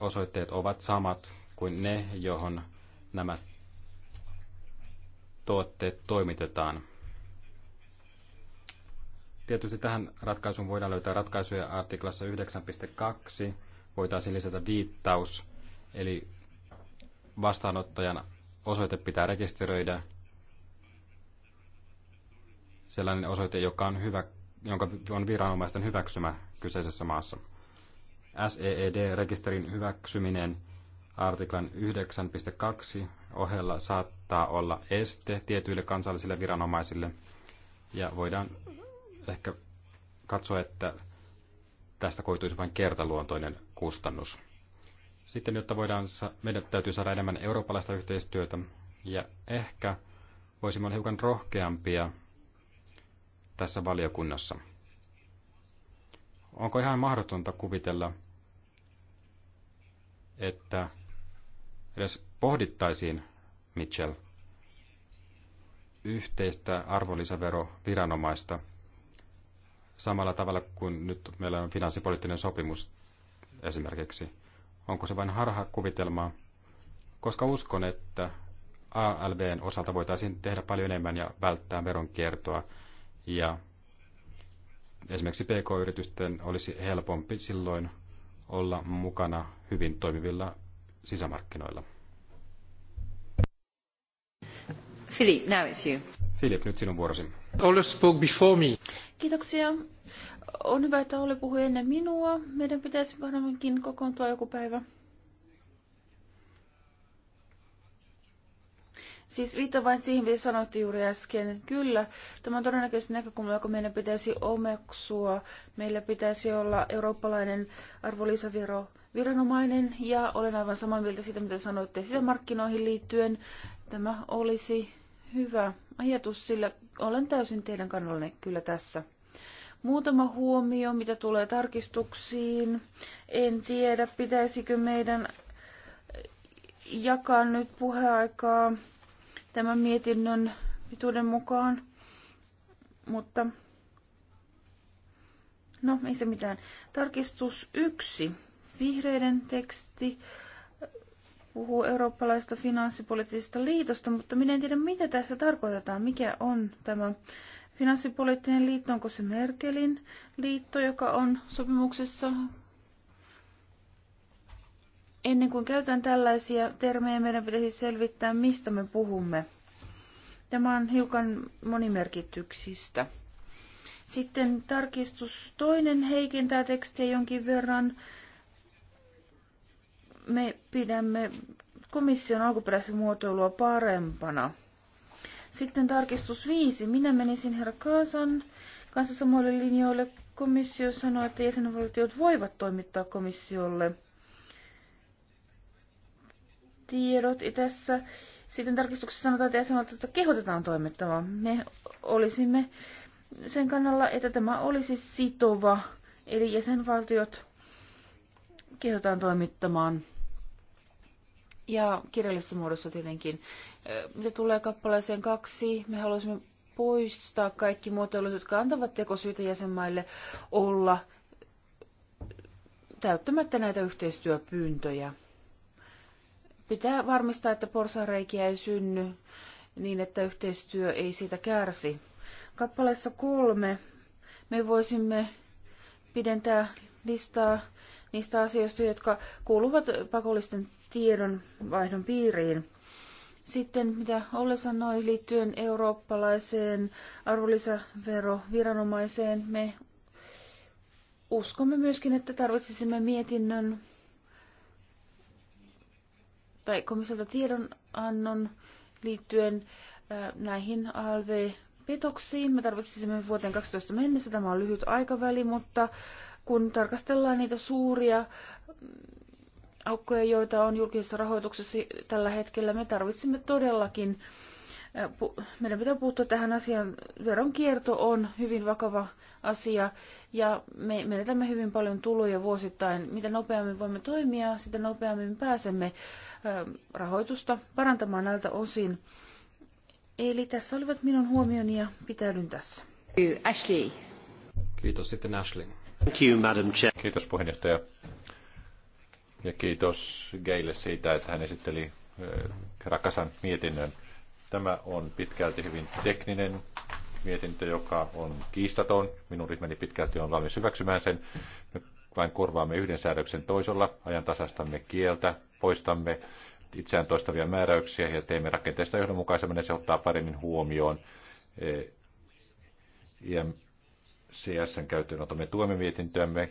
S2: osoitteet ovat samat kuin ne, johon nämä tuotteet toimitetaan. Tietysti tähän ratkaisuun voidaan löytää ratkaisuja artiklassa 9.2. Voitaisiin lisätä viittaus, eli vastaanottajan osoite pitää rekisteröidä sellainen osoite, joka on hyvä, jonka on viranomaisten hyväksymä kyseisessä maassa. SEED-rekisterin hyväksyminen artiklan 9.2 ohella saattaa olla este tietyille kansallisille viranomaisille ja voidaan ehkä katsoa, että tästä koituisi vain kertaluontoinen kustannus. Sitten, jotta voidaan, meidän täytyy saada enemmän eurooppalaista yhteistyötä ja ehkä voisimme olla hiukan rohkeampia tässä valiokunnassa. Onko ihan mahdotonta kuvitella, että edes pohdittaisiin, Mitchell, yhteistä arvonlisäveroviranomaista – samalla tavalla kuin nyt meillä on finanssipoliittinen sopimus esimerkiksi. Onko se vain harha kuvitelma? Koska uskon, että ALBn osalta voitaisiin tehdä paljon enemmän ja välttää veronkiertoa. Ja esimerkiksi PK-yritysten olisi helpompi silloin olla mukana hyvin toimivilla sisämarkkinoilla.
S4: Philip, now it's you.
S2: Philip, nyt sinun vuorosi. Olaf spoke
S5: before me.
S4: Kiitoksia. On hyvä, että Olli puhui ennen minua. Meidän pitäisi varmaankin kokoontua joku päivä. Siis viittaa vain siihen, mitä sanoitte juuri äsken. Kyllä, tämä on todennäköisesti näkökulma, joka meidän pitäisi omeksua. Meillä pitäisi olla eurooppalainen arvonlisävero viranomainen ja olen aivan samaa mieltä siitä, mitä sanoitte sisämarkkinoihin liittyen. Tämä olisi hyvä ajatus, sillä olen täysin teidän kannallanne kyllä tässä. Muutama huomio, mitä tulee tarkistuksiin. En tiedä, pitäisikö meidän jakaa nyt puheaikaa tämän mietinnön pituuden mukaan, mutta no ei se mitään. Tarkistus yksi. Vihreiden teksti puhuu eurooppalaisesta finanssipoliittisesta liitosta, mutta minä en tiedä, mitä tässä tarkoitetaan. Mikä on tämä finanssipoliittinen liitto? Onko se Merkelin liitto, joka on sopimuksessa? Ennen kuin käytän tällaisia termejä, meidän pitäisi selvittää, mistä me puhumme. Tämä on hiukan monimerkityksistä. Sitten tarkistus toinen heikentää tekstiä jonkin verran me pidämme komission alkuperäistä muotoilua parempana. Sitten tarkistus viisi. Minä menisin herra Kaasan kanssa samoille linjoille. Komissio sanoi, että jäsenvaltiot voivat toimittaa komissiolle tiedot. Ja tässä sitten tarkistuksessa sanotaan, että jäsenvaltiot kehotetaan toimittamaan. Me olisimme sen kannalla, että tämä olisi sitova, eli jäsenvaltiot kehotetaan toimittamaan ja kirjallisessa muodossa tietenkin. Mitä tulee kappaleeseen kaksi, me haluaisimme poistaa kaikki muotoilut, jotka antavat tekosyitä jäsenmaille olla täyttämättä näitä yhteistyöpyyntöjä. Pitää varmistaa, että porsareikiä ei synny niin, että yhteistyö ei siitä kärsi. Kappaleessa kolme me voisimme pidentää listaa niistä asioista, jotka kuuluvat pakollisten tiedon vaihdon piiriin. Sitten mitä Olle sanoi liittyen eurooppalaiseen arvonlisäveroviranomaiseen, me uskomme myöskin, että tarvitsisimme mietinnön tai komissiolta tiedonannon liittyen äh, näihin ALV-petoksiin. Me tarvitsisimme vuoteen 12 mennessä. Tämä on lyhyt aikaväli, mutta kun tarkastellaan niitä suuria aukkoja, joita on julkisessa rahoituksessa tällä hetkellä. Me tarvitsemme todellakin, meidän pitää puuttua tähän asiaan. Veronkierto on hyvin vakava asia ja me menetämme hyvin paljon tuloja vuosittain. Mitä nopeammin voimme toimia, sitä nopeammin pääsemme rahoitusta parantamaan näiltä osin. Eli tässä olivat minun huomioni ja pitäydyn tässä. Ashley.
S3: Kiitos sitten Ashley. Thank you, Madam Chair. Kiitos puheenjohtaja. Ja kiitos Geille siitä, että hän esitteli Rakasan mietinnön. Tämä on pitkälti hyvin tekninen mietintö, joka on kiistaton. Minun ryhmäni pitkälti on valmis hyväksymään sen. Me vain korvaamme yhden säädöksen toisella, ajantasastamme kieltä, poistamme itseään toistavia määräyksiä ja teemme rakenteesta johdonmukaisemmin ja se ottaa paremmin huomioon. Ja e, CSn käyttöönotomme tuemme mietintöämme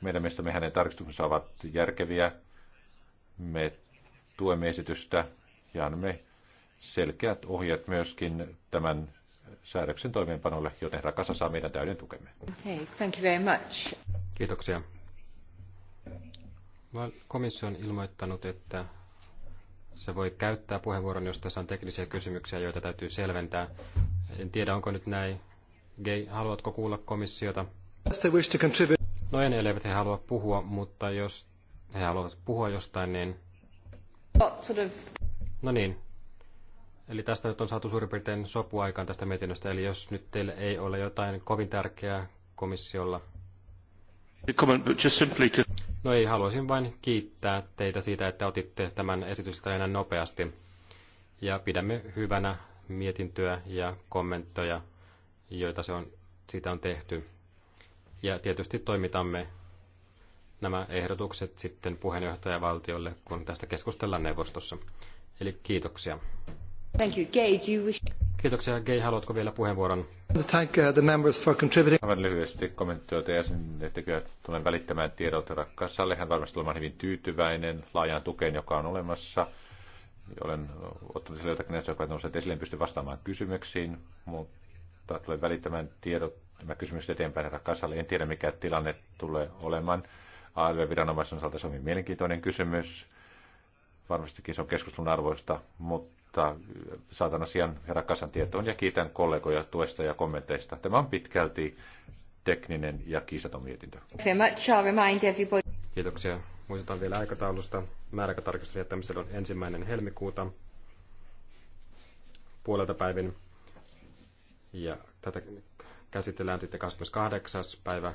S3: meidän mielestämme hänen tarkistuksensa ovat järkeviä. Me tuemme esitystä ja annamme selkeät ohjeet myöskin tämän säädöksen toimeenpanolle, joten rakassa saa meidän täyden tukemme.
S1: Hey, thank you very much.
S3: Kiitoksia.
S2: Komissio on ilmoittanut, että se voi käyttää puheenvuoron, jos tässä on teknisiä kysymyksiä, joita täytyy selventää. En tiedä, onko nyt näin. Gay, haluatko kuulla komissiota? No en, eivät he halua puhua, mutta jos he haluavat puhua jostain, niin... Oh, no niin. Eli tästä nyt on saatu suurin piirtein sopu aikaan tästä mietinnöstä. Eli jos nyt teille ei ole jotain kovin tärkeää komissiolla... No ei, haluaisin vain kiittää teitä siitä, että otitte tämän esitystä näin nopeasti. Ja pidämme hyvänä mietintöä ja kommentteja, joita se on, siitä on tehty. Ja tietysti toimitamme nämä ehdotukset sitten puheenjohtajavaltiolle, kun tästä keskustellaan neuvostossa. Eli kiitoksia. Thank you. Gay, you wish... Kiitoksia. Gay, haluatko vielä puheenvuoron?
S5: Thank
S3: the members for contributing. Aivan lyhyesti kommentoita että kyllä Tulen välittämään tiedot rakkaassalle. Hän varmasti olemaan hyvin tyytyväinen laajaan tukeen, joka on olemassa. Olen ottanut sille jotakin näistä, jotka on esille, en pysty vastaamaan kysymyksiin, mutta tulen välittämään tiedot tämä kysymys eteenpäin kasalle En tiedä, mikä tilanne tulee olemaan. ALV-viranomaisen osalta se on hyvin mielenkiintoinen kysymys. Varmastikin se on keskustelun arvoista, mutta saatan asian herra Kasan tietoon ja kiitän kollegoja tuesta ja kommenteista. Tämä on pitkälti tekninen ja kiisaton mietintö.
S2: Kiitoksia. Muistetaan vielä aikataulusta. Määräkatarkistus jättämisellä on ensimmäinen helmikuuta puolelta päivin. Ja tätä käsitellään sitten 28. päivä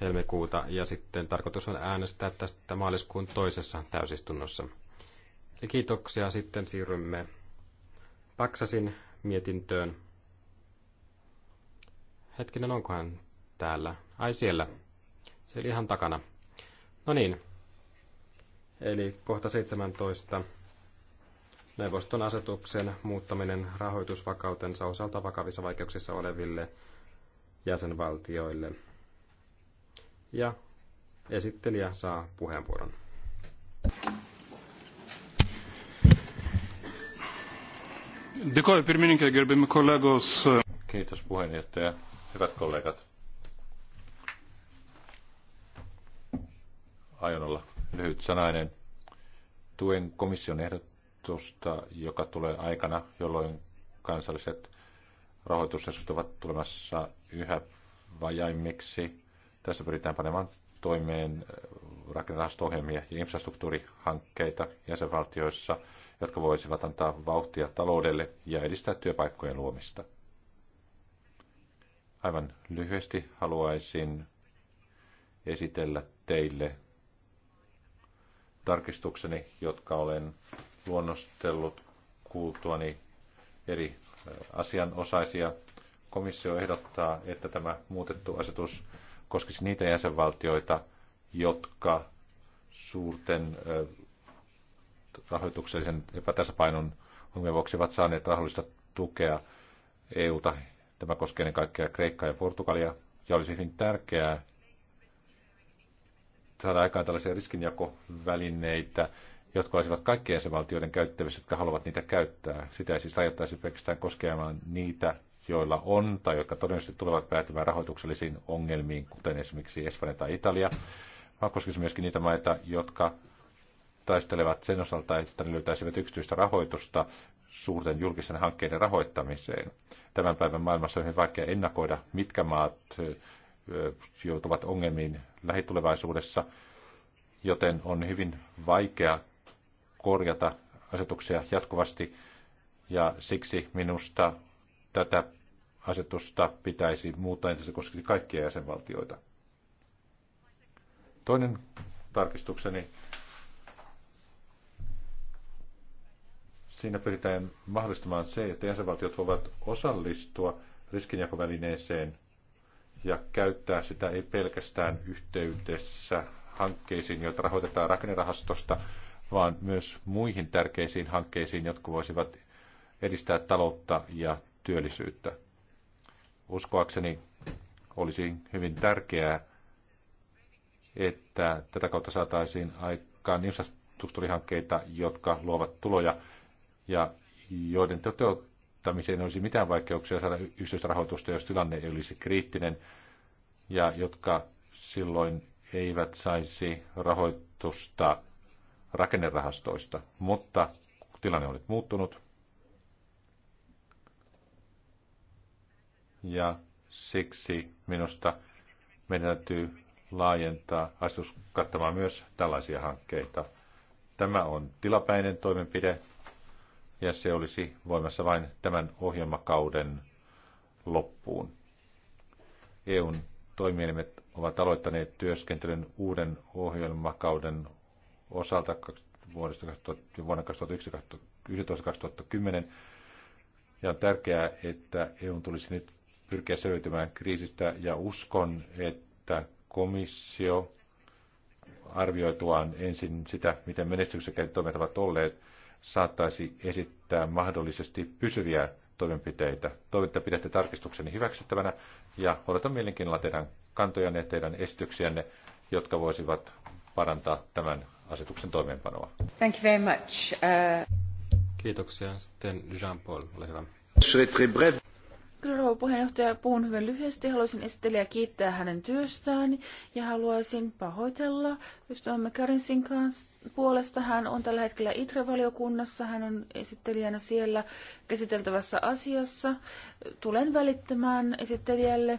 S2: helmikuuta ja sitten tarkoitus on äänestää tästä maaliskuun toisessa täysistunnossa. Eli kiitoksia. Sitten siirrymme Paksasin mietintöön. Hetkinen, onko hän täällä? Ai siellä. Se oli ihan takana. No niin. Eli kohta 17 neuvoston asetuksen muuttaminen rahoitusvakautensa osalta vakavissa vaikeuksissa oleville jäsenvaltioille. Ja esittelijä saa puheenvuoron.
S3: Kiitos puheenjohtaja, hyvät kollegat. Aion olla lyhyt sanainen. Tuen komission ehdot, rahoitusta, joka tulee aikana, jolloin kansalliset rahoitusresurssit ovat tulemassa yhä vajaimmiksi. Tässä pyritään panemaan toimeen äh, rakennerahasto-ohjelmia ja infrastruktuurihankkeita jäsenvaltioissa, jotka voisivat antaa vauhtia taloudelle ja edistää työpaikkojen luomista. Aivan lyhyesti haluaisin esitellä teille tarkistukseni, jotka olen luonnostellut kuultuani eri asianosaisia. Komissio ehdottaa, että tämä muutettu asetus koskisi niitä jäsenvaltioita, jotka suurten rahoituksellisen epätasapainon ongelmien vuoksi ovat saaneet rahallista tukea EUta. Tämä koskee ennen kaikkea Kreikkaa ja Portugalia. Ja olisi hyvin tärkeää saada aikaan tällaisia riskinjakovälineitä jotka olisivat kaikkien jäsenvaltioiden käyttävissä, jotka haluavat niitä käyttää. Sitä ei siis rajoittaisi pelkästään koskemaan niitä, joilla on tai jotka todennäköisesti tulevat päätymään rahoituksellisiin ongelmiin, kuten esimerkiksi Espanja tai Italia, vaan koskisi myöskin niitä maita, jotka taistelevat sen osalta, että ne löytäisivät yksityistä rahoitusta suurten julkisen hankkeiden rahoittamiseen. Tämän päivän maailmassa on hyvin vaikea ennakoida, mitkä maat joutuvat ongelmiin lähitulevaisuudessa, joten on hyvin vaikea korjata asetuksia jatkuvasti ja siksi minusta tätä asetusta pitäisi muuttaa, että koskisi kaikkia jäsenvaltioita. Toinen tarkistukseni. Siinä pyritään mahdollistamaan se, että jäsenvaltiot voivat osallistua riskinjakovälineeseen ja käyttää sitä ei pelkästään yhteydessä hankkeisiin, joita rahoitetaan rakennerahastosta, vaan myös muihin tärkeisiin hankkeisiin, jotka voisivat edistää taloutta ja työllisyyttä. Uskoakseni olisi hyvin tärkeää, että tätä kautta saataisiin aikaan infrastruktuurihankkeita, jotka luovat tuloja ja joiden toteuttamiseen olisi mitään vaikeuksia saada yksityisrahoitusta, jos tilanne ei olisi kriittinen, ja jotka silloin eivät saisi rahoitusta rakennerahastoista, mutta tilanne on nyt muuttunut. Ja siksi minusta meidän täytyy laajentaa asetus kattamaan myös tällaisia hankkeita. Tämä on tilapäinen toimenpide ja se olisi voimassa vain tämän ohjelmakauden loppuun. EUn toimielimet ovat aloittaneet työskentelyn uuden ohjelmakauden osalta vuodesta 2000, vuonna 2011-2010. Ja on tärkeää, että EU tulisi nyt pyrkiä selviytymään kriisistä ja uskon, että komissio arvioituaan ensin sitä, miten menestyksekkäät toimet ovat olleet, saattaisi esittää mahdollisesti pysyviä toimenpiteitä. Toivon, että pidätte tarkistukseni hyväksyttävänä ja odotan mielenkiinnolla teidän kantojanne ja teidän esityksiänne, jotka voisivat parantaa tämän asetuksen toimeenpanoa.
S1: Thank you very much. Uh...
S3: Kiitoksia. Sitten Jean-Paul, ole hyvä.
S4: Kyllä rouva puheenjohtaja, puhun hyvin lyhyesti. Haluaisin ja kiittää hänen työstään ja haluaisin pahoitella ystävämme Karinsin kanssa puolesta. Hän on tällä hetkellä ITRE-valiokunnassa, hän on esittelijänä siellä käsiteltävässä asiassa. Tulen välittämään esittelijälle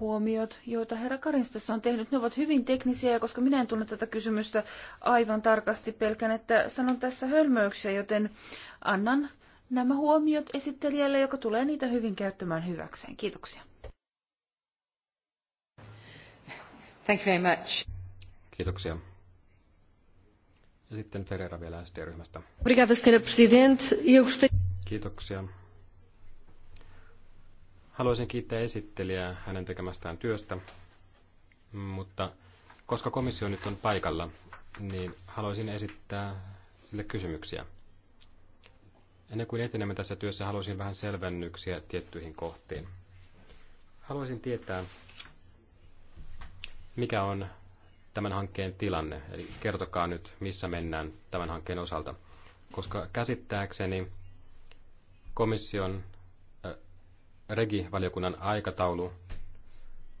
S4: huomiot, joita herra Karins tässä on tehnyt. Ne ovat hyvin teknisiä, ja koska minä en tunne tätä kysymystä aivan tarkasti, pelkän, että sanon tässä hölmöyksiä, joten annan nämä huomiot esittelijälle, joka tulee niitä hyvin käyttämään hyväkseen. Kiitoksia. Thank you very
S1: much.
S2: Kiitoksia. Ja sitten Ferreira vielä ryhmästä
S1: e
S2: Kiitoksia, Haluaisin kiittää esittelijää hänen tekemästään työstä, mutta koska komissio nyt on paikalla, niin haluaisin esittää sille kysymyksiä. Ennen kuin etenemme tässä työssä, haluaisin vähän selvennyksiä tiettyihin kohtiin. Haluaisin tietää, mikä on tämän hankkeen tilanne. Eli kertokaa nyt, missä mennään tämän hankkeen osalta. Koska käsittääkseni komission Regi-valiokunnan aikataulu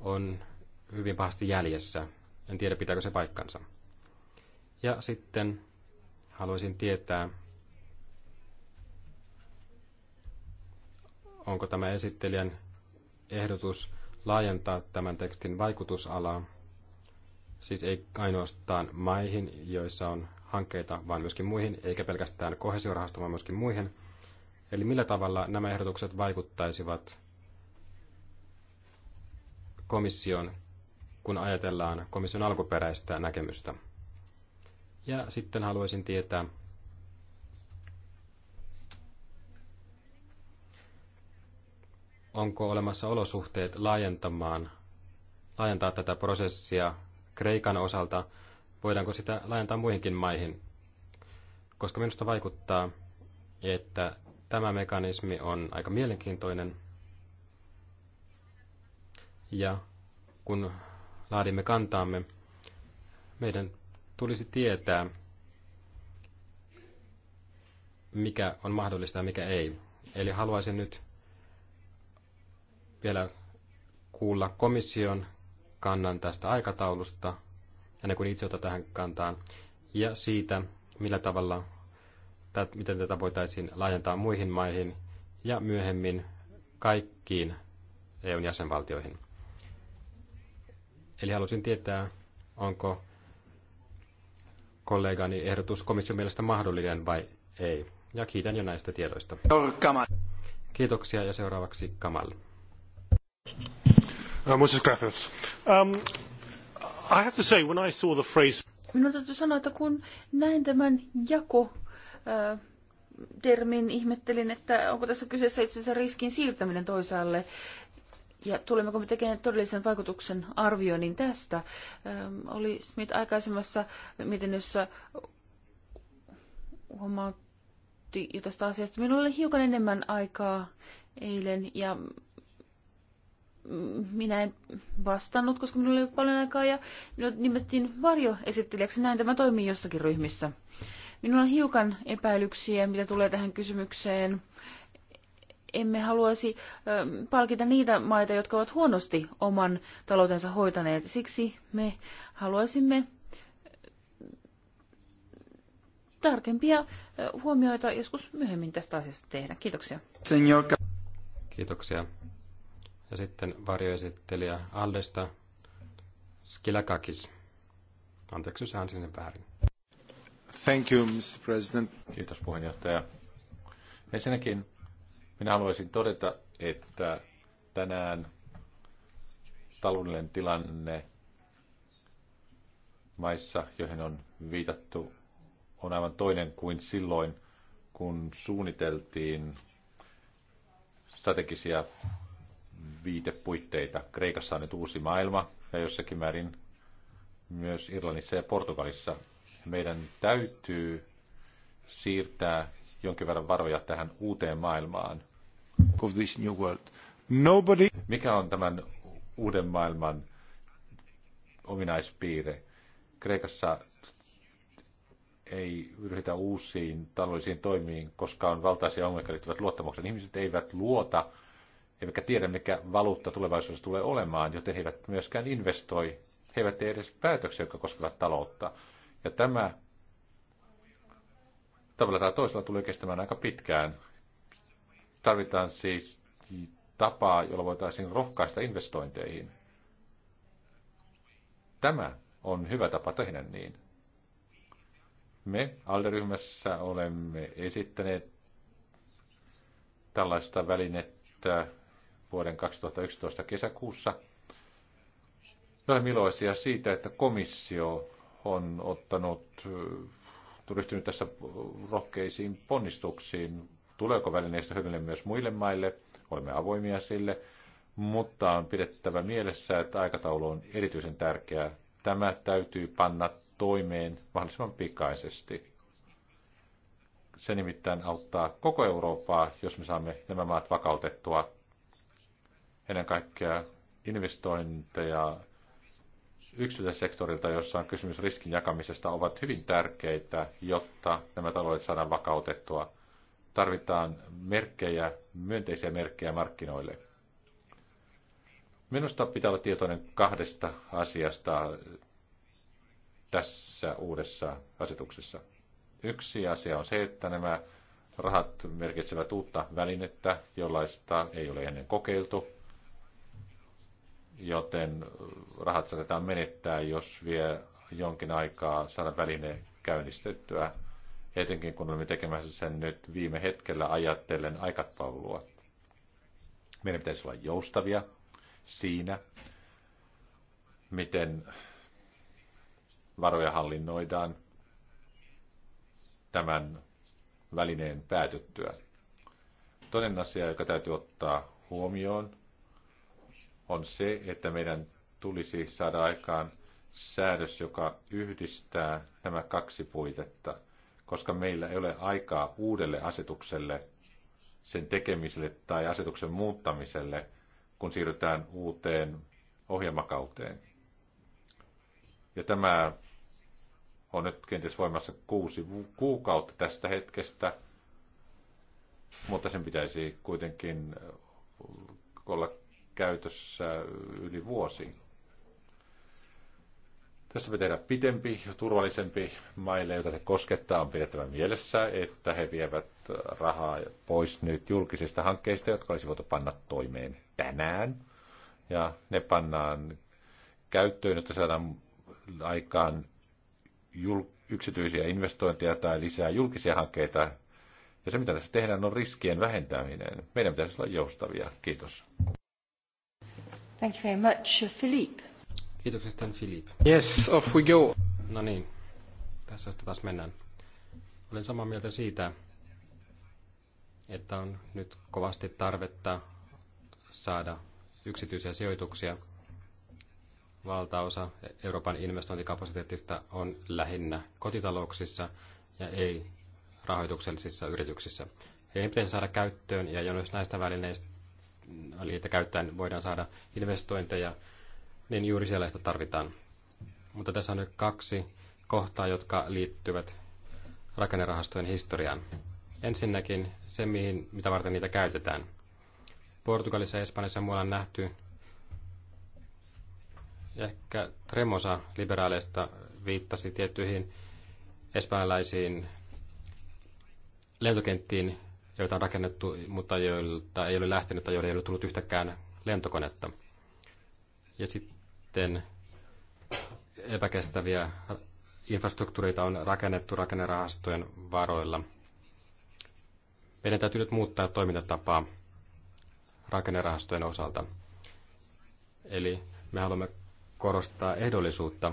S2: on hyvin pahasti jäljessä. En tiedä, pitääkö se paikkansa. Ja sitten haluaisin tietää, onko tämä esittelijän ehdotus laajentaa tämän tekstin vaikutusalaa, siis ei ainoastaan maihin, joissa on hankkeita, vaan myöskin muihin, eikä pelkästään kohesiorahasta, vaan myöskin muihin – Eli millä tavalla nämä ehdotukset vaikuttaisivat komission, kun ajatellaan komission alkuperäistä näkemystä? Ja sitten haluaisin tietää, onko olemassa olosuhteet laajentamaan, laajentaa tätä prosessia Kreikan osalta, voidaanko sitä laajentaa muihinkin maihin, koska minusta vaikuttaa, että Tämä mekanismi on aika mielenkiintoinen. Ja kun laadimme kantaamme, meidän tulisi tietää, mikä on mahdollista ja mikä ei. Eli haluaisin nyt vielä kuulla komission kannan tästä aikataulusta, ennen kuin itse ota tähän kantaan, ja siitä, millä tavalla miten tätä voitaisiin laajentaa muihin maihin ja myöhemmin kaikkiin EUn jäsenvaltioihin. Eli halusin tietää, onko kollegani ehdotus komission mielestä mahdollinen vai ei. Ja kiitän jo näistä tiedoista. Kiitoksia ja seuraavaksi Kamal.
S4: Uh, um, I have to say, when I saw the phrase... Minun täytyy sanoa, että kun näin tämän jako termin ihmettelin, että onko tässä kyseessä itse asiassa riskin siirtäminen toisaalle ja tulemmeko me tekemään todellisen vaikutuksen arvioinnin tästä. Oli Smith aikaisemmassa mietinnössä huomautti jo tästä asiasta. Minulla oli hiukan enemmän aikaa eilen ja minä en vastannut, koska minulla oli paljon aikaa ja minut nimettiin varjoesittelijäksi. Näin tämä toimii jossakin ryhmissä. Minulla on hiukan epäilyksiä, mitä tulee tähän kysymykseen. Emme haluaisi palkita niitä maita, jotka ovat huonosti oman taloutensa hoitaneet. Siksi me haluaisimme tarkempia huomioita joskus myöhemmin tästä asiasta tehdä. Kiitoksia.
S2: Kiitoksia. Ja sitten varjoesittelijä Aldesta Skilakakis.
S3: Anteeksi, jos sinne väärin. Thank you, Mr. President. Kiitos puheenjohtaja. Ensinnäkin minä haluaisin todeta, että tänään taloudellinen tilanne maissa, joihin on viitattu, on aivan toinen kuin silloin, kun suunniteltiin strategisia viitepuitteita. Kreikassa on nyt uusi maailma ja jossakin määrin myös Irlannissa ja Portugalissa meidän täytyy siirtää jonkin verran varoja tähän uuteen maailmaan. Of this new world. Nobody... Mikä on tämän uuden maailman ominaispiirre? Kreikassa ei ryhdytä uusiin taloudellisiin toimiin, koska on valtaisia ongelmia liittyvät luottamuksen. Ihmiset eivät luota, eivätkä tiedä, mikä valuutta tulevaisuudessa tulee olemaan, joten he eivät myöskään investoi. He eivät tee edes päätöksiä, jotka koskevat taloutta. Ja tämä tavalla tai toisella tulee kestämään aika pitkään. Tarvitaan siis tapaa, jolla voitaisiin rohkaista investointeihin. Tämä on hyvä tapa tehdä niin. Me alderyhmässä olemme esittäneet tällaista välinettä vuoden 2011 kesäkuussa. Olemme iloisia siitä, että komissio on ottanut, äh, ryhtynyt tässä rohkeisiin ponnistuksiin. Tuleeko välineistä hyödylle myös muille maille? Olemme avoimia sille, mutta on pidettävä mielessä, että aikataulu on erityisen tärkeä. Tämä täytyy panna toimeen mahdollisimman pikaisesti. Se nimittäin auttaa koko Eurooppaa, jos me saamme nämä maat vakautettua. Ennen kaikkea investointeja yksityiseltä sektorilta, jossa on kysymys riskin jakamisesta, ovat hyvin tärkeitä, jotta nämä taloudet saadaan vakautettua. Tarvitaan merkkejä, myönteisiä merkkejä markkinoille. Minusta pitää olla tietoinen kahdesta asiasta tässä uudessa asetuksessa. Yksi asia on se, että nämä rahat merkitsevät uutta välinettä, jollaista ei ole ennen kokeiltu joten rahat saatetaan menettää, jos vie jonkin aikaa saada väline käynnistettyä, etenkin kun olemme tekemässä sen nyt viime hetkellä ajattelen aikataulua. Meidän pitäisi olla joustavia siinä, miten varoja hallinnoidaan tämän välineen päätyttyä. Toinen asia, joka täytyy ottaa huomioon, on se, että meidän tulisi saada aikaan säädös, joka yhdistää nämä kaksi puitetta, koska meillä ei ole aikaa uudelle asetukselle, sen tekemiselle tai asetuksen muuttamiselle, kun siirrytään uuteen ohjelmakauteen. Ja tämä on nyt kenties voimassa kuusi kuukautta tästä hetkestä, mutta sen pitäisi kuitenkin olla käytössä yli vuosi. Tässä me tehdään pitempi, turvallisempi maille, joita se koskettaa. On pidettävä mielessä, että he vievät rahaa pois nyt julkisista hankkeista, jotka olisi voitu panna toimeen tänään. Ja ne pannaan käyttöön, että saadaan aikaan jul- yksityisiä investointeja tai lisää julkisia hankkeita. Ja se, mitä tässä tehdään, on riskien vähentäminen. Meidän pitäisi olla joustavia. Kiitos.
S1: Thank you very much, uh, Philippe.
S3: Kiitokset Philippe. Yes, off
S2: we go. No niin, tässä sitten taas mennään. Olen samaa mieltä siitä, että on nyt kovasti tarvetta saada yksityisiä sijoituksia. Valtaosa Euroopan investointikapasiteetista on lähinnä kotitalouksissa ja ei rahoituksellisissa yrityksissä. Eli pitäisi saada käyttöön, ja jos näistä välineistä eli että käyttäen voidaan saada investointeja, niin juuri sitä tarvitaan. Mutta tässä on nyt kaksi kohtaa, jotka liittyvät rakennerahastojen historiaan. Ensinnäkin se, mihin, mitä varten niitä käytetään. Portugalissa, Espanjassa muualla on nähty, ehkä Tremosa liberaaleista viittasi tiettyihin espanjalaisiin lentokenttiin, joita on rakennettu, mutta joilta ei ole lähtenyt tai joille ei ole tullut yhtäkään lentokonetta. Ja sitten epäkestäviä infrastruktuureita on rakennettu rakennerahastojen varoilla. Meidän täytyy nyt muuttaa toimintatapaa rakennerahastojen osalta. Eli me haluamme korostaa ehdollisuutta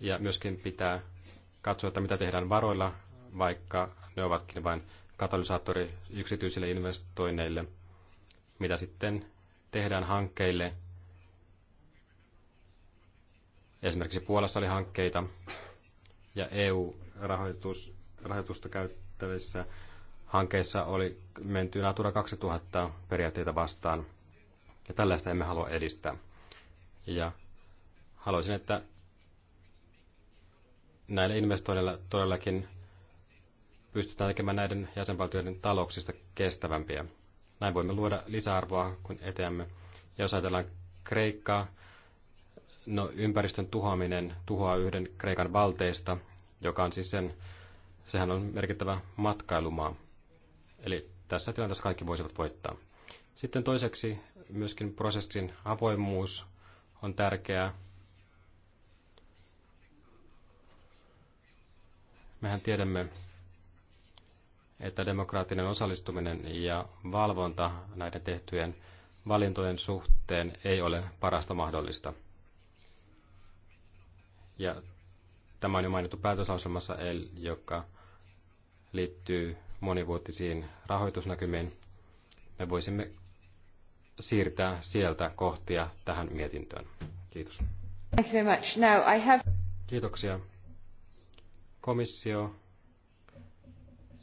S2: ja myöskin pitää katsoa, että mitä tehdään varoilla, vaikka ne ovatkin vain katalysaattori yksityisille investoinneille, mitä sitten tehdään hankkeille. Esimerkiksi Puolassa oli hankkeita ja EU-rahoitusta käyttävissä hankkeissa oli menty Natura 2000 periaatteita vastaan. Ja tällaista emme halua edistää. Ja haluaisin, että näillä investoinneilla todellakin pystytään tekemään näiden jäsenvaltioiden talouksista kestävämpiä. Näin voimme luoda lisäarvoa, kun eteämme. Ja jos ajatellaan Kreikkaa, no ympäristön tuhoaminen tuhoaa yhden Kreikan valteista, joka on siis sen, sehän on merkittävä matkailumaa. Eli tässä tilanteessa kaikki voisivat voittaa. Sitten toiseksi myöskin prosessin avoimuus on tärkeää. Mehän tiedämme, että demokraattinen osallistuminen ja valvonta näiden tehtyjen valintojen suhteen ei ole parasta mahdollista. Ja tämä on jo mainittu päätöslauselmassa, joka liittyy monivuotisiin rahoitusnäkymiin. Me voisimme siirtää sieltä kohtia tähän mietintöön. Kiitos.
S1: Thank you very much. Now I have...
S2: Kiitoksia. Komissio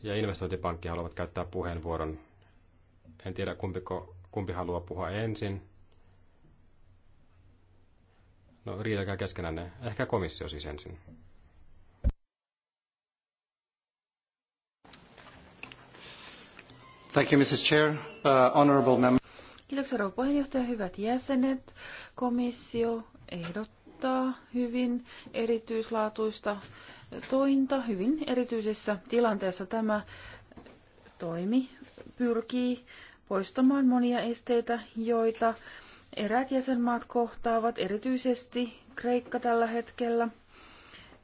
S2: ja investointipankki haluavat käyttää puheenvuoron. En tiedä kumpi, kumpi haluaa puhua ensin. No riitäkää keskenään Ehkä komissio siis ensin.
S5: Thank you, Mrs. Chair. Uh, honorable member.
S4: Kiitoksia, rouva puheenjohtaja. Hyvät jäsenet, komissio ehdot tuottaa hyvin erityislaatuista tointa hyvin erityisessä tilanteessa. Tämä toimi pyrkii poistamaan monia esteitä, joita eräät jäsenmaat kohtaavat, erityisesti Kreikka tällä hetkellä,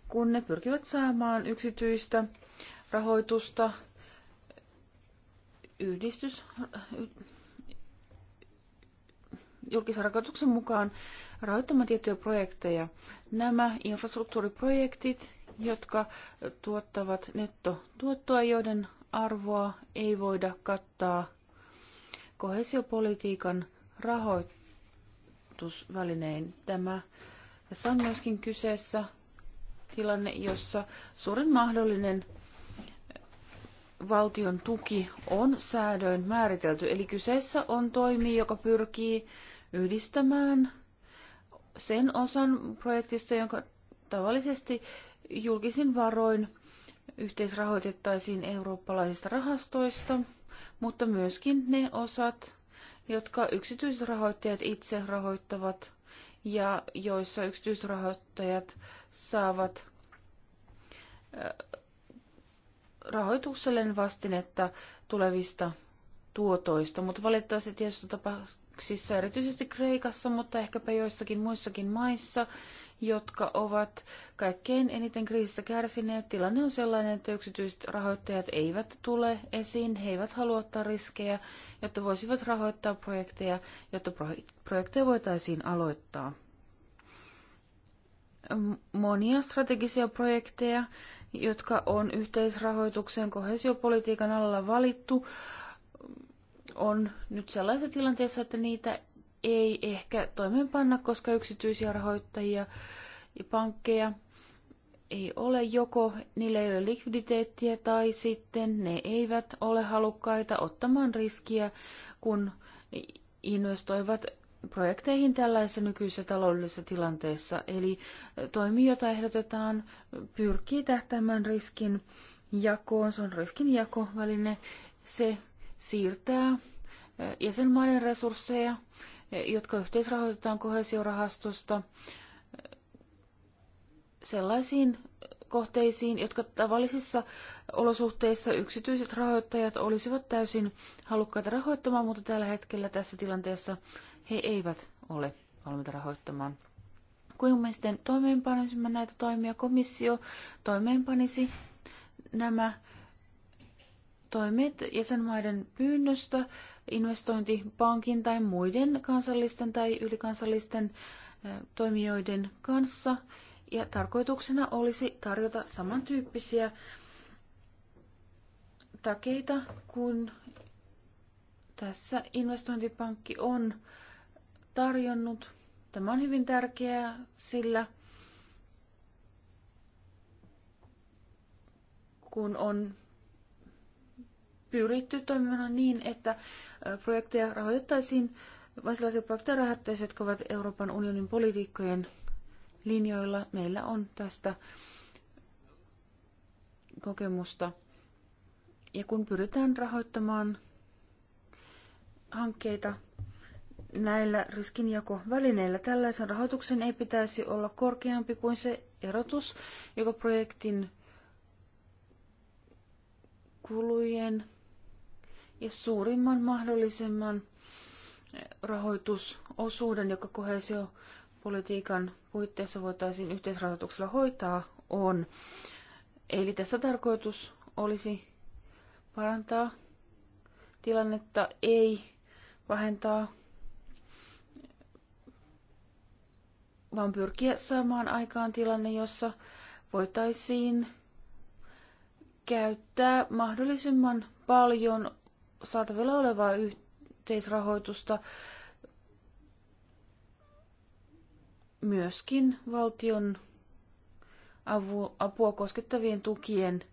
S4: kun ne pyrkivät saamaan yksityistä rahoitusta yhdistys, julkisen rahoituksen mukaan rahoittamaan tiettyjä projekteja. Nämä infrastruktuuriprojektit, jotka tuottavat nettotuottoa, joiden arvoa ei voida kattaa kohesiopolitiikan rahoitusvälinein. Tämä tässä on myöskin kyseessä tilanne, jossa suurin mahdollinen valtion tuki on säädöin määritelty. Eli kyseessä on toimi, joka pyrkii yhdistämään sen osan projektista, jonka tavallisesti julkisin varoin yhteisrahoitettaisiin eurooppalaisista rahastoista, mutta myöskin ne osat, jotka yksityisrahoittajat itse rahoittavat ja joissa yksityisrahoittajat saavat rahoitukselleen vastinetta tulevista tuotoista, mutta valitettavasti tietysti tapahtuu talouksissa, erityisesti Kreikassa, mutta ehkäpä joissakin muissakin maissa, jotka ovat kaikkein eniten kriisistä kärsineet. Tilanne on sellainen, että yksityiset rahoittajat eivät tule esiin, he eivät halua ottaa riskejä, jotta voisivat rahoittaa projekteja, jotta projekteja voitaisiin aloittaa. Monia strategisia projekteja, jotka on yhteisrahoituksen kohesiopolitiikan alalla valittu, on nyt sellaisessa tilanteessa, että niitä ei ehkä toimeenpanna, koska yksityisiä rahoittajia ja pankkeja ei ole joko, niillä ei ole likviditeettiä tai sitten ne eivät ole halukkaita ottamaan riskiä, kun investoivat projekteihin tällaisessa nykyisessä taloudellisessa tilanteessa. Eli toimi, jota ehdotetaan, pyrkii tähtäämään riskin jakoon. Se on riskin jakoväline. Se siirtää eh, jäsenmaiden resursseja, eh, jotka yhteisrahoitetaan kohesiorahastosta, eh, sellaisiin kohteisiin, jotka tavallisissa olosuhteissa yksityiset rahoittajat olisivat täysin halukkaita rahoittamaan, mutta tällä hetkellä tässä tilanteessa he eivät ole valmiita rahoittamaan. Kuinka me sitten toimeenpanisimme näitä toimia? Komissio toimeenpanisi nämä toimet jäsenmaiden pyynnöstä investointipankin tai muiden kansallisten tai ylikansallisten toimijoiden kanssa. Ja tarkoituksena olisi tarjota samantyyppisiä takeita kuin tässä investointipankki on tarjonnut. Tämä on hyvin tärkeää, sillä kun on pyritty toimimaan niin, että äh, projekteja rahoitettaisiin, vain sellaisia projekteja rahoitettaisiin, jotka ovat Euroopan unionin politiikkojen linjoilla. Meillä on tästä kokemusta. Ja kun pyritään rahoittamaan hankkeita näillä riskinjakovälineillä, tällaisen rahoituksen ei pitäisi olla korkeampi kuin se erotus, joka projektin kulujen ja suurimman mahdollisimman rahoitusosuuden, joka kohesiopolitiikan puitteissa voitaisiin yhteisrahoituksella hoitaa, on. Eli tässä tarkoitus olisi parantaa tilannetta, ei vähentää, vaan pyrkiä saamaan aikaan tilanne, jossa voitaisiin käyttää mahdollisimman paljon saatavilla olevaa yhteisrahoitusta myöskin valtion apua koskettavien tukien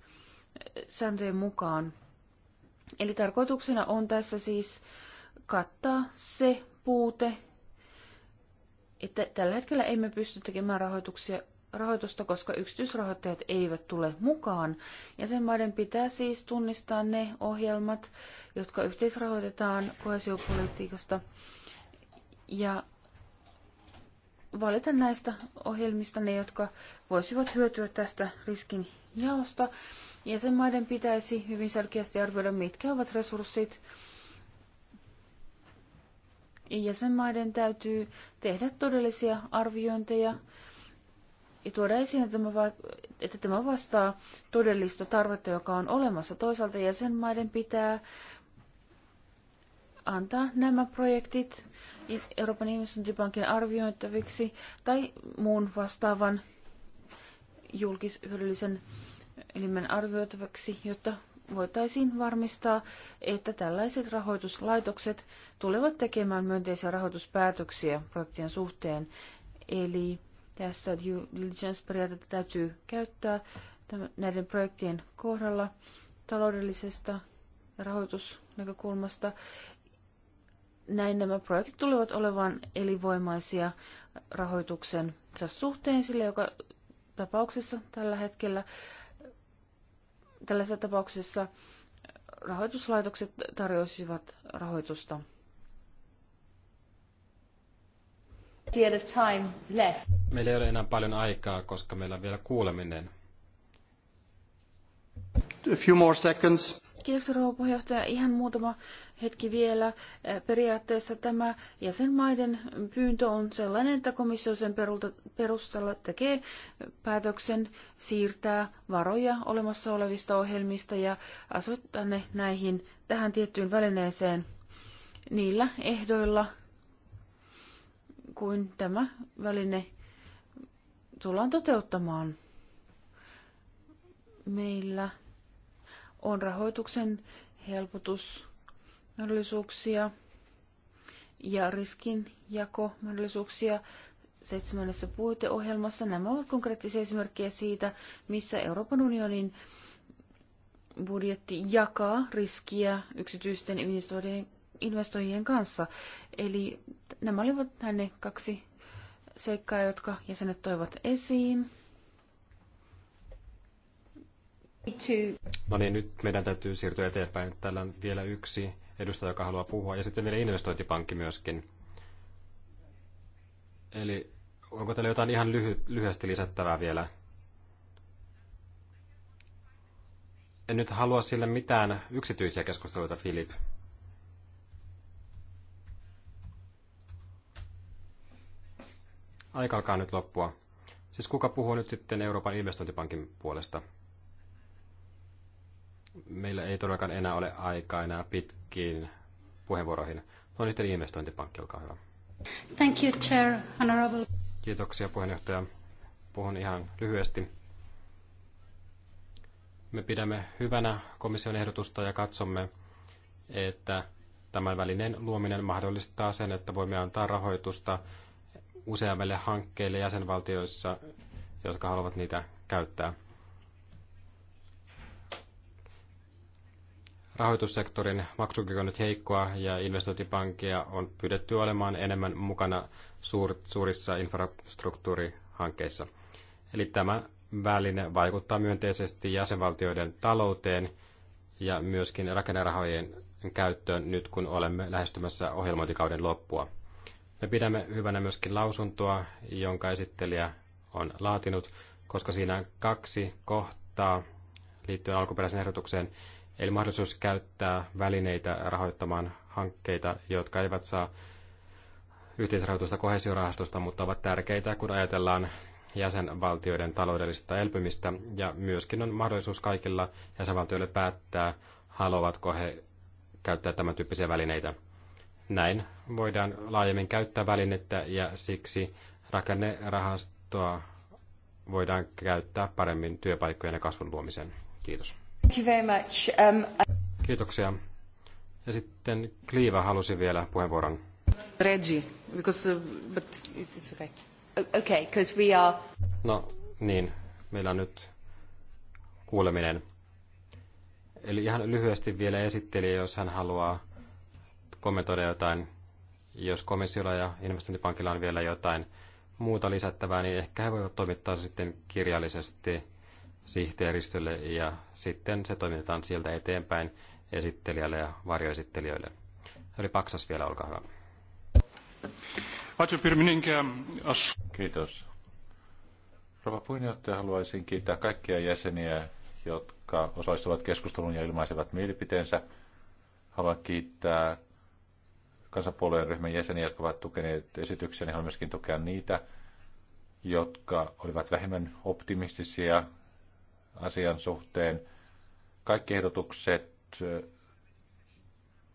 S4: sääntöjen mukaan. Eli tarkoituksena on tässä siis kattaa se puute, että tällä hetkellä emme pysty tekemään rahoituksia rahoitusta, koska yksityisrahoittajat eivät tule mukaan. Jäsenmaiden pitää siis tunnistaa ne ohjelmat, jotka yhteisrahoitetaan kohesiopolitiikasta ja valita näistä ohjelmista ne, jotka voisivat hyötyä tästä riskin jaosta. Jäsenmaiden pitäisi hyvin selkeästi arvioida, mitkä ovat resurssit. Jäsenmaiden täytyy tehdä todellisia arviointeja ja tuoda esiin, että tämä, että tämä vastaa todellista tarvetta, joka on olemassa. Toisaalta jäsenmaiden pitää antaa nämä projektit Euroopan ihmisoikeuspankin arvioitaviksi tai muun vastaavan julkishyödyllisen elimen arvioitavaksi, jotta voitaisiin varmistaa, että tällaiset rahoituslaitokset tulevat tekemään myönteisiä rahoituspäätöksiä projektien suhteen. Eli tässä due diligence-periaatetta täytyy käyttää näiden projektien kohdalla taloudellisesta ja rahoitusnäkökulmasta. Näin nämä projektit tulevat olevan elinvoimaisia rahoituksen suhteen, sille, joka tapauksessa tällä hetkellä tällaisessa tapauksessa rahoituslaitokset tarjoisivat rahoitusta
S2: Meillä ei ole enää paljon aikaa, koska meillä on vielä kuuleminen.
S5: A few more seconds.
S4: Kiitos rouva puheenjohtaja. Ihan muutama hetki vielä. Periaatteessa tämä jäsenmaiden pyyntö on sellainen, että komissio sen perusteella tekee päätöksen siirtää varoja olemassa olevista ohjelmista ja asettaa ne näihin tähän tiettyyn välineeseen niillä ehdoilla, kuin tämä väline tullaan toteuttamaan. Meillä on rahoituksen helpotusmahdollisuuksia ja riskinjakomahdollisuuksia seitsemännessä puiteohjelmassa. Nämä ovat konkreettisia esimerkkejä siitä, missä Euroopan unionin budjetti jakaa riskiä yksityisten investoijien investoijien kanssa. Eli nämä olivat ne kaksi seikkaa, jotka jäsenet toivat esiin.
S2: No niin, nyt meidän täytyy siirtyä eteenpäin. Täällä on vielä yksi edustaja, joka haluaa puhua, ja sitten vielä investointipankki myöskin. Eli onko teillä jotain ihan lyhy- lyhyesti lisättävää vielä? En nyt halua sille mitään yksityisiä keskusteluita, Filip. Aika alkaa nyt loppua. Siis kuka puhuu nyt sitten Euroopan investointipankin puolesta? Meillä ei todellakaan enää ole aikaa enää pitkiin puheenvuoroihin. No niin sitten investointipankki, olkaa hyvä.
S4: Thank you, Chair, Honorable.
S2: Kiitoksia puheenjohtaja. Puhun ihan lyhyesti. Me pidämme hyvänä komission ehdotusta ja katsomme, että tämän välinen luominen mahdollistaa sen, että voimme antaa rahoitusta useammille hankkeille jäsenvaltioissa, jotka haluavat niitä käyttää. Rahoitussektorin maksukyky on nyt heikkoa ja investointipankkeja on pyydetty olemaan enemmän mukana suur, suurissa infrastruktuurihankkeissa. Eli tämä väline vaikuttaa myönteisesti jäsenvaltioiden talouteen ja myöskin rakennerahojen käyttöön nyt, kun olemme lähestymässä ohjelmointikauden loppua. Me pidämme hyvänä myöskin lausuntoa, jonka esittelijä on laatinut, koska siinä on kaksi kohtaa liittyen alkuperäiseen ehdotukseen, eli mahdollisuus käyttää välineitä rahoittamaan hankkeita, jotka eivät saa yhteisrahoitusta kohesiorahastosta, mutta ovat tärkeitä, kun ajatellaan jäsenvaltioiden taloudellista elpymistä, ja myöskin on mahdollisuus kaikilla jäsenvaltioille päättää, haluavatko he käyttää tämän tyyppisiä välineitä. Näin voidaan laajemmin käyttää välinettä ja siksi rakennerahastoa voidaan käyttää paremmin työpaikkojen ja kasvun luomiseen. Kiitos.
S1: Thank you very much. Um, I...
S2: Kiitoksia. Ja sitten Kliiva halusi vielä puheenvuoron.
S1: Reggie, because, uh, but it's okay. Okay, because we are...
S2: No niin, meillä on nyt kuuleminen. Eli ihan lyhyesti vielä esittelijä, jos hän haluaa kommentoida jotain. Jos komissiolla ja investointipankilla on vielä jotain muuta lisättävää, niin ehkä he voivat toimittaa sitten kirjallisesti sihteeristölle ja sitten se toimitetaan sieltä eteenpäin esittelijälle ja varjoesittelijöille. Eli Paksas vielä, olkaa hyvä.
S3: Kiitos. Rova puheenjohtaja, haluaisin kiittää kaikkia jäseniä, jotka osallistuvat keskusteluun ja ilmaisevat mielipiteensä. Haluan kiittää kansanpuolueen ryhmän jäseniä, jotka ovat tukeneet esityksiä, niin haluan myöskin tukea niitä, jotka olivat vähemmän optimistisia asian suhteen. Kaikki ehdotukset eh,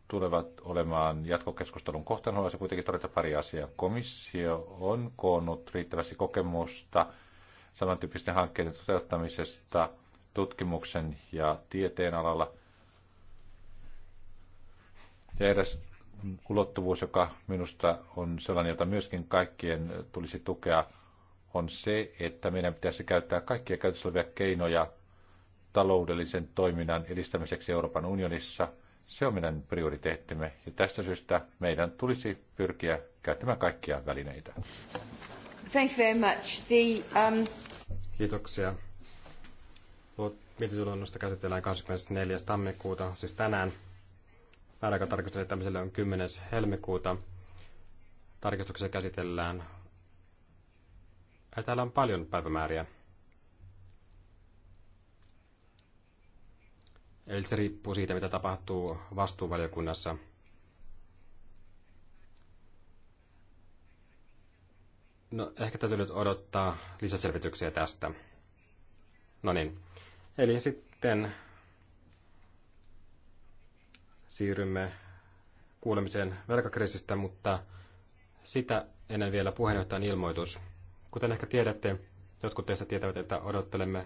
S3: tulevat olemaan jatkokeskustelun kohtaan. Haluaisin kuitenkin todeta pari asiaa. Komissio on koonnut riittävästi kokemusta samantyyppisten hankkeiden toteuttamisesta tutkimuksen ja tieteen alalla. Ja eräs ulottuvuus, joka minusta on sellainen, jota myöskin kaikkien tulisi tukea, on se, että meidän pitäisi käyttää kaikkia käytössä olevia keinoja taloudellisen toiminnan edistämiseksi Euroopan unionissa. Se on meidän prioriteettimme ja tästä syystä meidän tulisi pyrkiä käyttämään kaikkia välineitä.
S1: Thank you very much. The,
S2: um... Kiitoksia. Mietitulonnosta käsitellään 24. tammikuuta, siis tänään määräaikatarkistus esittämiselle on 10. helmikuuta. Tarkistuksessa käsitellään. Ja täällä on paljon päivämääriä. Eli se riippuu siitä, mitä tapahtuu vastuuvaliokunnassa. No, ehkä täytyy nyt odottaa lisäselvityksiä tästä. No niin. Eli sitten siirrymme kuulemiseen velkakriisistä, mutta sitä ennen vielä puheenjohtajan ilmoitus. Kuten ehkä tiedätte, jotkut teistä tietävät, että odottelemme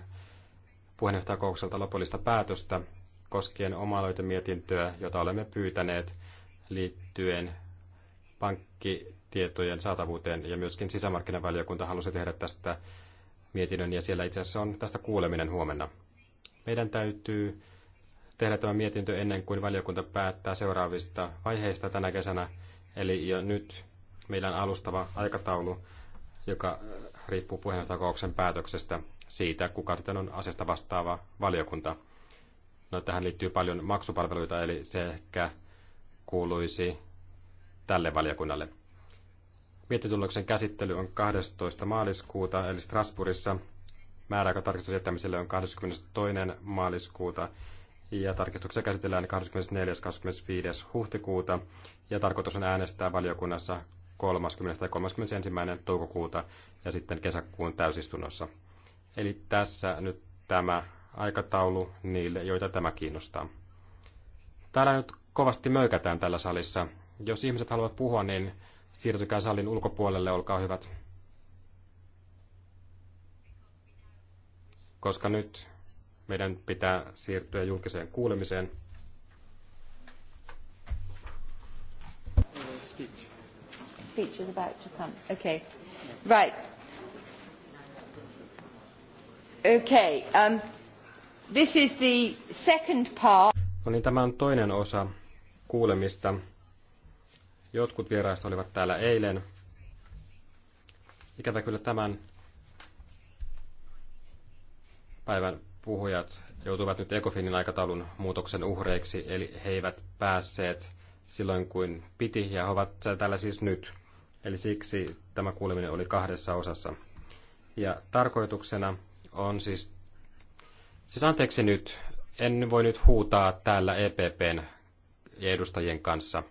S2: puheenjohtajakoukselta lopullista päätöstä koskien omaa mietintöä, jota olemme pyytäneet liittyen pankkitietojen saatavuuteen ja myöskin sisämarkkinavaliokunta halusi tehdä tästä mietinnön ja siellä itse asiassa on tästä kuuleminen huomenna. Meidän täytyy tehdä tämä mietintö ennen kuin valiokunta päättää seuraavista vaiheista tänä kesänä. Eli jo nyt meillä on alustava aikataulu, joka äh, riippuu puheenjohtajakokouksen päätöksestä siitä, kuka sitten on asiasta vastaava valiokunta. No, tähän liittyy paljon maksupalveluita, eli se ehkä kuuluisi tälle valiokunnalle. Miettituloksen käsittely on 12. maaliskuuta, eli Strasbourgissa. Määräaika tarkistus jättämiselle on 22. maaliskuuta ja tarkistuksia käsitellään 24.–25. huhtikuuta ja tarkoitus on äänestää valiokunnassa 30. tai 31. toukokuuta ja sitten kesäkuun täysistunnossa. Eli tässä nyt tämä aikataulu niille, joita tämä kiinnostaa. Täällä nyt kovasti möykätään tällä salissa. Jos ihmiset haluavat puhua, niin siirtykää salin ulkopuolelle, olkaa hyvät. Koska nyt meidän pitää siirtyä julkiseen kuulemiseen. Speech.
S1: Speech is about to come. Okay. Right. Okay. Um, this is the second part.
S2: No niin, tämä on toinen osa kuulemista. Jotkut vieraista olivat täällä eilen. Ikävä kyllä tämän päivän puhujat joutuvat nyt Ecofinin aikataulun muutoksen uhreiksi, eli he eivät päässeet silloin kuin piti, ja he ovat täällä siis nyt. Eli siksi tämä kuuleminen oli kahdessa osassa. Ja tarkoituksena on siis, siis anteeksi nyt, en voi nyt huutaa täällä EPPn edustajien kanssa –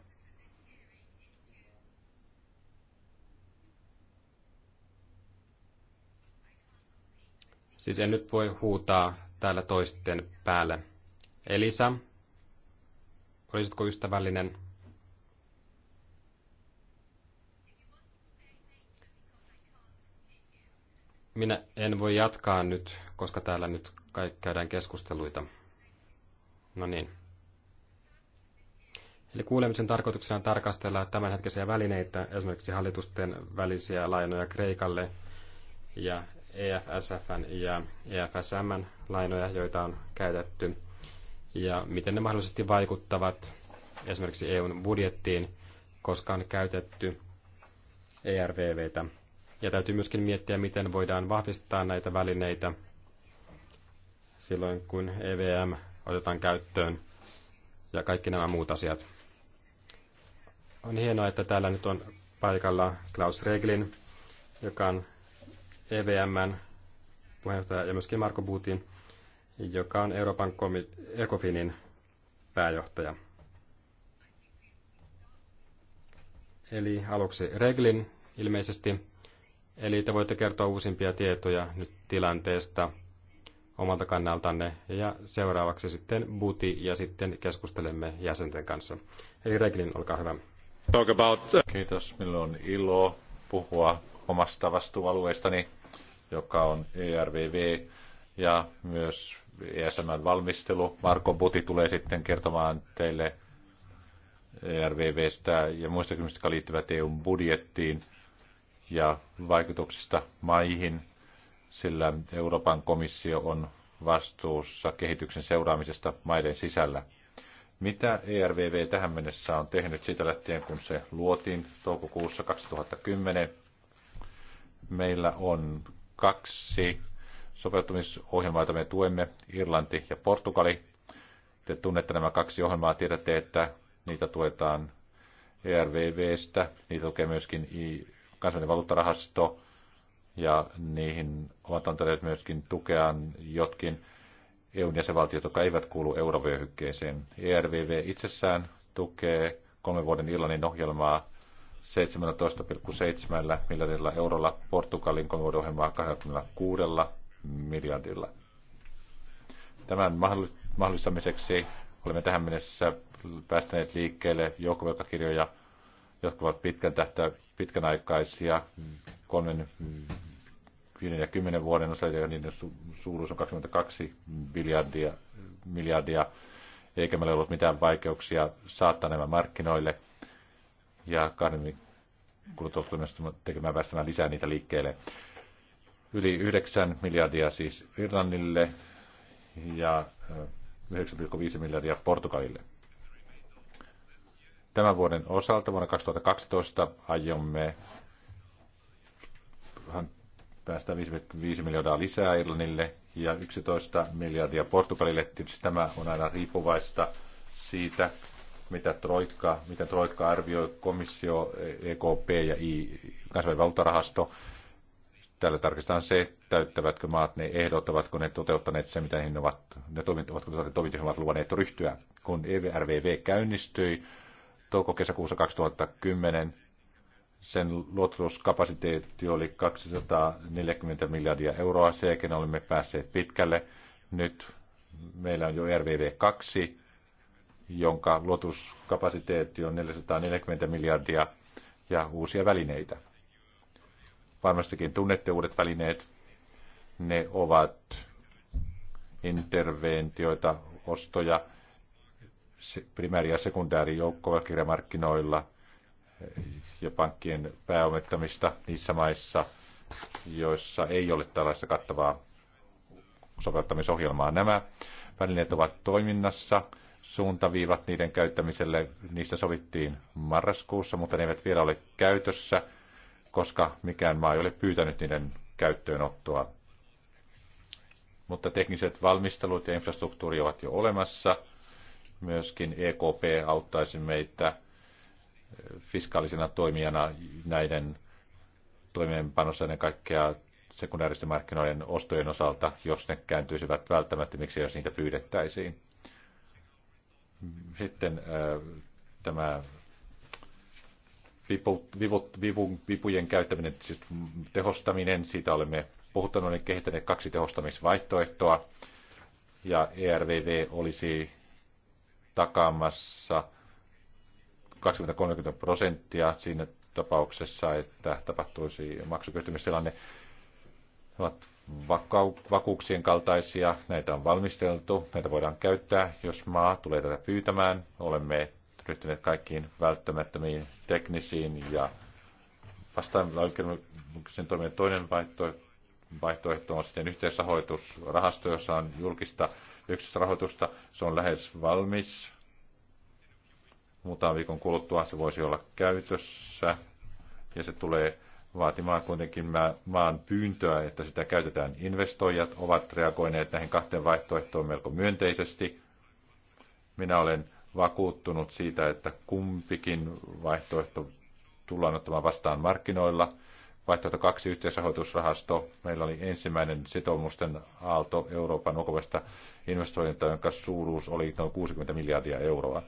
S2: Siis en nyt voi huutaa täällä toisten päälle. Elisa, olisitko ystävällinen? Minä en voi jatkaa nyt, koska täällä nyt käydään keskusteluita. No niin. Eli kuulemisen tarkoituksena on tarkastella tämänhetkisiä välineitä, esimerkiksi hallitusten välisiä lainoja Kreikalle ja EFSFn ja EFSMn lainoja, joita on käytetty, ja miten ne mahdollisesti vaikuttavat esimerkiksi EUn budjettiin, koska on käytetty ERVVtä. Ja täytyy myöskin miettiä, miten voidaan vahvistaa näitä välineitä silloin, kun EVM otetaan käyttöön ja kaikki nämä muut asiat. On hienoa, että täällä nyt on paikalla Klaus Reglin, joka on EVMn puheenjohtaja ja myöskin Marko Butin, joka on Euroopan komi- Ecofinin pääjohtaja. Eli aluksi Reglin ilmeisesti. Eli te voitte kertoa uusimpia tietoja nyt tilanteesta omalta kannaltanne ja seuraavaksi sitten Buti ja sitten
S3: keskustelemme jäsenten kanssa. Eli Reglin, olkaa hyvä. Talk about... Kiitos, minulla on ilo puhua omasta vastuualueestani joka on ERVV, ja myös esm valmistelu. Marko Buti tulee sitten kertomaan teille ERVVstä ja muista kysymyksistä, jotka liittyvät EUn budjettiin ja vaikutuksista maihin, sillä Euroopan komissio on vastuussa kehityksen seuraamisesta maiden sisällä. Mitä ERVV tähän mennessä on tehnyt siitä lähtien, kun se luotiin toukokuussa 2010? Meillä on kaksi sopeutumisohjelmaa, joita me tuemme, Irlanti ja Portugali. Te tunnette nämä kaksi ohjelmaa, tiedätte, että niitä tuetaan ERVVstä, niitä tukee myöskin kansainvälinen valuuttarahasto, ja niihin ovat antaneet myöskin tukeaan jotkin EUn jäsenvaltiot, jotka eivät kuulu eurovyöhykkeeseen. ERVV itsessään tukee kolmen vuoden Irlannin ohjelmaa 17,7 miljardilla eurolla, Portugalin konvoidiohjelmaa 26 miljardilla. Tämän mahdollistamiseksi olemme tähän mennessä päästäneet liikkeelle joukkovelkakirjoja, jotka ovat pitkän tähtä, pitkänaikaisia, kolmen, viiden ja kymmenen vuoden osalta, ja niiden suuruus on 22 miljardia, miljardia, eikä meillä ollut mitään vaikeuksia saattaa nämä markkinoille – ja karnikuluttajat tekemään päästämään lisää niitä liikkeelle. Yli 9 miljardia siis Irlannille ja 9,5 miljardia Portugalille. Tämän vuoden osalta vuonna 2012 aiomme päästä 55 miljardia lisää Irlannille ja 11 miljardia Portugalille. Tietysti tämä on aina riippuvaista siitä, mitä Troikka, mitä Troikka arvioi, komissio, EKP ja I, kansainvälinen valtarahasto Täällä tarkistetaan se, täyttävätkö maat ne ehdot, ovatko ne toteuttaneet se, mitä he ovat, ne toimit, ovatko ne toimit, ovat luvanneet ryhtyä. Kun EVRVV käynnistyi touko-kesäkuussa 2010, sen luototuskapasiteetti oli 240 miljardia euroa, sekin olemme päässeet pitkälle. Nyt meillä on jo e RVV 2, jonka luotuskapasiteetti on 440 miljardia ja uusia välineitä. Varmastikin tunnette uudet välineet. Ne ovat interventioita, ostoja primääri- ja sekundäärijoukkovelkirjamarkkinoilla ja pankkien pääomittamista niissä maissa, joissa ei ole tällaista kattavaa sopeuttamisohjelmaa. Nämä välineet ovat toiminnassa suuntaviivat niiden käyttämiselle, niistä sovittiin marraskuussa, mutta ne eivät vielä ole käytössä, koska mikään maa ei ole pyytänyt niiden käyttöönottoa. Mutta tekniset valmistelut ja infrastruktuuri ovat jo olemassa. Myöskin EKP auttaisi meitä eh, fiskaalisena toimijana näiden toimeenpanossa ennen kaikkea sekundaaristen markkinoiden ostojen osalta, jos ne kääntyisivät välttämättömiksi, jos niitä pyydettäisiin. Sitten äh, tämä vipu, vivut, vivun, vipujen käyttäminen, siis tehostaminen, siitä olemme puhuttaneet niin kehittäneet kaksi tehostamisvaihtoehtoa. Ja ERVV olisi takaamassa 20-30 prosenttia siinä tapauksessa, että tapahtuisi maksukyhtymistilanne. Ne ovat vakuuksien kaltaisia, näitä on valmisteltu, näitä voidaan käyttää, jos maa tulee tätä pyytämään. Olemme ryhtyneet kaikkiin välttämättömiin teknisiin ja vastaan oikeudenmukaisen toimien toinen vaihtoehto vaihtoehto on sitten yhteisrahoitusrahasto, jossa on julkista yksisrahoitusta, rahoitusta. Se on lähes valmis. Muutaman viikon kuluttua se voisi olla käytössä ja se tulee vaatimaan kuitenkin maan pyyntöä, että sitä käytetään. Investoijat ovat reagoineet näihin kahteen vaihtoehtoon melko myönteisesti. Minä olen vakuuttunut siitä, että kumpikin vaihtoehto tullaan ottamaan vastaan markkinoilla. Vaihtoehto kaksi yhteisrahoitusrahasto. Meillä oli ensimmäinen sitoumusten aalto Euroopan ulkopuolista investoinnista, jonka suuruus oli noin 60 miljardia euroa.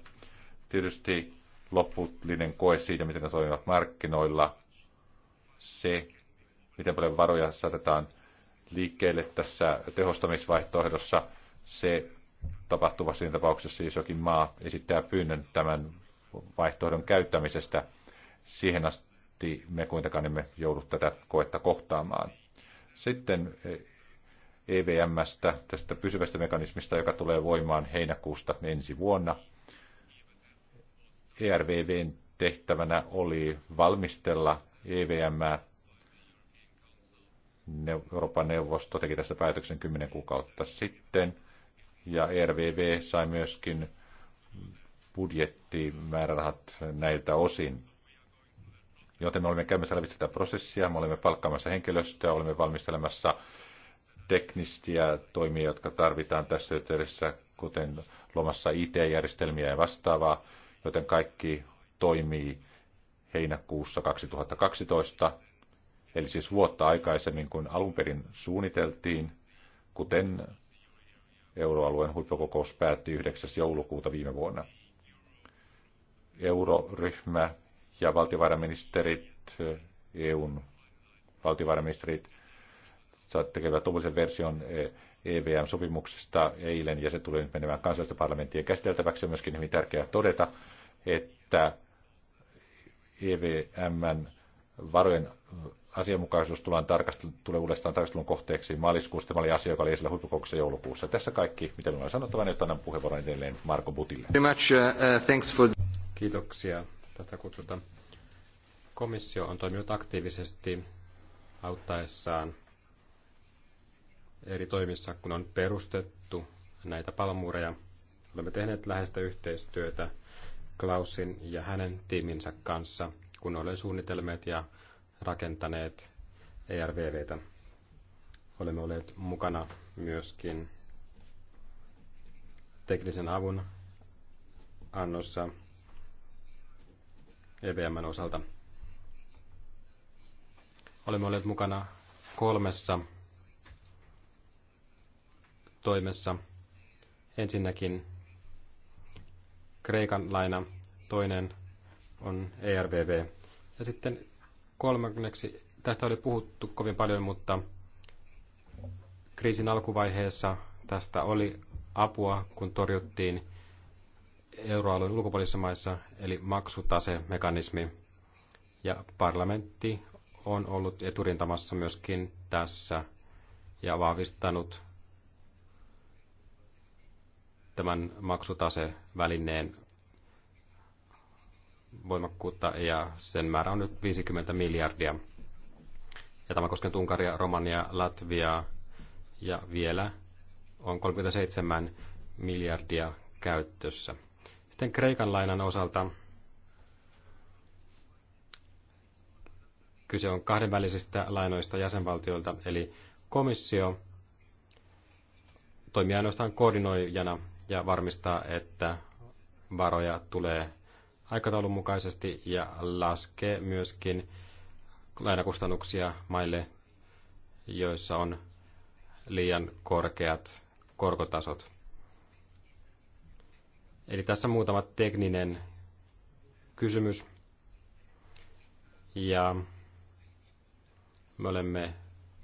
S3: Tietysti loppullinen koe siitä, miten ne toimivat markkinoilla, se, miten paljon varoja saatetaan liikkeelle tässä tehostamisvaihtoehdossa, se tapahtuva siinä tapauksessa jokin maa esittää pyynnön tämän vaihtoehdon käyttämisestä. Siihen asti me kuitenkaan emme joudu tätä koetta kohtaamaan. Sitten EVMstä, eh, e tästä pysyvästä mekanismista, joka tulee voimaan heinäkuusta ensi vuonna. ERVVn tehtävänä oli valmistella EVM, Euroopan neuvosto teki tästä päätöksen 10 kuukautta sitten, ja e RVV sai myöskin budjettimäärärahat näiltä osin. Joten me olemme käymässä lävitse tätä prosessia, me olemme palkkaamassa henkilöstöä, olemme valmistelemassa teknistiä toimia, jotka tarvitaan tässä yhteydessä, kuten lomassa IT-järjestelmiä ja vastaavaa, joten kaikki toimii heinäkuussa 2012, eli siis vuotta aikaisemmin kuin alun perin suunniteltiin, kuten euroalueen huippukokous päätti 9. joulukuuta viime vuonna. Euroryhmä ja valtiovarainministerit, EUn valtiovarainministerit tekevät tuollaisen version EVM-sopimuksesta eh, e eilen, ja se tulee nyt menemään kansallisten parlamenttien käsiteltäväksi. On myöskin hyvin tärkeää todeta, että evm varojen asianmukaisuus tulee tarkastel- uudestaan tarkastelun kohteeksi maaliskuussa. Tämä oli asia, joka oli esillä huippukokouksessa joulukuussa. Tässä kaikki, mitä minulla on sanottava, niin nyt annan puheenvuoron edelleen Marko Butille.
S2: Uh, uh, Kiitoksia tästä kutsusta. Komissio on toiminut aktiivisesti auttaessaan eri toimissa, kun on perustettu näitä palmuureja. Olemme tehneet läheistä yhteistyötä Klausin ja hänen tiiminsä kanssa, kun olen suunnitelmeet ja rakentaneet ERVVtä. Olemme olleet mukana myöskin teknisen avun annossa EVMn osalta. Olemme olleet mukana kolmessa toimessa. Ensinnäkin Kreikan laina, toinen on ERVV. Ja sitten kolmanneksi, tästä oli puhuttu kovin paljon, mutta kriisin alkuvaiheessa tästä oli apua, kun torjuttiin euroalueen ulkopuolisissa maissa, eli maksutasemekanismi. Ja parlamentti on ollut eturintamassa myöskin tässä ja vahvistanut tämän maksutasevälineen voimakkuutta ja sen määrä on nyt 50 miljardia. Ja tämä koskee Unkaria, Romania, Latviaa ja vielä on 37 miljardia käytössä. Sitten Kreikan lainan osalta kyse on kahdenvälisistä lainoista jäsenvaltioilta, eli komissio toimii ainoastaan koordinoijana ja varmistaa, että varoja tulee aikataulun mukaisesti ja laskee myöskin lainakustannuksia maille, joissa on liian korkeat korkotasot. Eli tässä muutama tekninen kysymys. Ja me olemme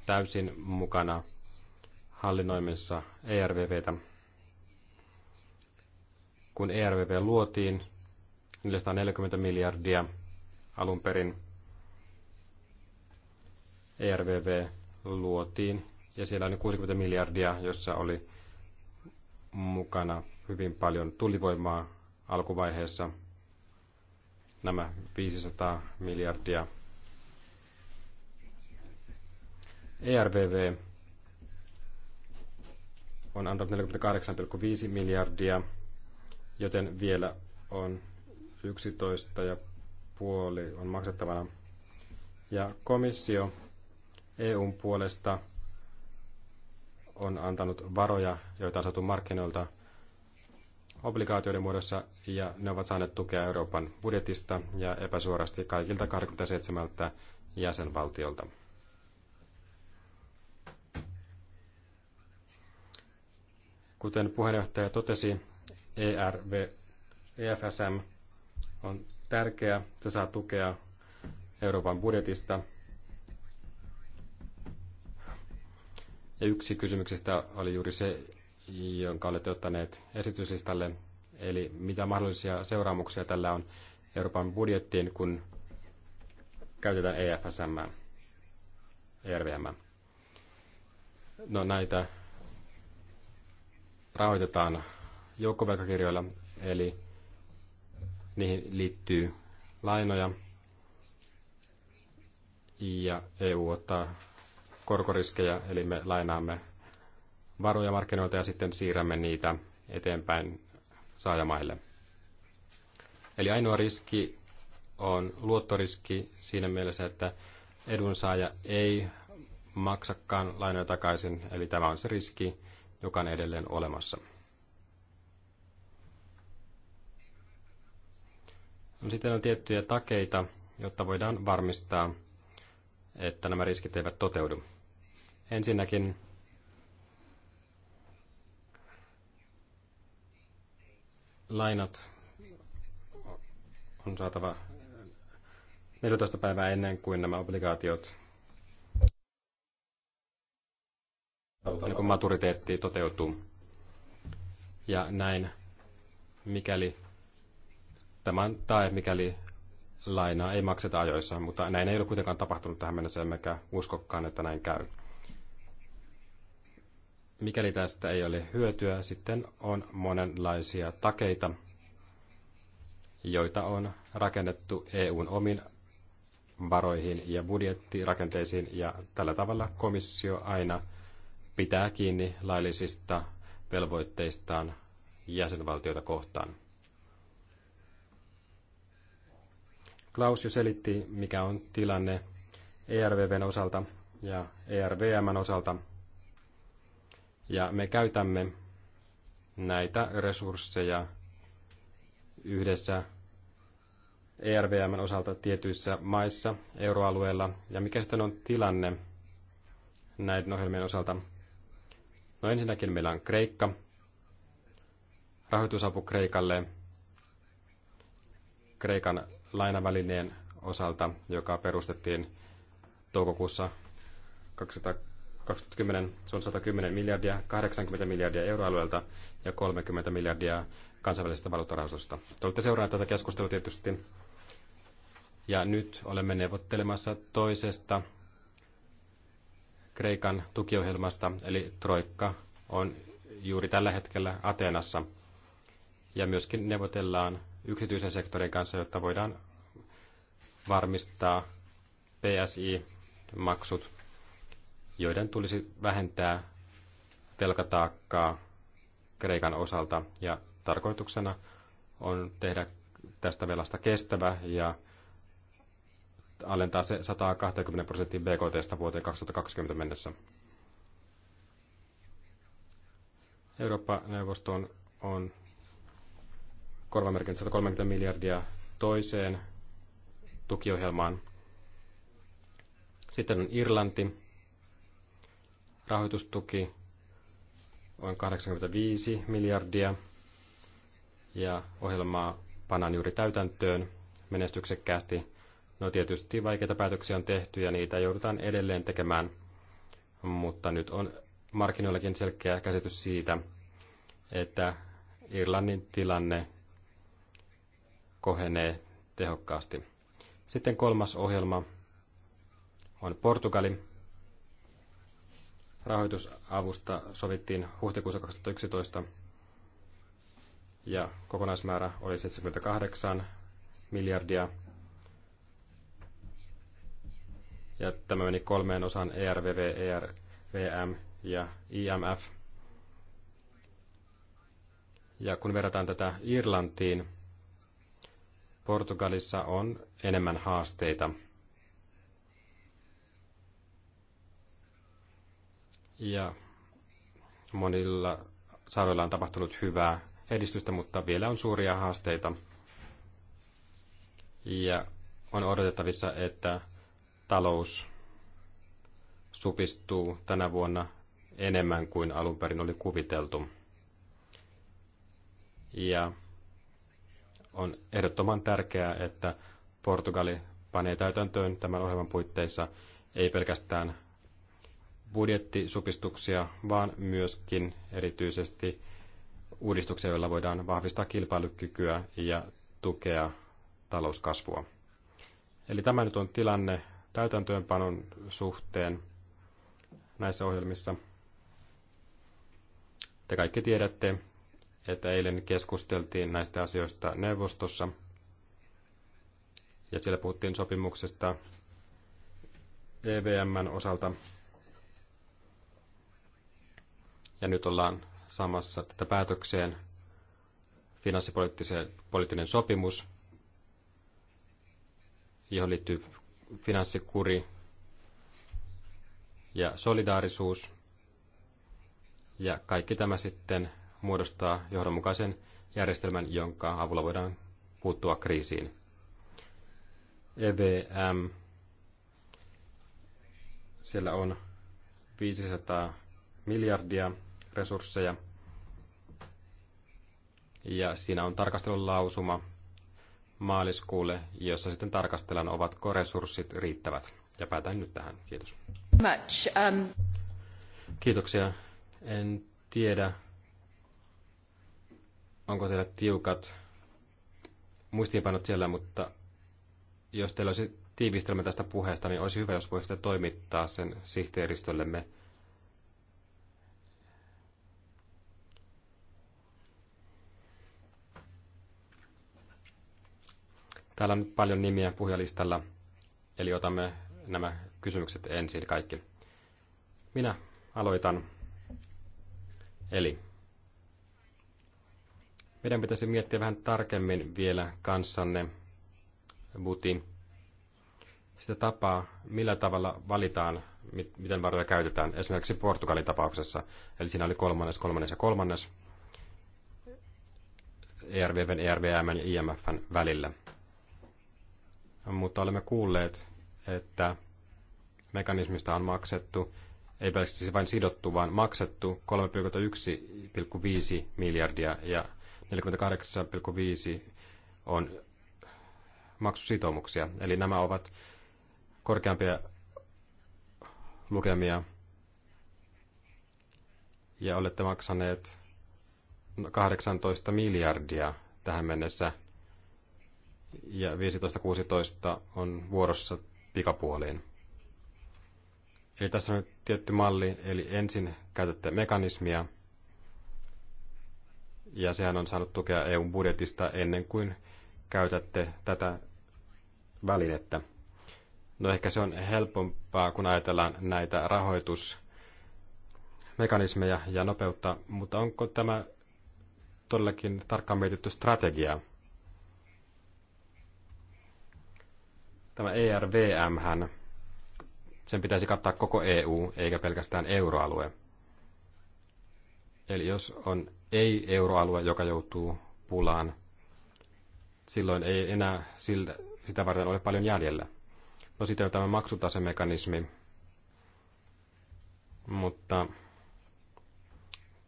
S2: täysin mukana hallinnoimissa ERVVtä. Kun ERVV luotiin, 440 miljardia alun perin ERVV luotiin ja siellä oli 60 miljardia, jossa oli mukana hyvin paljon tulivoimaa alkuvaiheessa. Nämä 500 miljardia ERVV on antanut 48,5 miljardia, joten vielä on 11 ja puoli on maksettavana. Ja komissio EUn puolesta on antanut varoja, joita on saatu markkinoilta obligaatioiden muodossa, ja ne ovat saaneet tukea Euroopan budjetista ja epäsuorasti kaikilta 27 jäsenvaltiolta. Kuten puheenjohtaja totesi, ERV, EFSM on tärkeä. Se saa tukea Euroopan budjetista. Ja yksi kysymyksistä oli juuri se, jonka olette ottaneet esityslistalle, eli mitä mahdollisia seuraamuksia tällä on Euroopan budjettiin, kun käytetään EFSM, ERVM. No näitä rahoitetaan joukkovelkakirjoilla, eli niihin liittyy lainoja ja EU ottaa korkoriskejä, eli me lainaamme varoja markkinoilta ja sitten siirrämme niitä eteenpäin saajamaille. Eli ainoa riski on luottoriski siinä mielessä, että edunsaaja ei maksakaan lainoja takaisin, eli tämä on se riski, joka on edelleen olemassa. Sitten on tiettyjä takeita, jotta voidaan varmistaa, että nämä riskit eivät toteudu. Ensinnäkin lainat on saatava 14 päivää ennen kuin nämä obligaatiot niin kuin maturiteetti toteutuu. Ja näin, mikäli Tämä on tae, mikäli lainaa ei makseta ajoissa, mutta näin ei ole kuitenkaan tapahtunut tähän mennessä, emmekä uskokkaan, että näin käy. Mikäli tästä ei ole hyötyä, sitten on monenlaisia takeita, joita on rakennettu EUn omin varoihin ja budjettirakenteisiin, ja tällä tavalla komissio aina pitää kiinni laillisista velvoitteistaan jäsenvaltioita kohtaan. Klaus jo selitti, mikä on tilanne ERVVn osalta ja ERVMn osalta. Ja me käytämme näitä resursseja yhdessä ERVMn osalta tietyissä maissa euroalueella. Ja mikä sitten on tilanne näiden ohjelmien osalta? No ensinnäkin meillä on Kreikka, rahoitusapu Kreikalle, Kreikan lainavälineen osalta, joka perustettiin toukokuussa 2010. Se on 110 miljardia, 80 miljardia euroalueelta ja 30 miljardia kansainvälisestä valuuttarahastosta. Te olette seuraaneet tätä keskustelua tietysti. Ja nyt olemme neuvottelemassa toisesta Kreikan tukiohjelmasta, eli Troikka on juuri tällä hetkellä Ateenassa. Ja myöskin neuvotellaan yksityisen sektorin kanssa, jotta voidaan varmistaa PSI-maksut, joiden tulisi vähentää velkataakkaa Kreikan osalta. Ja tarkoituksena on tehdä tästä velasta kestävä ja alentaa se 120 prosenttia BKTstä vuoteen 2020 mennessä. Eurooppa-neuvosto on, on korvamerkinnyt 130 miljardia toiseen tukiohjelmaan. Sitten on Irlanti. Rahoitustuki on 85 miljardia ja ohjelmaa pannaan juuri täytäntöön menestyksekkäästi. No tietysti vaikeita päätöksiä on tehty ja niitä joudutaan edelleen tekemään, mutta nyt on markkinoillakin selkeä käsitys siitä, että Irlannin tilanne kohenee tehokkaasti. Sitten kolmas ohjelma on Portugali. Rahoitusavusta sovittiin huhtikuussa 2011 ja kokonaismäärä oli 78 miljardia. Ja tämä meni kolmeen osaan ERVV, ERVM ja IMF. Ja kun verrataan tätä Irlantiin, Portugalissa on enemmän haasteita. Ja monilla saroilla on tapahtunut hyvää edistystä, mutta vielä on suuria haasteita. Ja on odotettavissa, että talous supistuu tänä vuonna enemmän kuin alun perin oli kuviteltu. Ja on ehdottoman tärkeää, että Portugali panee täytäntöön tämän ohjelman puitteissa ei pelkästään budjettisupistuksia, vaan myöskin erityisesti uudistuksia, joilla voidaan vahvistaa kilpailukykyä ja tukea talouskasvua. Eli tämä nyt on tilanne täytäntöönpanon suhteen näissä ohjelmissa. Te kaikki tiedätte, että eilen keskusteltiin näistä asioista neuvostossa. Ja siellä puhuttiin sopimuksesta EVMn osalta. Ja nyt ollaan samassa tätä päätökseen finanssipoliittinen sopimus, johon liittyy finanssikuri ja solidaarisuus. Ja kaikki tämä sitten muodostaa johdonmukaisen järjestelmän, jonka avulla voidaan puuttua kriisiin. EVM, siellä on 500 miljardia resursseja, ja siinä on tarkastelun lausuma maaliskuulle, jossa sitten tarkastellaan, ovatko resurssit riittävät. Ja päätän nyt tähän. Kiitos.
S1: Much, um...
S2: Kiitoksia. En tiedä, onko siellä tiukat muistiinpanot siellä, mutta jos teillä olisi tiivistelmä tästä puheesta, niin olisi hyvä, jos voisitte toimittaa sen sihteeristöllemme. Täällä on nyt paljon nimiä puhujalistalla, eli otamme nämä kysymykset ensin kaikki. Minä aloitan. Eli meidän pitäisi miettiä vähän tarkemmin vielä kanssanne, Butin, sitä tapaa, millä tavalla valitaan, miten varoja käytetään. Esimerkiksi Portugalin tapauksessa, eli siinä oli kolmannes, kolmannes ja kolmannes ERVVn, ERVM ja IMFn välillä. Mutta olemme kuulleet, että mekanismista on maksettu, ei pelkästään siis vain sidottu, vaan maksettu 3,1,5 miljardia ja 48,5 on maksusitoumuksia. Eli nämä ovat korkeampia lukemia ja olette maksaneet 18 miljardia tähän mennessä ja 15-16 on vuorossa pikapuoliin. Eli tässä on nyt tietty malli, eli ensin käytätte mekanismia, ja sehän on saanut tukea eu budjetista ennen kuin käytätte tätä välinettä. No ehkä se on helpompaa, kun ajatellaan näitä rahoitusmekanismeja ja nopeutta, mutta onko tämä todellakin tarkkaan mietitty strategia? Tämä ERVM, sen pitäisi kattaa koko EU eikä pelkästään euroalue. Eli jos on ei euroalue, joka joutuu pulaan. Silloin ei enää siltä, sitä varten ole paljon jäljellä. No sitten on tämä maksutasemekanismi, mutta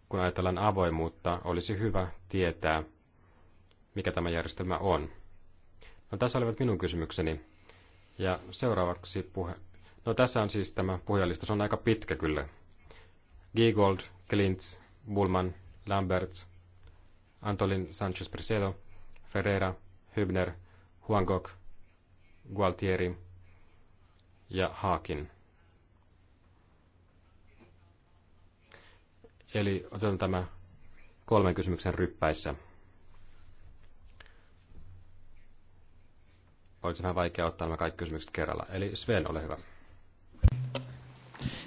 S2: kun ajatellaan avoimuutta, olisi hyvä tietää, mikä tämä järjestelmä on. No tässä olivat minun kysymykseni. Ja seuraavaksi puhe... No tässä on siis tämä puhujalista, se on aika pitkä kyllä. Giegold, Klintz, Bulman, Lamberts, Antolin Sanchez Presedo, Ferreira, Hübner, Gok, Gualtieri ja Haakin. Eli otetaan tämä kolmen kysymyksen ryppäissä. Olisi vähän vaikea ottaa nämä kaikki kysymykset kerralla. Eli Sven, ole
S5: hyvä.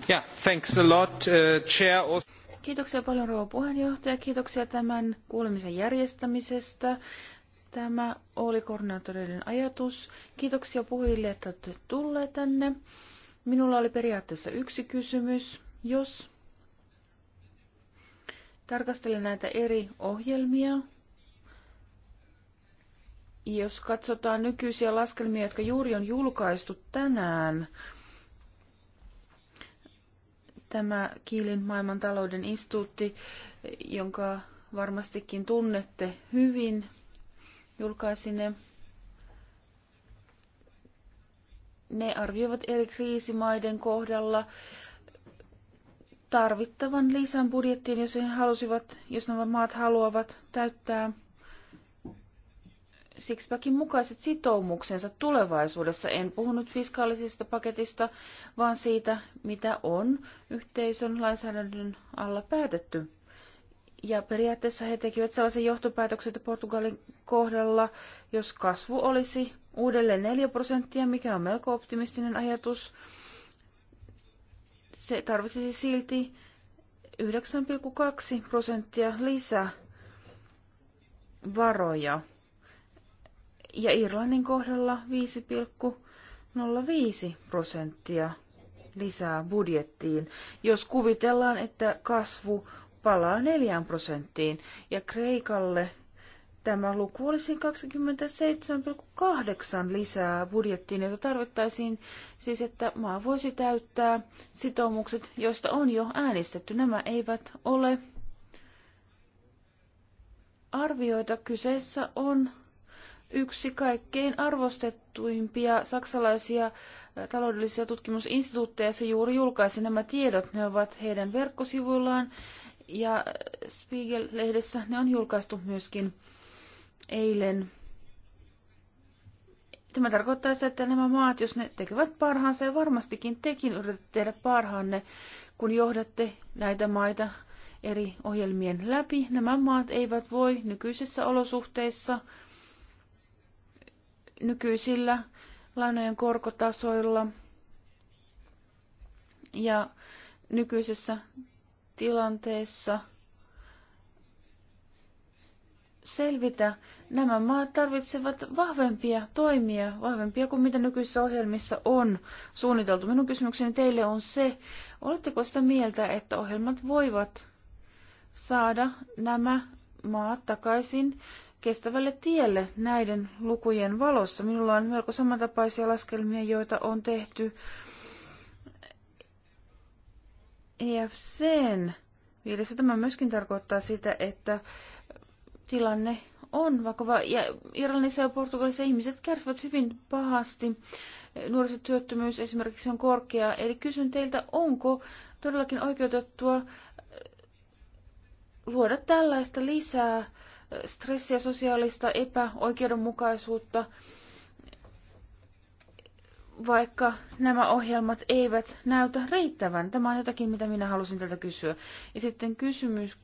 S5: Yeah, thanks a lot, uh, chair.
S4: Kiitoksia paljon rouva puheenjohtaja. Kiitoksia tämän kuulemisen järjestämisestä. Tämä oli koordinaattoreiden ajatus. Kiitoksia puhujille, että olette tulleet tänne. Minulla oli periaatteessa yksi kysymys. Jos tarkastelen näitä eri ohjelmia, jos katsotaan nykyisiä laskelmia, jotka juuri on julkaistu tänään, Tämä Kiilin maailman talouden instituutti, jonka varmastikin tunnette hyvin, julkaisi ne. Ne arvioivat eri kriisimaiden kohdalla tarvittavan lisän budjettiin, jos, he halusivat, jos nämä maat haluavat täyttää Sixpackin mukaiset sitoumuksensa tulevaisuudessa. En puhunut fiskaalisesta paketista, vaan siitä, mitä on yhteisön lainsäädännön alla päätetty. Ja periaatteessa he tekivät sellaisen johtopäätöksen, että Portugalin kohdalla, jos kasvu olisi uudelleen 4 prosenttia, mikä on melko optimistinen ajatus, se tarvitsisi silti 9,2 prosenttia lisää varoja ja Irlannin kohdalla 5,05 prosenttia lisää budjettiin, jos kuvitellaan, että kasvu palaa 4 prosenttiin ja Kreikalle tämä luku olisi 27,8 lisää budjettiin, jota tarvittaisiin siis, että maa voisi täyttää sitoumukset, joista on jo äänestetty. Nämä eivät ole arvioita. Kyseessä on yksi kaikkein arvostettuimpia saksalaisia taloudellisia tutkimusinstituutteja. Se juuri julkaisi nämä tiedot. Ne ovat heidän verkkosivuillaan ja Spiegel-lehdessä ne on julkaistu myöskin eilen. Tämä tarkoittaa sitä, että nämä maat, jos ne tekevät parhaansa, ja varmastikin tekin yritätte tehdä parhaanne, kun johdatte näitä maita eri ohjelmien läpi, nämä maat eivät voi nykyisissä olosuhteissa – nykyisillä lainojen korkotasoilla ja nykyisessä tilanteessa selvitä. Nämä maat tarvitsevat vahvempia toimia, vahvempia kuin mitä nykyisissä ohjelmissa on suunniteltu. Minun kysymykseni teille on se, oletteko sitä mieltä, että ohjelmat voivat saada nämä maat takaisin kestävälle tielle näiden lukujen valossa. Minulla on melko samantapaisia laskelmia, joita on tehty EFCn viidessä. Tämä myöskin tarkoittaa sitä, että tilanne on vakava. Ja Irlannissa ja Portugalissa ihmiset kärsivät hyvin pahasti. Nuorisotyöttömyys esimerkiksi on korkea. Eli kysyn teiltä, onko todellakin oikeutettua luoda tällaista lisää stressiä, sosiaalista epäoikeudenmukaisuutta, vaikka nämä ohjelmat eivät näytä riittävän. Tämä on jotakin, mitä minä halusin tältä kysyä. Ja sitten kysymys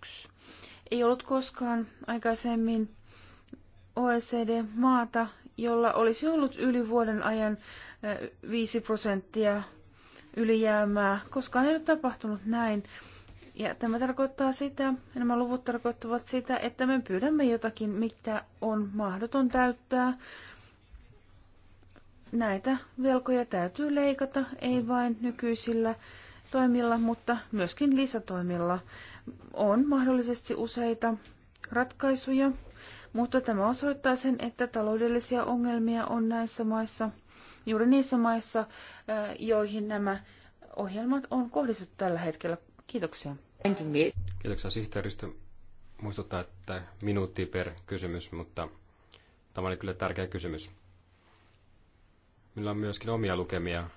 S4: ei ollut koskaan aikaisemmin OECD-maata, jolla olisi ollut yli vuoden ajan 5 prosenttia ylijäämää. Koskaan ei ole tapahtunut näin. Ja tämä tarkoittaa sitä, nämä luvut tarkoittavat sitä, että me pyydämme jotakin, mitä on mahdoton täyttää. Näitä velkoja täytyy leikata, ei vain nykyisillä toimilla, mutta myöskin lisätoimilla. On mahdollisesti useita ratkaisuja, mutta tämä osoittaa sen, että taloudellisia ongelmia on näissä maissa, juuri niissä maissa, joihin nämä ohjelmat on kohdistettu tällä hetkellä. Kiitoksia.
S2: Kiitoksia sihteeristö. Muistuttaa, että minuutti per kysymys, mutta tämä oli kyllä tärkeä kysymys. Meillä on myöskin omia lukemia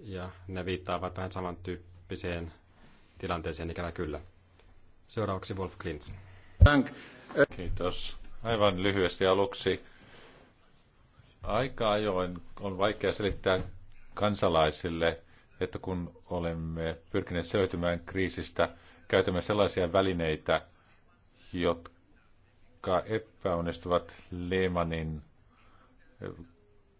S2: ja ne viittaavat vähän samantyyppiseen tilanteeseen ikävä kyllä.
S3: Seuraavaksi Wolf Klintz. Kiitos. Aivan lyhyesti aluksi. Aika ajoin on vaikea selittää kansalaisille – että kun olemme pyrkineet selviytymään kriisistä, käytämme sellaisia välineitä, jotka epäonnistuvat Lehmanin eh,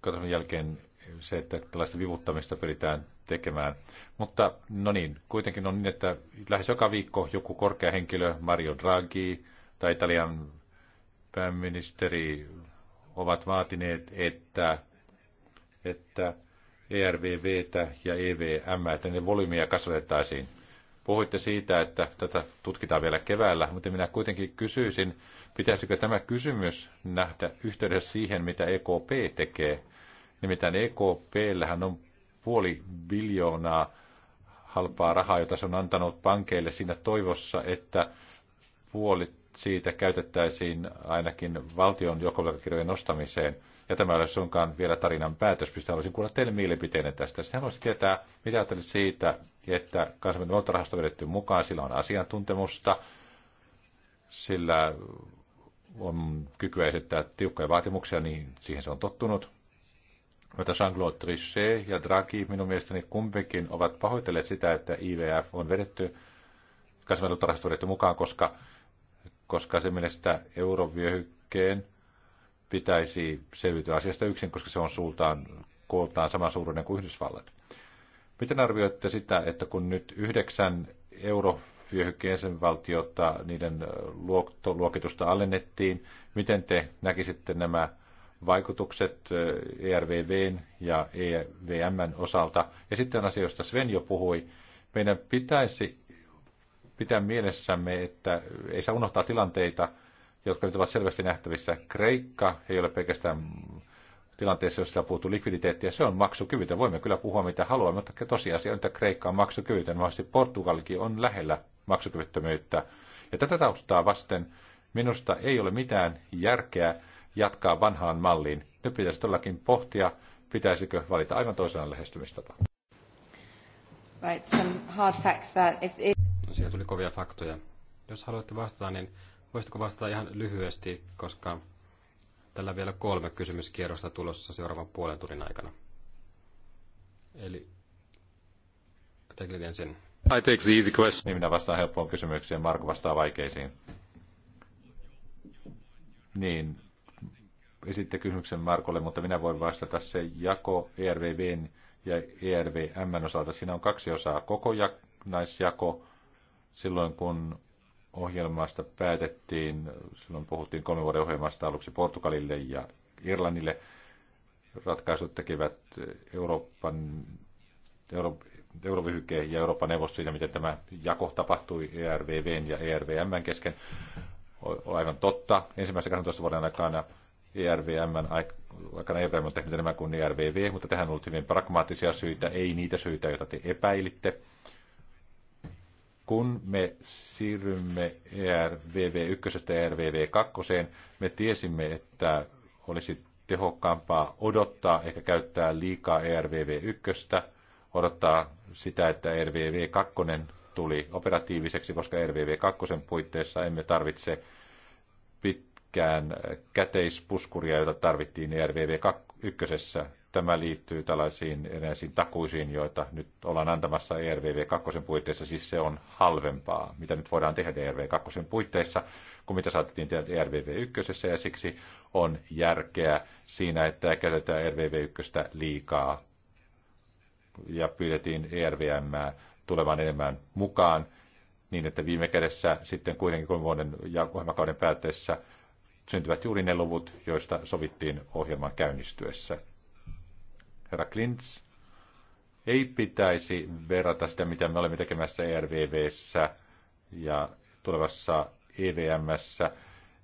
S3: katsomisen jälkeen se, että tällaista vivuttamista pyritään tekemään. Mutta no niin, kuitenkin on niin, että lähes joka viikko joku korkea henkilö, Mario Draghi tai Italian pääministeri, ovat vaatineet, että, että ERVVtä ja EVM, että ne volyymiä kasvatettaisiin. Puhuitte siitä, että tätä tutkitaan vielä keväällä, mutta minä kuitenkin kysyisin, pitäisikö tämä kysymys nähdä yhteydessä siihen, mitä EKP tekee. Nimittäin EKPllähän on puoli biljoonaa halpaa rahaa, jota se on antanut pankeille siinä toivossa, että puoli siitä käytettäisiin ainakin valtion joukkovelkakirjojen nostamiseen – ja tämä ei ole vielä tarinan päätös, mistä haluaisin kuulla teille mielipiteenne tästä. Sitten haluaisin tietää, mitä ajattelit siitä, että kansainvälinen luontorahasto vedetty mukaan, sillä on asiantuntemusta, sillä on kykyä esittää tiukkoja vaatimuksia, niin siihen se on tottunut. Mutta Jean-Claude Trichet ja Draghi minun mielestäni kumpikin ovat pahoitelleet sitä, että IVF on vedetty, kansainvälinen luontorahasto vedetty mukaan, koska, koska se mielestä eurovyöhykkeen pitäisi selvityä asiasta yksin, koska se on sultaan kooltaan suuruinen kuin Yhdysvallat. Miten arvioitte sitä, että kun nyt yhdeksän eurovyöhykkeen jäsenvaltiota, niiden luokitusta alennettiin, miten te näkisitte nämä vaikutukset ERVVn ja EVMn osalta? Ja sitten asioista Sven jo puhui. Meidän pitäisi pitää mielessämme, että ei saa unohtaa tilanteita, jotka nyt ovat selvästi nähtävissä. Kreikka ei ole pelkästään tilanteessa, jossa puhuttu likviditeettiä, se on maksukyvytön. Voimme kyllä puhua mitä haluamme, mutta tosiasia on, että Kreikka on maksukyvytön, mahdollisesti Portugalikin on lähellä maksukyvyttömyyttä. Ja tätä taustaa vasten minusta ei ole mitään järkeä jatkaa vanhaan malliin. Nyt pitäisi todellakin pohtia, pitäisikö valita aivan toisenlainen lähestymistapa.
S1: Right, some hard facts that if, if... No,
S3: siellä tuli kovia
S2: faktoja. Jos haluatte vastata, niin Voisitko vastata ihan lyhyesti, koska tällä on vielä kolme kysymyskierrosta tulossa seuraavan puolen tunnin aikana. Eli Teglit ensin.
S3: I take the easy question. Niin minä vastaan helppoon kysymykseen, Marko vastaa vaikeisiin. Niin, esitte kysymyksen Markolle, mutta minä voin vastata se jako ERVVn ja ERVMn osalta. Siinä on kaksi osaa, koko ja, naisjako, silloin kun ohjelmasta päätettiin, silloin puhuttiin kolmen vuoden ohjelmasta aluksi Portugalille ja Irlannille. Ratkaisut tekivät Euroopan, Euro, Eurovyhyke ja Euroopan neuvosto siitä, miten tämä jako tapahtui ERVVn ja ERVMn kesken. On aivan totta. Ensimmäisen 12 vuoden aikana ERVMn aikana ERVM on tehnyt enemmän kuin ERVV, mutta tähän on ollut hyvin pragmaattisia syitä, ei niitä syitä, joita te epäilitte. Kun me siirrymme ERVV1 ja ERVV2, me tiesimme, että olisi tehokkaampaa odottaa, eikä käyttää liikaa ERVV1, odottaa sitä, että e RVV2 tuli operatiiviseksi, koska e RVV2 puitteissa emme tarvitse pitkään käteispuskuria, jota tarvittiin e RVV1 tämä liittyy tällaisiin erilaisiin takuisiin, joita nyt ollaan antamassa ERVV 2 puitteissa, siis se on halvempaa, mitä nyt voidaan tehdä ERV 2 puitteissa, kuin mitä saatettiin tehdä ERVV 1, ja siksi on järkeä siinä, että käytetään ERVV 1 liikaa, ja pyydettiin ERVM tulemaan enemmän mukaan, niin että viime kädessä sitten kuitenkin kolmen vuoden ja ohjelmakauden päätteessä syntyvät juuri ne luvut, joista sovittiin ohjelman käynnistyessä herra Klints, ei pitäisi verrata sitä, mitä me olemme tekemässä ERVVssä ja tulevassa EVMssä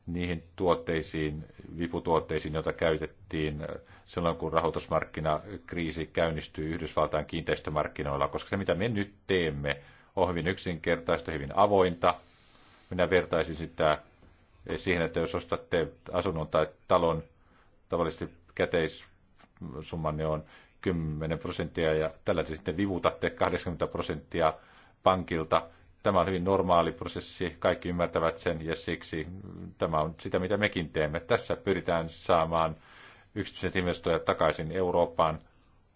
S3: niihin tuotteisiin, viputuotteisiin, joita käytettiin silloin, kun rahoitusmarkkinakriisi käynnistyi Yhdysvaltain kiinteistömarkkinoilla, koska se, mitä me nyt teemme, on hyvin yksinkertaista, hyvin avointa. Minä vertaisin sitä siihen, että jos ostatte asunnon tai talon tavallisesti käteis summanne niin on 10 prosenttia ja tällä te sitten vivutatte 80 prosenttia pankilta. Tämä on hyvin normaali prosessi, kaikki ymmärtävät sen ja siksi tämä on sitä, mitä mekin teemme. Tässä pyritään saamaan yksityiset investoijat takaisin Eurooppaan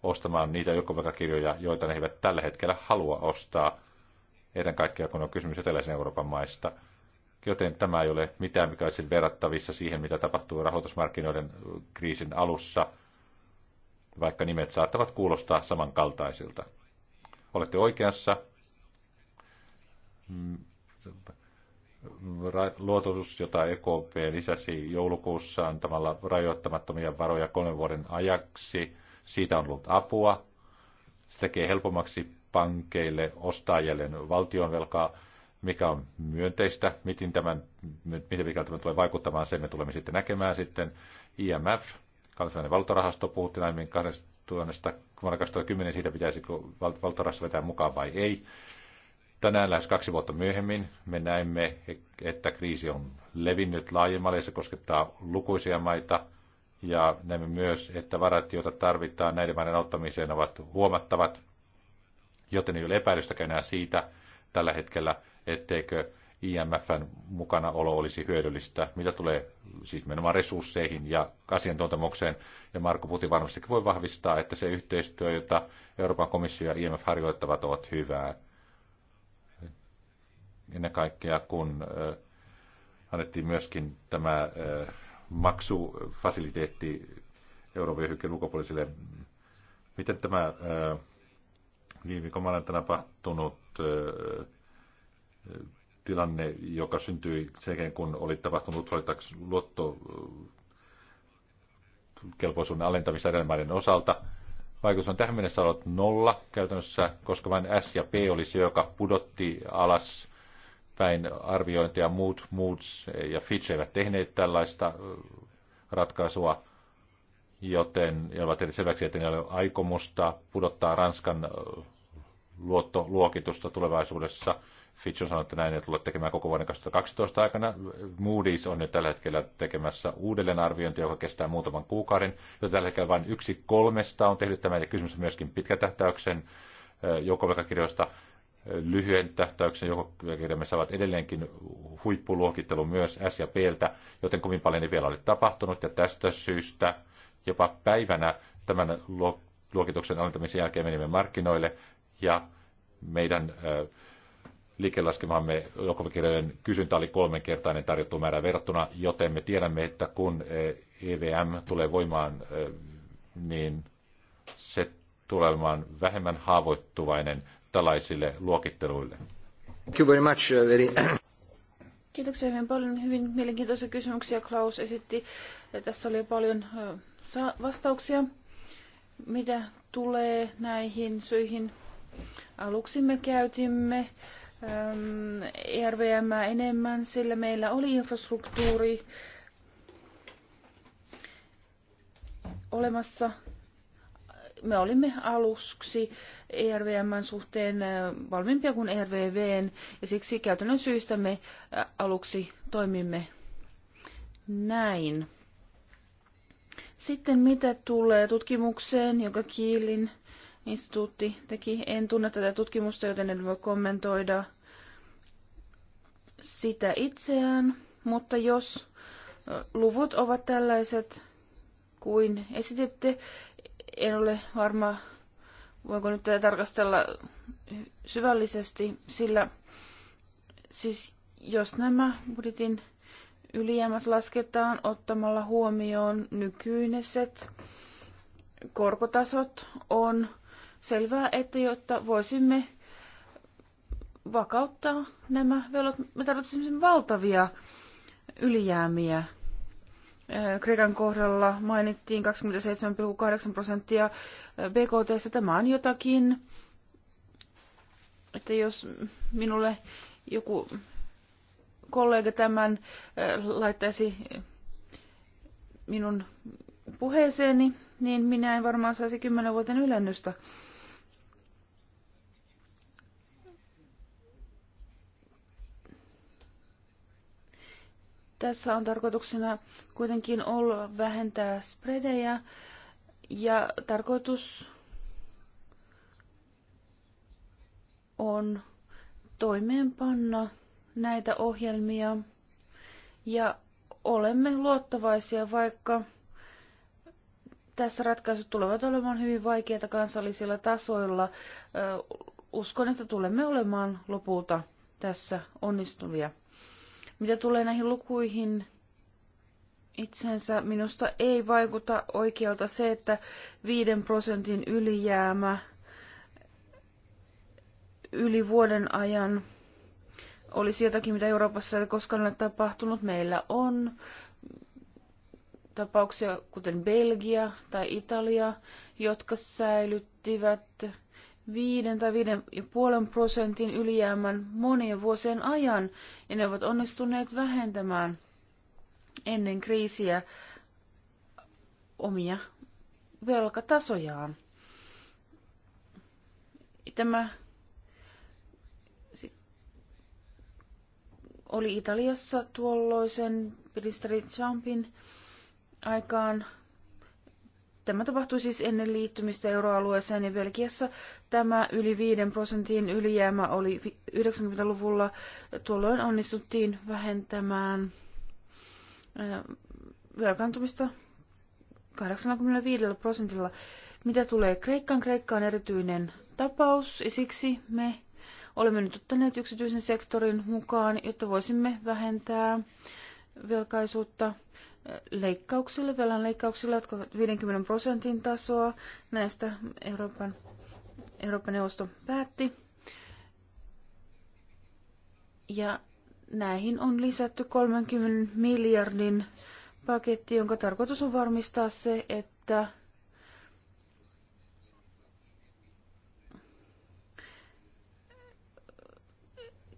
S3: ostamaan niitä joukkovelkakirjoja, joita ne eivät tällä hetkellä halua ostaa, ennen kaikkea kun on kysymys eteläisen Euroopan maista. Joten tämä ei ole mitään, mikä olisi verrattavissa siihen, mitä tapahtuu rahoitusmarkkinoiden kriisin alussa – vaikka nimet saattavat kuulostaa samankaltaisilta. Olette oikeassa. Mm, luototus, jota EKP lisäsi joulukuussa antamalla rajoittamattomia varoja kolmen vuoden ajaksi, siitä on ollut apua. Se tekee helpommaksi pankeille ostaa jälleen valtionvelkaa, mikä on myönteistä. Miten, tämän, miten tämä tulee vaikuttamaan, sen me tulemme sitten näkemään sitten. IMF kansainvälinen valuuttarahasto, puhuttiin aiemmin 2010 siitä pitäisi valuuttarahasto vetää mukaan vai ei. Tänään lähes kaksi vuotta myöhemmin me näemme, että kriisi on levinnyt laajemmalle ja se koskettaa lukuisia maita. Ja näemme myös, että varat, joita tarvitaan näiden maiden auttamiseen, ovat huomattavat, joten ei ole epäilystäkään enää siitä tällä hetkellä, etteikö IMFn mukanaolo olisi hyödyllistä, mitä tulee siis menemään resursseihin ja asiantuntemukseen. Ja Marko Putin varmastikin voi vahvistaa, että se yhteistyö, jota Euroopan komissio ja IMF harjoittavat, ovat hyvää. Ennen kaikkea, kun äh, annettiin myöskin tämä äh, maksufasiliteetti eurovyöhykkeen ulkopuolisille. Miten tämä äh, viime niin, maanantaina tapahtunut tilanne, joka syntyi sen kun oli tapahtunut luotto kelpoisuuden alentamista edelmäiden osalta. Vaikutus on tähän mennessä ollut nolla käytännössä, koska vain S ja P oli se, joka pudotti alas päin arviointia. Muut, Moods ja Fitch eivät tehneet tällaista ratkaisua, joten ja ovat tehneet selväksi, että ne ei ole aikomusta pudottaa Ranskan luottoluokitusta tulevaisuudessa – Fitch on sanonut, että näin ei tulla tekemään koko vuoden 2012 aikana. Moody's on nyt tällä hetkellä tekemässä uudelleenarviointi, joka kestää muutaman kuukauden, Jo tällä hetkellä vain yksi kolmesta on tehnyt tämä, eli kysymys on myöskin pitkätähtäyksen joukkovelkakirjoista. Lyhyen tähtäyksen me saavat edelleenkin huippuluokittelu myös S ja Pltä, joten kovin paljon ei vielä ole tapahtunut, ja tästä syystä jopa päivänä tämän luokituksen alentamisen jälkeen menimme markkinoille, ja meidän äh, liikelaskemamme joukkovelkirjojen kysyntä oli kolmenkertainen tarjottu määrä verrattuna, joten me tiedämme, että kun EVM e tulee voimaan, e, niin se tulee olemaan vähemmän haavoittuvainen tällaisille luokitteluille.
S5: Thank you very much,
S4: uh, Kiitoksia hyvin paljon. Hyvin mielenkiintoisia kysymyksiä Klaus esitti. Tässä oli paljon vastauksia. Mitä tulee näihin syihin? Aluksi me käytimme Ähm, RVM enemmän, sillä meillä oli infrastruktuuri olemassa. Me olimme aluksi ERVMn suhteen äh, valmiimpia kuin ERVVn ja siksi käytännön syystä me äh, aluksi toimimme näin. Sitten mitä tulee tutkimukseen, joka Kiilin instituutti teki, en tunne tätä tutkimusta, joten en voi kommentoida sitä itseään, mutta jos luvut ovat tällaiset kuin esititte, en ole varma, voinko nyt tätä tarkastella syvällisesti, sillä siis jos nämä budjetin ylijäämät lasketaan ottamalla huomioon nykyiset korkotasot, on selvää, että jotta voisimme vakauttaa nämä velot. Me tarvitsemme valtavia ylijäämiä. Kreikan kohdalla mainittiin 27,8 prosenttia BKT. Tämä on jotakin, että jos minulle joku kollega tämän laittaisi minun puheeseeni, niin minä en varmaan saisi kymmenen vuoden ylennystä. Tässä on tarkoituksena kuitenkin olla vähentää spredejä ja tarkoitus on toimeenpanna näitä ohjelmia ja olemme luottavaisia, vaikka tässä ratkaisut tulevat olemaan hyvin vaikeita kansallisilla tasoilla. Uskon, että tulemme olemaan lopulta tässä onnistuvia. Mitä tulee näihin lukuihin itsensä, minusta ei vaikuta oikealta se, että viiden prosentin ylijäämä yli vuoden ajan olisi jotakin, mitä Euroopassa ei koskaan ole tapahtunut. Meillä on tapauksia, kuten Belgia tai Italia, jotka säilyttivät viiden tai viiden ja puolen prosentin ylijäämän monien vuosien ajan, ja ne ovat onnistuneet vähentämään ennen kriisiä omia velkatasojaan. Tämä oli Italiassa tuolloisen ministeri Champin aikaan Tämä tapahtui siis ennen liittymistä euroalueeseen ja Belgiassa tämä yli 5 prosentin ylijäämä oli 90-luvulla. Tuolloin onnistuttiin vähentämään velkaantumista 85 prosentilla. Mitä tulee Kreikkaan, Kreikka on erityinen tapaus ja siksi me olemme nyt ottaneet yksityisen sektorin mukaan, jotta voisimme vähentää velkaisuutta – leikkauksille, velan leikkauksille, jotka ovat 50 prosentin tasoa. Näistä Euroopan, Euroopan neuvosto päätti. Ja näihin on lisätty 30 miljardin paketti, jonka tarkoitus on varmistaa se, että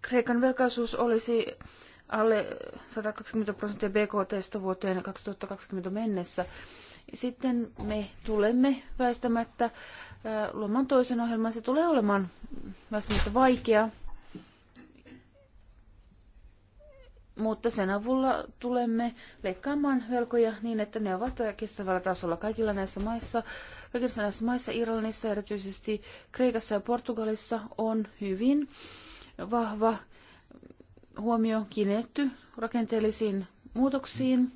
S4: Kreikan velkaisuus olisi alle 120 prosenttia BKT vuoteen 2020 mennessä. Sitten me tulemme väistämättä luomaan toisen ohjelman. Se tulee olemaan väistämättä vaikea, mutta sen avulla tulemme leikkaamaan velkoja niin, että ne ovat kestävällä tasolla kaikilla näissä maissa. Kaikissa näissä maissa, Irlannissa, erityisesti Kreikassa ja Portugalissa, on hyvin vahva huomio kiinnitetty rakenteellisiin muutoksiin.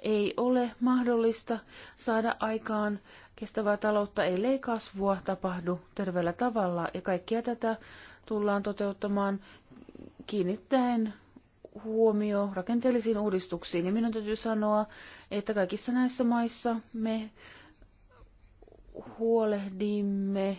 S4: Ei ole mahdollista saada aikaan kestävää taloutta, ellei kasvua tapahdu terveellä tavalla. Ja kaikkea tätä tullaan toteuttamaan kiinnittäen huomio rakenteellisiin uudistuksiin. Ja minun täytyy sanoa, että kaikissa näissä maissa me huolehdimme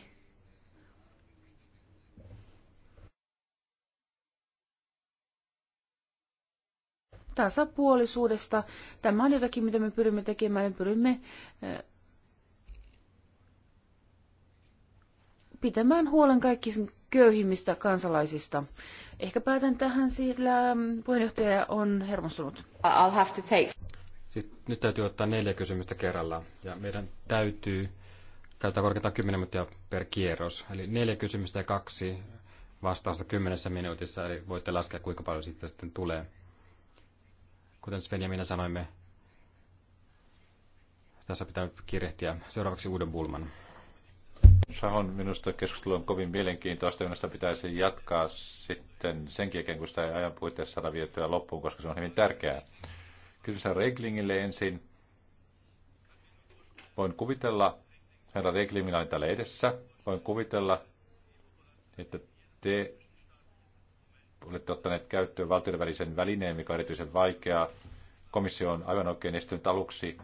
S4: tasapuolisuudesta. Tämä on jotakin, mitä me pyrimme tekemään. Me pyrimme eh, pitämään huolen kaikista köyhimmistä kansalaisista. Ehkä päätän tähän, sillä puheenjohtaja on hermostunut. I'll have to take.
S2: Siis nyt täytyy ottaa neljä kysymystä kerrallaan, ja meidän täytyy käyttää korkeintaan 10 minuuttia per kierros. Eli neljä kysymystä ja kaksi vastausta kymmenessä minuutissa, eli voitte laskea kuinka paljon siitä sitten tulee. Kuten Sven ja minä
S3: sanoimme, tässä pitää kirehtiä. seuraavaksi uuden Bulman. Sahon minusta keskustelu on kovin mielenkiintoista, josta pitäisi jatkaa sitten sen jälkeen, kun sitä ei ajan puitteissa saada vietyä loppuun, koska se on hyvin tärkeää. Kysymys on Reglingille ensin. Voin kuvitella, herra Reglingillä on täällä edessä, voin kuvitella, että te olette ottaneet käyttöön valtioiden välisen välineen, mikä on erityisen vaikeaa. Komissio on aivan oikein esittänyt aluksi,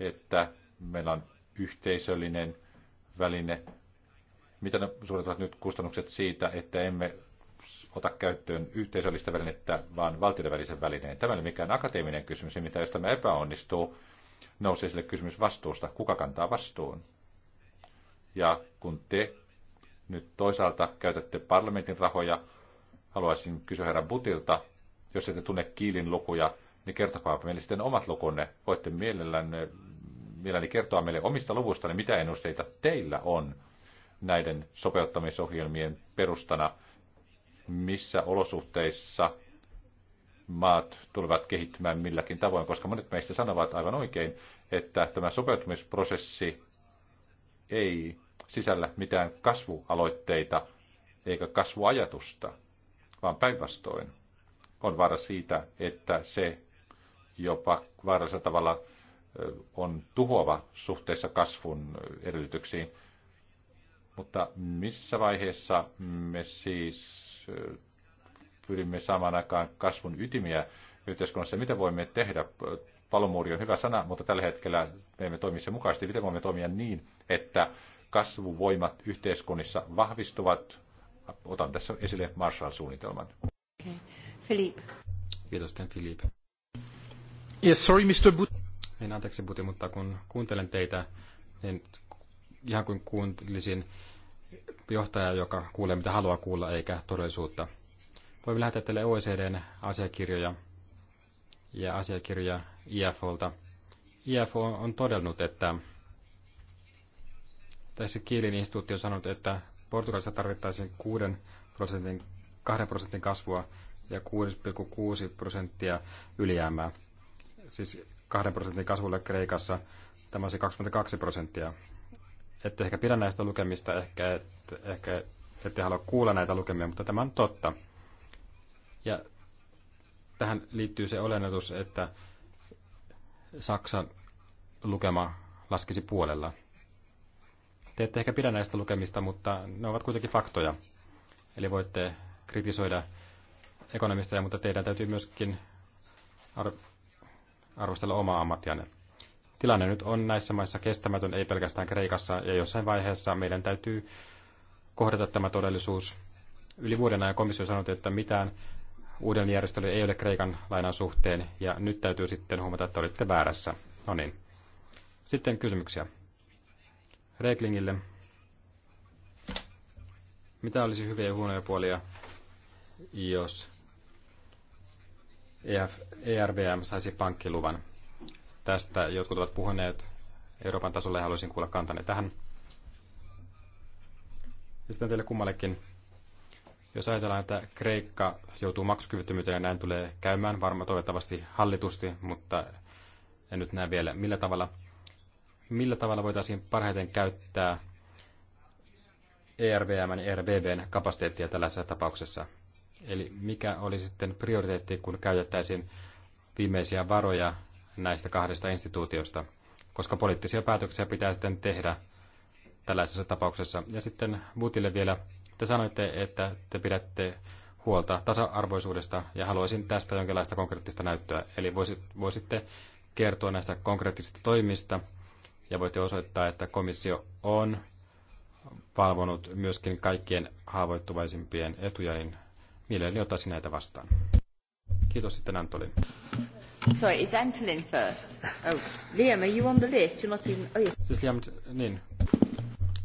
S3: että meillä on yhteisöllinen väline. Mitä ne suunnitelmat nyt kustannukset siitä, että emme ota käyttöön yhteisöllistä välinettä, vaan valtioiden välisen välineen? Tämä ei ole mikään akateeminen kysymys, mitä jos tämä epäonnistuu, nousee sille kysymys vastuusta. Kuka kantaa vastuun? Ja kun te nyt toisaalta käytätte parlamentin rahoja, Haluaisin kysyä herra Butilta, jos ette tunne Kiilin lukuja, niin kertokaa meille sitten omat lukunne. Voitte mielelläni, mielelläni kertoa meille omista niin mitä ennusteita teillä on näiden sopeuttamisohjelmien perustana, missä olosuhteissa maat tulevat kehittymään milläkin tavoin, koska monet meistä sanovat aivan oikein, että tämä sopeutumisprosessi ei sisällä mitään kasvualoitteita eikä kasvuajatusta vaan päinvastoin on vaara siitä, että se jopa vaarallisella tavalla on tuhoava suhteessa kasvun edellytyksiin. Mutta missä vaiheessa me siis pyrimme saamaan aikaan kasvun ytimiä yhteiskunnassa? Mitä voimme tehdä? Palomuuri on hyvä sana, mutta tällä hetkellä me emme toimi sen mukaisesti. Miten voimme toimia niin, että kasvuvoimat yhteiskunnissa vahvistuvat otan tässä esille Marshall-suunnitelman.
S1: Okay. Philippe.
S3: Kiitos, Philippe.
S5: Yes, sorry, Mr. But- En
S2: niin, anteeksi Buti, mutta kun kuuntelen teitä, niin ihan kuin kuuntelisin johtajaa, joka kuulee mitä haluaa kuulla eikä todellisuutta. Voimme lähettää teille OECDn asiakirjoja ja asiakirjoja IFOlta. IFO on todennut, että tässä Kiilin instituutti on sanonut, että Portugalissa tarvittaisiin 6 prosentin, 2 prosentin kasvua ja 6,6 prosenttia ylijäämää. Siis 2 prosentin kasvulle Kreikassa tämä olisi 22 prosenttia. Ette ehkä pidä näistä lukemista, ehkä, et, ehkä ette halua kuulla näitä lukemia, mutta tämä on totta. Ja tähän liittyy se olennatus, että Saksan lukema laskisi puolella – te ette ehkä pidä näistä lukemista, mutta ne ovat kuitenkin faktoja. Eli voitte kritisoida ekonomisteja, mutta teidän täytyy myöskin ar- arvostella omaa ammattianne. Tilanne nyt on näissä maissa kestämätön, ei pelkästään Kreikassa, ja jossain vaiheessa meidän täytyy kohdata tämä todellisuus. Yli vuoden ajan komissio sanoi, että mitään uuden järjestely ei ole Kreikan lainan suhteen, ja nyt täytyy sitten huomata, että olitte väärässä. No niin. Sitten kysymyksiä. Reklingille. Mitä olisi hyviä ja huonoja puolia, jos ERVM e saisi pankkiluvan? Tästä jotkut ovat puhuneet Euroopan tasolla ja haluaisin kuulla kantanne tähän. Sitten teille kummallekin. Jos ajatellaan, että Kreikka joutuu maksukyvyttömyyteen ja näin tulee käymään varma toivottavasti hallitusti, mutta en nyt näe vielä millä tavalla – millä tavalla voitaisiin parhaiten käyttää ERVM ja ERVVn kapasiteettia tällaisessa tapauksessa? Eli mikä oli sitten prioriteetti, kun käytettäisiin viimeisiä varoja näistä kahdesta instituutiosta? Koska poliittisia päätöksiä pitää sitten tehdä tällaisessa tapauksessa. Ja sitten Butille vielä, te sanoitte, että te pidätte huolta tasa-arvoisuudesta ja haluaisin tästä jonkinlaista konkreettista näyttöä. Eli voisitte kertoa näistä konkreettisista toimista, ja voitte osoittaa, että komissio on valvonut myöskin kaikkien haavoittuvaisimpien etujain mielelläni ottaisin näitä vastaan. Kiitos sitten Antolin.
S1: Sorry, it's Antolin first. Oh, Liam, are you on the list? You're not even... Oh, yes.
S2: Siis Liam, niin.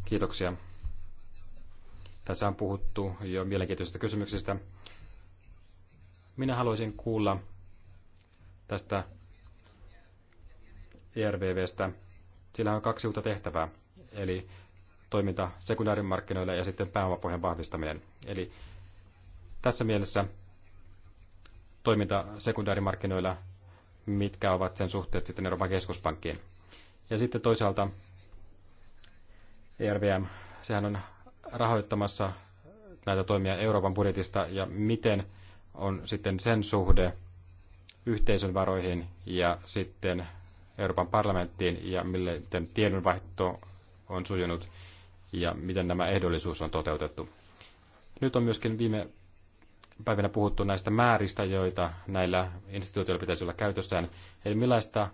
S2: Kiitoksia. Tässä on puhuttu jo mielenkiintoisista kysymyksistä. Minä haluaisin kuulla tästä ERVVstä sillä on kaksi uutta tehtävää, eli toiminta sekundaarimarkkinoille ja sitten pääomapohjan vahvistaminen. Eli tässä mielessä toiminta sekundaarimarkkinoilla, mitkä ovat sen suhteet sitten Euroopan keskuspankkiin. Ja sitten toisaalta ERVM, sehän on rahoittamassa näitä toimia Euroopan budjetista ja miten on sitten sen suhde yhteisön varoihin ja sitten Euroopan parlamenttiin ja miten tiedonvaihto on sujunut ja miten nämä ehdollisuus on toteutettu. Nyt on myöskin viime päivinä puhuttu näistä määristä, joita näillä instituutioilla pitäisi olla käytössään. Eli millaista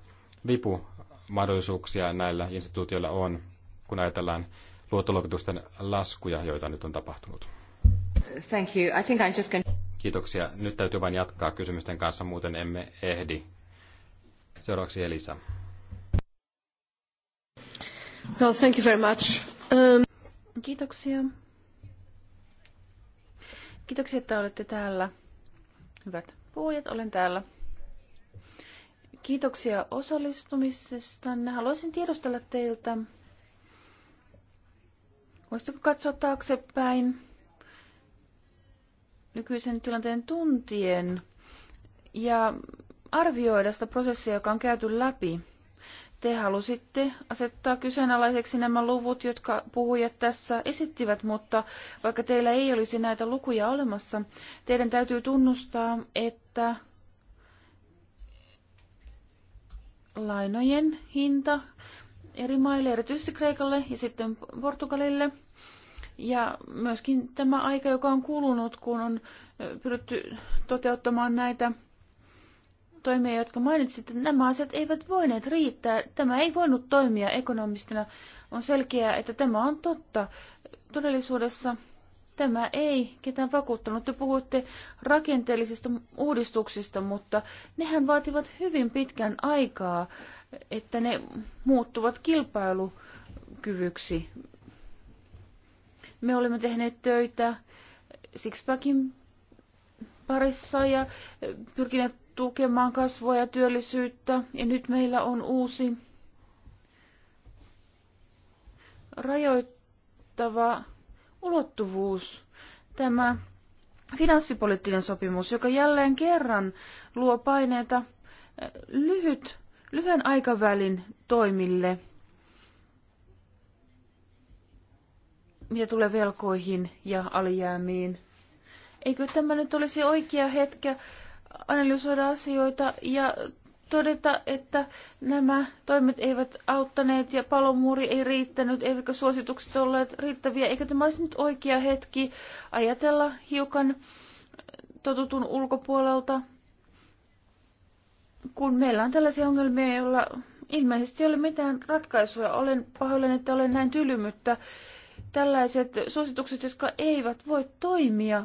S2: vipumahdollisuuksia näillä instituutioilla on, kun ajatellaan luottoluokitusten laskuja, joita nyt on tapahtunut?
S1: Thank you. I think I'm just going...
S2: Kiitoksia. Nyt täytyy vain jatkaa kysymysten kanssa, muuten emme ehdi Seuraavaksi Elisa.
S4: No, thank you very much. Um... Kiitoksia. Kiitoksia, että olette täällä. Hyvät puhujat, olen täällä. Kiitoksia osallistumisesta. Haluaisin tiedustella teiltä, voisitko katsoa taaksepäin nykyisen tilanteen tuntien ja arvioida sitä prosessia, joka on käyty läpi. Te halusitte asettaa kyseenalaiseksi nämä luvut, jotka puhujat tässä esittivät, mutta vaikka teillä ei olisi näitä lukuja olemassa, teidän täytyy tunnustaa, että lainojen hinta eri maille, erityisesti Kreikalle ja sitten Portugalille. Ja myöskin tämä aika, joka on kulunut, kun on pyritty toteuttamaan näitä toimia, jotka että nämä asiat eivät voineet riittää. Tämä ei voinut toimia ekonomistina. On selkeää, että tämä on totta. Todellisuudessa tämä ei ketään vakuuttanut. Te puhuitte rakenteellisista uudistuksista, mutta nehän vaativat hyvin pitkän aikaa, että ne muuttuvat kilpailukyvyksi. Me olemme tehneet töitä Sixpackin parissa ja pyrkineet tukemaan kasvua ja työllisyyttä. Ja nyt meillä on uusi rajoittava ulottuvuus, tämä finanssipoliittinen sopimus, joka jälleen kerran luo paineita eh, lyhyt, lyhyen aikavälin toimille, mitä tulee velkoihin ja alijäämiin. Eikö tämä nyt olisi oikea hetke? analysoida asioita ja todeta, että nämä toimet eivät auttaneet ja palomuuri ei riittänyt, eivätkä suositukset olleet riittäviä, eikä tämä olisi nyt oikea hetki ajatella hiukan totutun ulkopuolelta, kun meillä on tällaisia ongelmia, joilla ilmeisesti ei ole mitään ratkaisuja. Olen pahoillani, että olen näin tylymyttä. Tällaiset suositukset, jotka eivät voi toimia,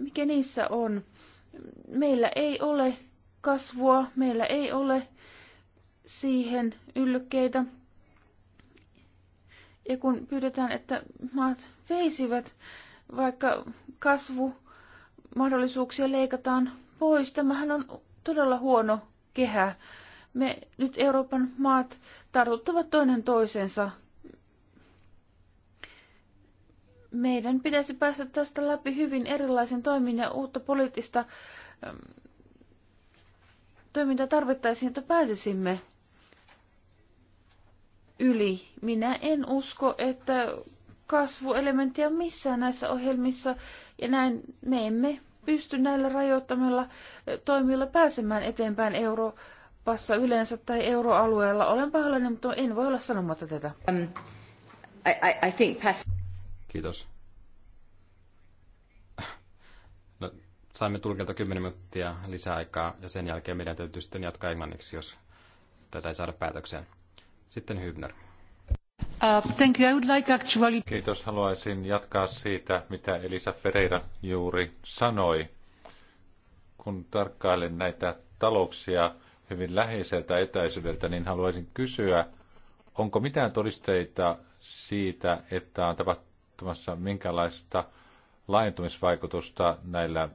S4: mikä niissä on? meillä ei ole kasvua, meillä ei ole siihen yllykkeitä. Ja kun pyydetään, että maat veisivät, vaikka kasvu mahdollisuuksia leikataan pois, tämähän on todella huono kehä. Me nyt Euroopan maat tartuttavat toinen toisensa meidän pitäisi päästä tästä läpi hyvin erilaisen toimin ja uutta poliittista toimintaa tarvittaisiin, että pääsisimme yli. Minä en usko, että kasvuelementtiä missään näissä ohjelmissa, ja näin me emme pysty näillä rajoittamilla toimilla pääsemään eteenpäin Euroopassa yleensä tai euroalueella. Olen pahoillani, mutta en voi olla sanomatta tätä. Um, I, I, I think...
S2: Kiitos. No, saimme tulkilta 10 minuuttia lisäaikaa ja sen jälkeen meidän täytyy sitten jatkaa
S3: englanniksi, jos tätä ei saada päätökseen. Sitten Hybner.
S5: Uh, thank you. I would like actually...
S3: Kiitos. Haluaisin jatkaa siitä, mitä Elisa Pereira juuri sanoi. Kun tarkkailen näitä talouksia hyvin läheiseltä etäisyydeltä, niin haluaisin kysyä, onko mitään todisteita siitä, että on tapahtunut katsomassa, minkälaista laajentumisvaikutusta näillä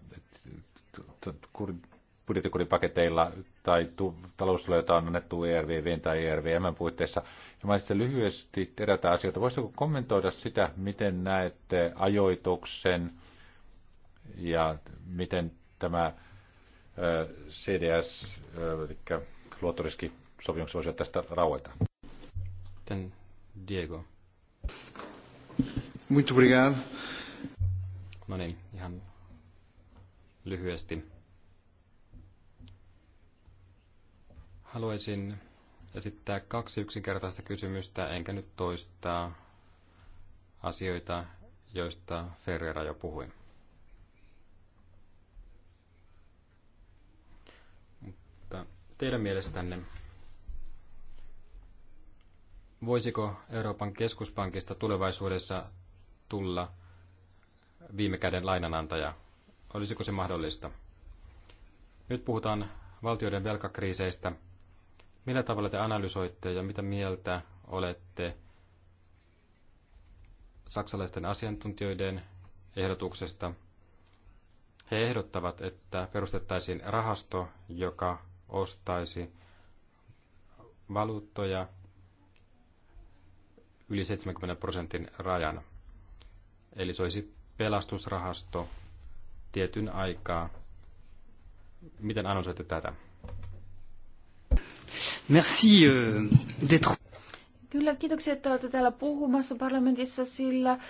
S3: budjettikuripaketeilla tai taloustuloja, joita on annettu ERVV tai ERVMn puitteissa. Ja mä sitten lyhyesti erätä asioita. Voisitko kommentoida sitä, miten näette ajoituksen ja miten tämä CDS, eli luottoriskisopimukset voisi tästä rauhoita? Diego. Muito obrigado. No niin, ihan
S2: lyhyesti. Haluaisin esittää kaksi yksinkertaista kysymystä, enkä nyt toistaa asioita, joista Ferreira jo puhui. Mutta teidän mielestänne, voisiko Euroopan keskuspankista tulevaisuudessa tulla viime käden lainanantaja? Olisiko se mahdollista? Nyt puhutaan valtioiden velkakriiseistä. Millä tavalla te analysoitte ja mitä mieltä olette saksalaisten asiantuntijoiden ehdotuksesta? He ehdottavat, että perustettaisiin rahasto, joka ostaisi valuuttoja yli 70 prosentin rajana. Eli se olisi pelastusrahasto tietyn aikaa. Miten annonsoitte tätä?
S5: Merci euh, d'être...
S4: Kyllä, kiitoksia, että olette täällä puhumassa parlamentissa, sillä ähm,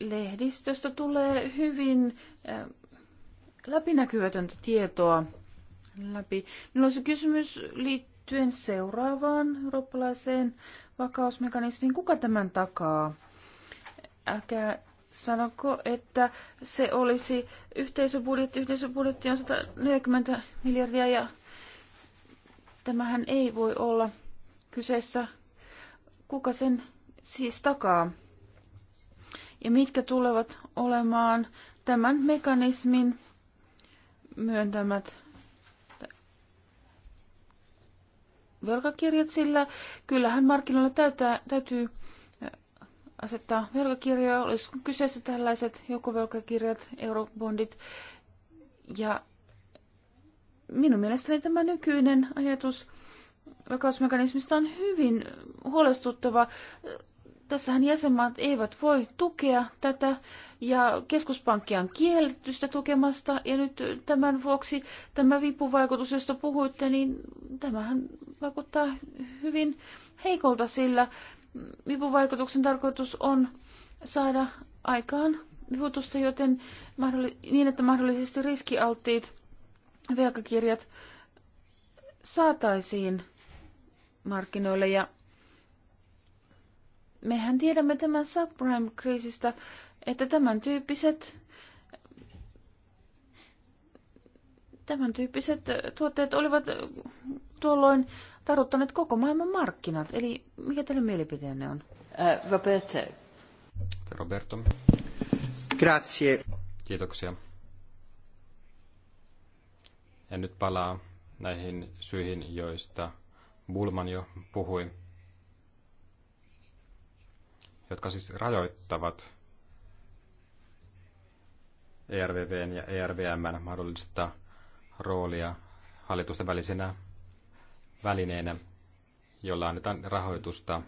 S4: lehdistöstä tulee hyvin ähm, läpinäkyvätöntä tietoa läpi. Minulla olisi kysymys liittyen seuraavaan eurooppalaiseen vakausmekanismiin. Kuka tämän takaa? älkää sanoko, että se olisi yhteisöbudjetti. Yhteisöbudjetti on 140 miljardia ja tämähän ei voi olla kyseessä. Kuka sen siis takaa? Ja mitkä tulevat olemaan tämän mekanismin myöntämät velkakirjat, sillä kyllähän markkinoilla täytyy, täytyy asettaa velkakirjoja. olisi kyseessä tällaiset joukkovelkakirjat, eurobondit? Ja minun mielestäni tämä nykyinen ajatus vakausmekanismista on hyvin huolestuttava. Tässähän jäsenmaat eivät voi tukea tätä ja keskuspankki on kielletty sitä tukemasta ja nyt tämän vuoksi tämä vipuvaikutus, josta puhuitte, niin tämähän vaikuttaa hyvin heikolta, sillä vipuvaikutuksen tarkoitus on saada aikaan vivutusta, joten niin, että mahdollisesti riskialttiit velkakirjat saataisiin markkinoille. Ja mehän tiedämme tämän subprime-kriisistä, että tämän tyyppiset tämän tyyppiset tuotteet olivat tuolloin kaduttaneet koko maailman markkinat. Eli mikä teidän mielipiteenne on? Uh, Roberto.
S2: Roberto. Grazie. Kiitoksia. Ja nyt palaa näihin syihin, joista Bulman jo puhui, jotka siis rajoittavat ERVVn ja ERVMn mahdollista roolia hallitusten välisenä välineenä, jolla annetaan rahoitusta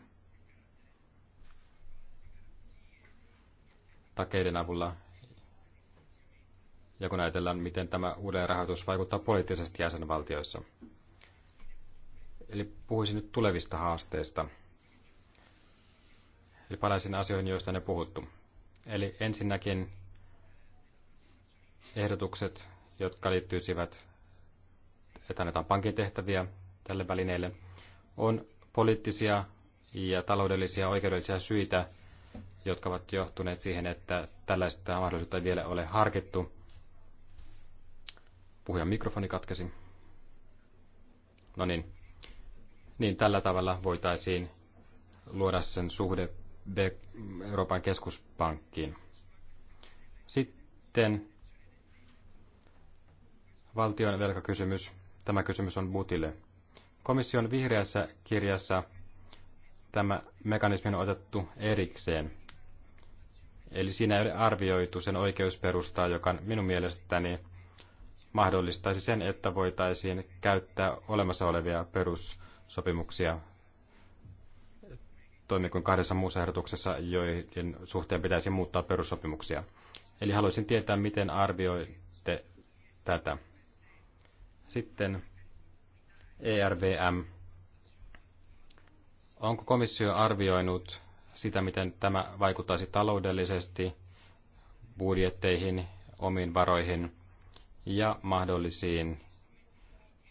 S2: takeiden avulla. Ja kun ajatellaan, miten tämä uuden rahoitus vaikuttaa poliittisesti jäsenvaltioissa. Eli puhuisin nyt tulevista haasteista. Eli palaisin asioihin, joista ne puhuttu. Eli ensinnäkin ehdotukset, jotka liittyisivät, että annetaan pankin tehtäviä tälle välineelle. On poliittisia ja taloudellisia oikeudellisia syitä, jotka ovat johtuneet siihen, että tällaista mahdollisuutta ei vielä ole harkittu. Puhujan mikrofoni katkesi. No niin. Niin tällä tavalla voitaisiin luoda sen suhde Euroopan keskuspankkiin. Sitten valtion velkakysymys. Tämä kysymys on Butille. Komission vihreässä kirjassa tämä mekanismi on otettu erikseen. Eli siinä ei ole arvioitu sen oikeusperustaa, joka minun mielestäni mahdollistaisi sen, että voitaisiin käyttää olemassa olevia perussopimuksia toimi kuin kahdessa muussa ehdotuksessa, joiden suhteen pitäisi muuttaa perussopimuksia. Eli haluaisin tietää, miten arvioitte tätä. Sitten ERVM. Onko komissio arvioinut sitä, miten tämä vaikuttaisi taloudellisesti budjetteihin, omiin varoihin ja mahdollisiin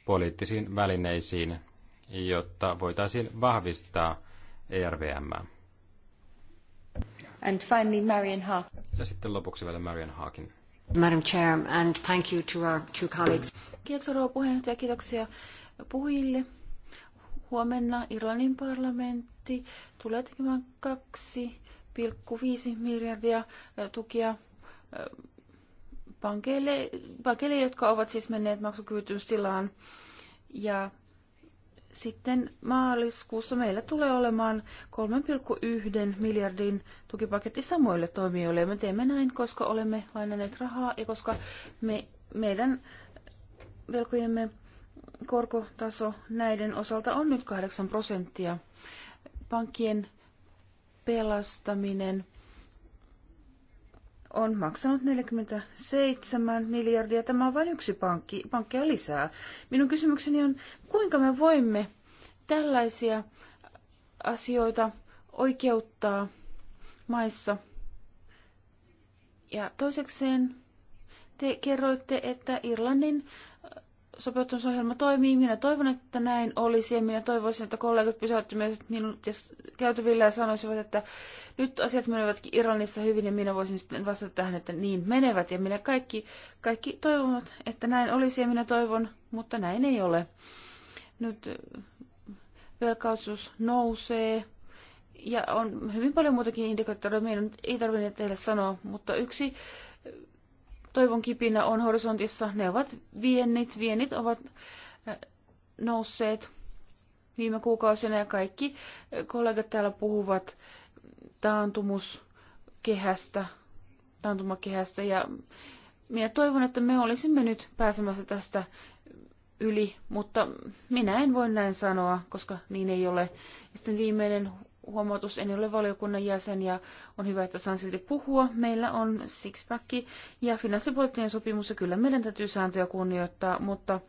S2: poliittisiin välineisiin, jotta voitaisiin vahvistaa ERVM.
S1: And finally Marian
S4: Haak.
S2: Ja sitten lopuksi vielä Marian Harkin.
S1: Madam Chair, and thank you to our two colleagues.
S4: Kiitos rouva puheenjohtaja, kiitoksia puhujille. Huomenna Irlannin parlamentti tulee tekemään 2,5 miljardia tukia pankeille, pankeille, jotka ovat siis menneet maksukyvytystilaan. Ja sitten maaliskuussa meillä tulee olemaan 3,1 miljardin tukipaketti samoille toimijoille. Me teemme näin, koska olemme lainanneet rahaa ja koska me, meidän velkojemme korkotaso näiden osalta on nyt 8 prosenttia. Pankkien pelastaminen on maksanut 47 miljardia. Tämä on vain yksi pankki, pankkia lisää. Minun kysymykseni on, kuinka me voimme tällaisia asioita oikeuttaa maissa? Ja toisekseen te kerroitte, että Irlannin sopeutumisohjelma toimii. Minä toivon, että näin olisi ja minä toivoisin, että kollegat pysäyttyisivät minut käytävillä ja sanoisivat, että nyt asiat menevätkin Irlannissa hyvin ja minä voisin sitten vastata tähän, että niin menevät. Ja minä kaikki, kaikki toivon, että näin olisi ja minä toivon, mutta näin ei ole. Nyt äh, velkaisuus nousee ja on hyvin paljon muutakin indikaattoreita. Meidän ei tarvitse teille sanoa, mutta yksi toivon kipinä on horisontissa. Ne ovat viennit. Viennit ovat äh, nousseet viime kuukausina ja kaikki äh, kollegat täällä puhuvat taantumuskehästä, taantumakehästä ja minä toivon, että me olisimme nyt pääsemässä tästä yli, mutta minä en voi näin sanoa, koska niin ei ole. Ja sitten viimeinen huomautus. En ole valiokunnan jäsen ja on hyvä, että saan silti puhua. Meillä on sixpacki ja finanssipoliittinen sopimus ja kyllä meidän täytyy sääntöjä kunnioittaa, mutta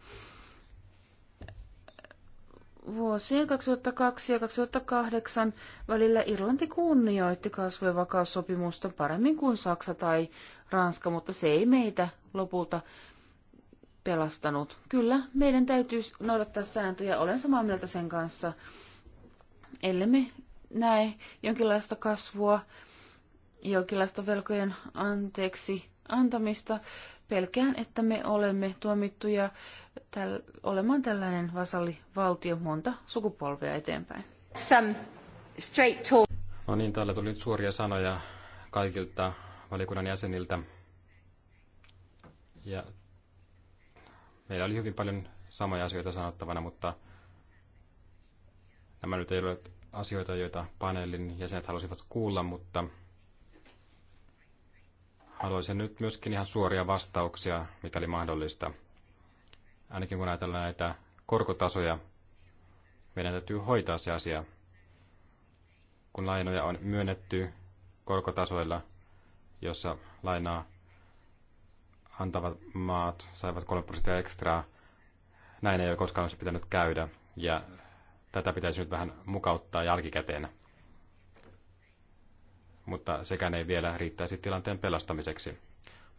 S4: vuosien 2002 ja 2008 välillä Irlanti kunnioitti kasvu- ja vakaussopimusta paremmin kuin Saksa tai Ranska, mutta se ei meitä lopulta pelastanut. Kyllä, meidän täytyy noudattaa sääntöjä. Olen samaa mieltä sen kanssa. Ellei me näe jonkinlaista kasvua, jonkinlaista velkojen anteeksi antamista. Pelkään, että me olemme tuomittuja täl- olemaan tällainen vasallivaltio monta sukupolvea eteenpäin. Some straight talk.
S2: No niin, täällä tuli nyt suoria sanoja kaikilta valiokunnan jäseniltä. Ja meillä oli hyvin paljon samoja asioita sanottavana, mutta nämä nyt ei ole asioita, joita paneelin jäsenet halusivat kuulla, mutta haluaisin nyt myöskin ihan suoria vastauksia, mikäli mahdollista. Ainakin kun ajatellaan näitä korkotasoja, meidän täytyy hoitaa se asia. Kun lainoja on myönnetty korkotasoilla, jossa lainaa antavat maat saivat 3 prosenttia ekstraa, näin ei ole koskaan olisi pitänyt käydä. Ja tätä pitäisi nyt vähän mukauttaa jälkikäteen. Mutta sekään ei vielä riittäisi tilanteen pelastamiseksi.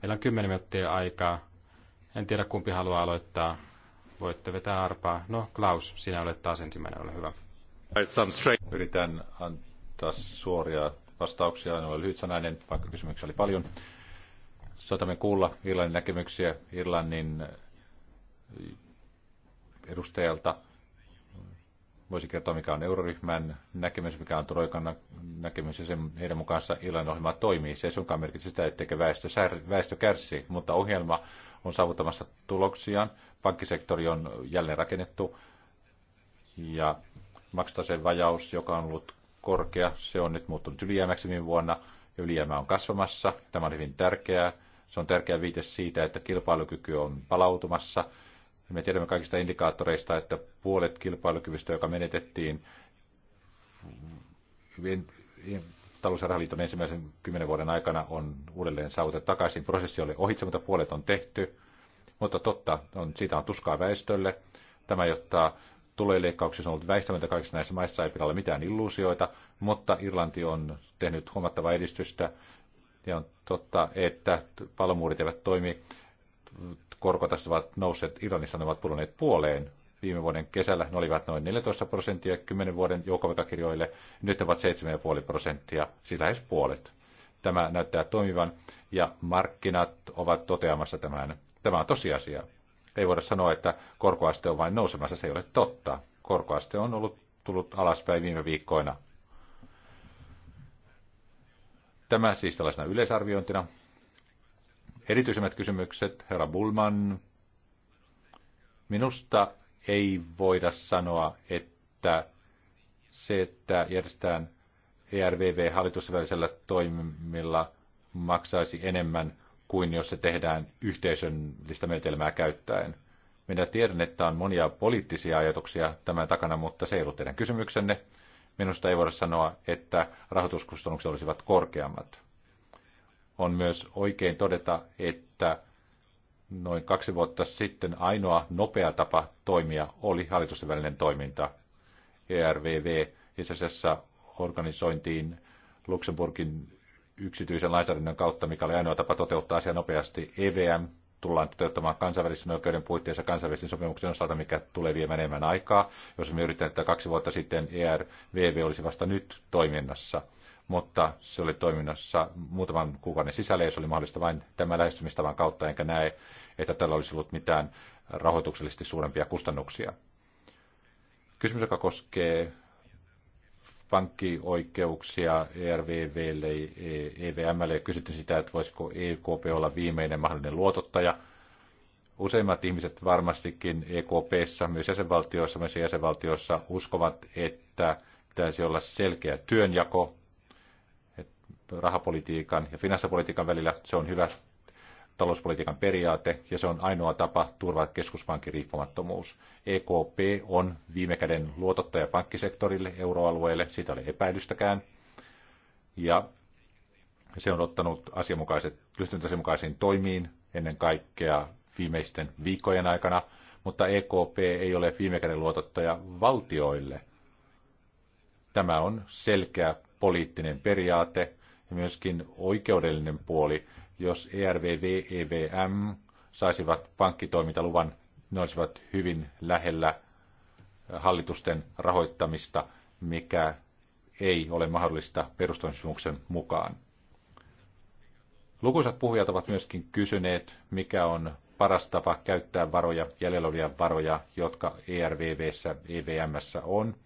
S2: Meillä on 10 minuuttia aikaa. En tiedä kumpi haluaa aloittaa. Voitte vetää arpaa. No, Klaus,
S3: sinä olet taas ensimmäinen, ole hyvä. Yritän antaa suoria vastauksia. En ole lyhytsanainen, vaikka kysymyksiä oli paljon. Saatamme kuulla Irlannin näkemyksiä Irlannin edustajalta voisi kertoa, mikä on euroryhmän näkemys, mikä on Troikan näkemys, ja sen, heidän mukaansa Irlannin ohjelma toimii. Se ei suinkaan merkitse sitä, etteikö väestö, sär, väestö kärsi, mutta ohjelma on saavuttamassa tuloksiaan. Pankkisektori on jälleen rakennettu, ja maksutaseen vajaus, joka on ollut korkea, se on nyt muuttunut ylijäämäksi viime vuonna, ja ylijäämä on kasvamassa. Tämä on hyvin tärkeää. Se on tärkeä viite siitä, että kilpailukyky on palautumassa, me tiedämme kaikista indikaattoreista, että puolet kilpailukyvystä, joka menetettiin talous- ja rahaliiton ensimmäisen kymmenen vuoden aikana, on uudelleen saavutettu takaisin. Prosessi oli ohitse, mutta puolet on tehty. Mutta totta, on, siitä on tuskaa väestölle. Tämä johtaa tuloleikkauksissa on ollut väistämättä kaikissa näissä maissa, ei pidä olla mitään illuusioita, mutta Irlanti on tehnyt huomattavaa edistystä ja on totta, että palomuurit eivät toimi korkotasot ovat nousseet, Irlannissa ne ovat pudonneet puoleen. Viime vuoden kesällä ne olivat noin 14 prosenttia 10 vuoden joukkovelkakirjoille, nyt ne ovat 7,5 prosenttia, siis lähes puolet. Tämä näyttää toimivan ja markkinat ovat toteamassa tämän. Tämä on tosiasia. Ei voida sanoa, että korkoaste on vain nousemassa, se ei ole totta. Korkoaste on ollut tullut alaspäin viime viikkoina. Tämä siis tällaisena yleisarviointina erityisemmät kysymykset, herra Bulman. Minusta ei voida sanoa, että se, että järjestetään ERVV-hallitusvälisellä toimilla maksaisi enemmän kuin jos se tehdään yhteisöllistä menetelmää käyttäen. Minä tiedän, että on monia poliittisia ajatuksia tämän takana, mutta se ei ollut teidän kysymyksenne. Minusta ei voida sanoa, että rahoituskustannukset olisivat korkeammat on myös oikein todeta, että noin kaksi vuotta sitten ainoa nopea tapa toimia oli hallitusten välinen toiminta. ERVV itse asiassa organisointiin Luxemburgin yksityisen lainsäädännön kautta, mikä oli ainoa tapa toteuttaa asia nopeasti. EVM tullaan toteuttamaan kansainvälisen oikeuden puitteissa kansainvälisen sopimuksen osalta, mikä tulee viemään enemmän aikaa. Jos me yritetään, että kaksi vuotta sitten ERVV olisi vasta nyt toiminnassa – mutta se oli toiminnassa muutaman kuukauden sisällä ja se oli mahdollista vain tämän lähestymistavan kautta, enkä näe, että tällä olisi ollut mitään rahoituksellisesti suurempia kustannuksia. Kysymys, joka koskee pankkioikeuksia ERVVlle, EVMlle, kysyttiin sitä, että voisiko EKP olla viimeinen mahdollinen luotottaja. Useimmat ihmiset varmastikin EKPssä, myös jäsenvaltioissa, myös jäsenvaltioissa uskovat, että pitäisi olla selkeä työnjako rahapolitiikan ja finanssipolitiikan välillä. Se on hyvä talouspolitiikan periaate ja se on ainoa tapa turvata keskuspankin riippumattomuus. EKP on viime käden luotottaja pankkisektorille, euroalueelle, siitä ei epäilystäkään. Ja se on ottanut asianmukaiset, ryhtynyt asianmukaisiin toimiin ennen kaikkea viimeisten viikkojen aikana, mutta EKP ei ole viime käden luotottaja valtioille. Tämä on selkeä poliittinen periaate, ja myöskin oikeudellinen puoli, jos ERVV, EVM saisivat pankkitoimintaluvan, ne olisivat hyvin lähellä eh, hallitusten rahoittamista, mikä ei ole mahdollista perustamissopimuksen mukaan. Lukuisat puhujat ovat myöskin kysyneet, mikä on paras tapa käyttää varoja, jäljellä olevia varoja, jotka ERVVssä, EVMssä on –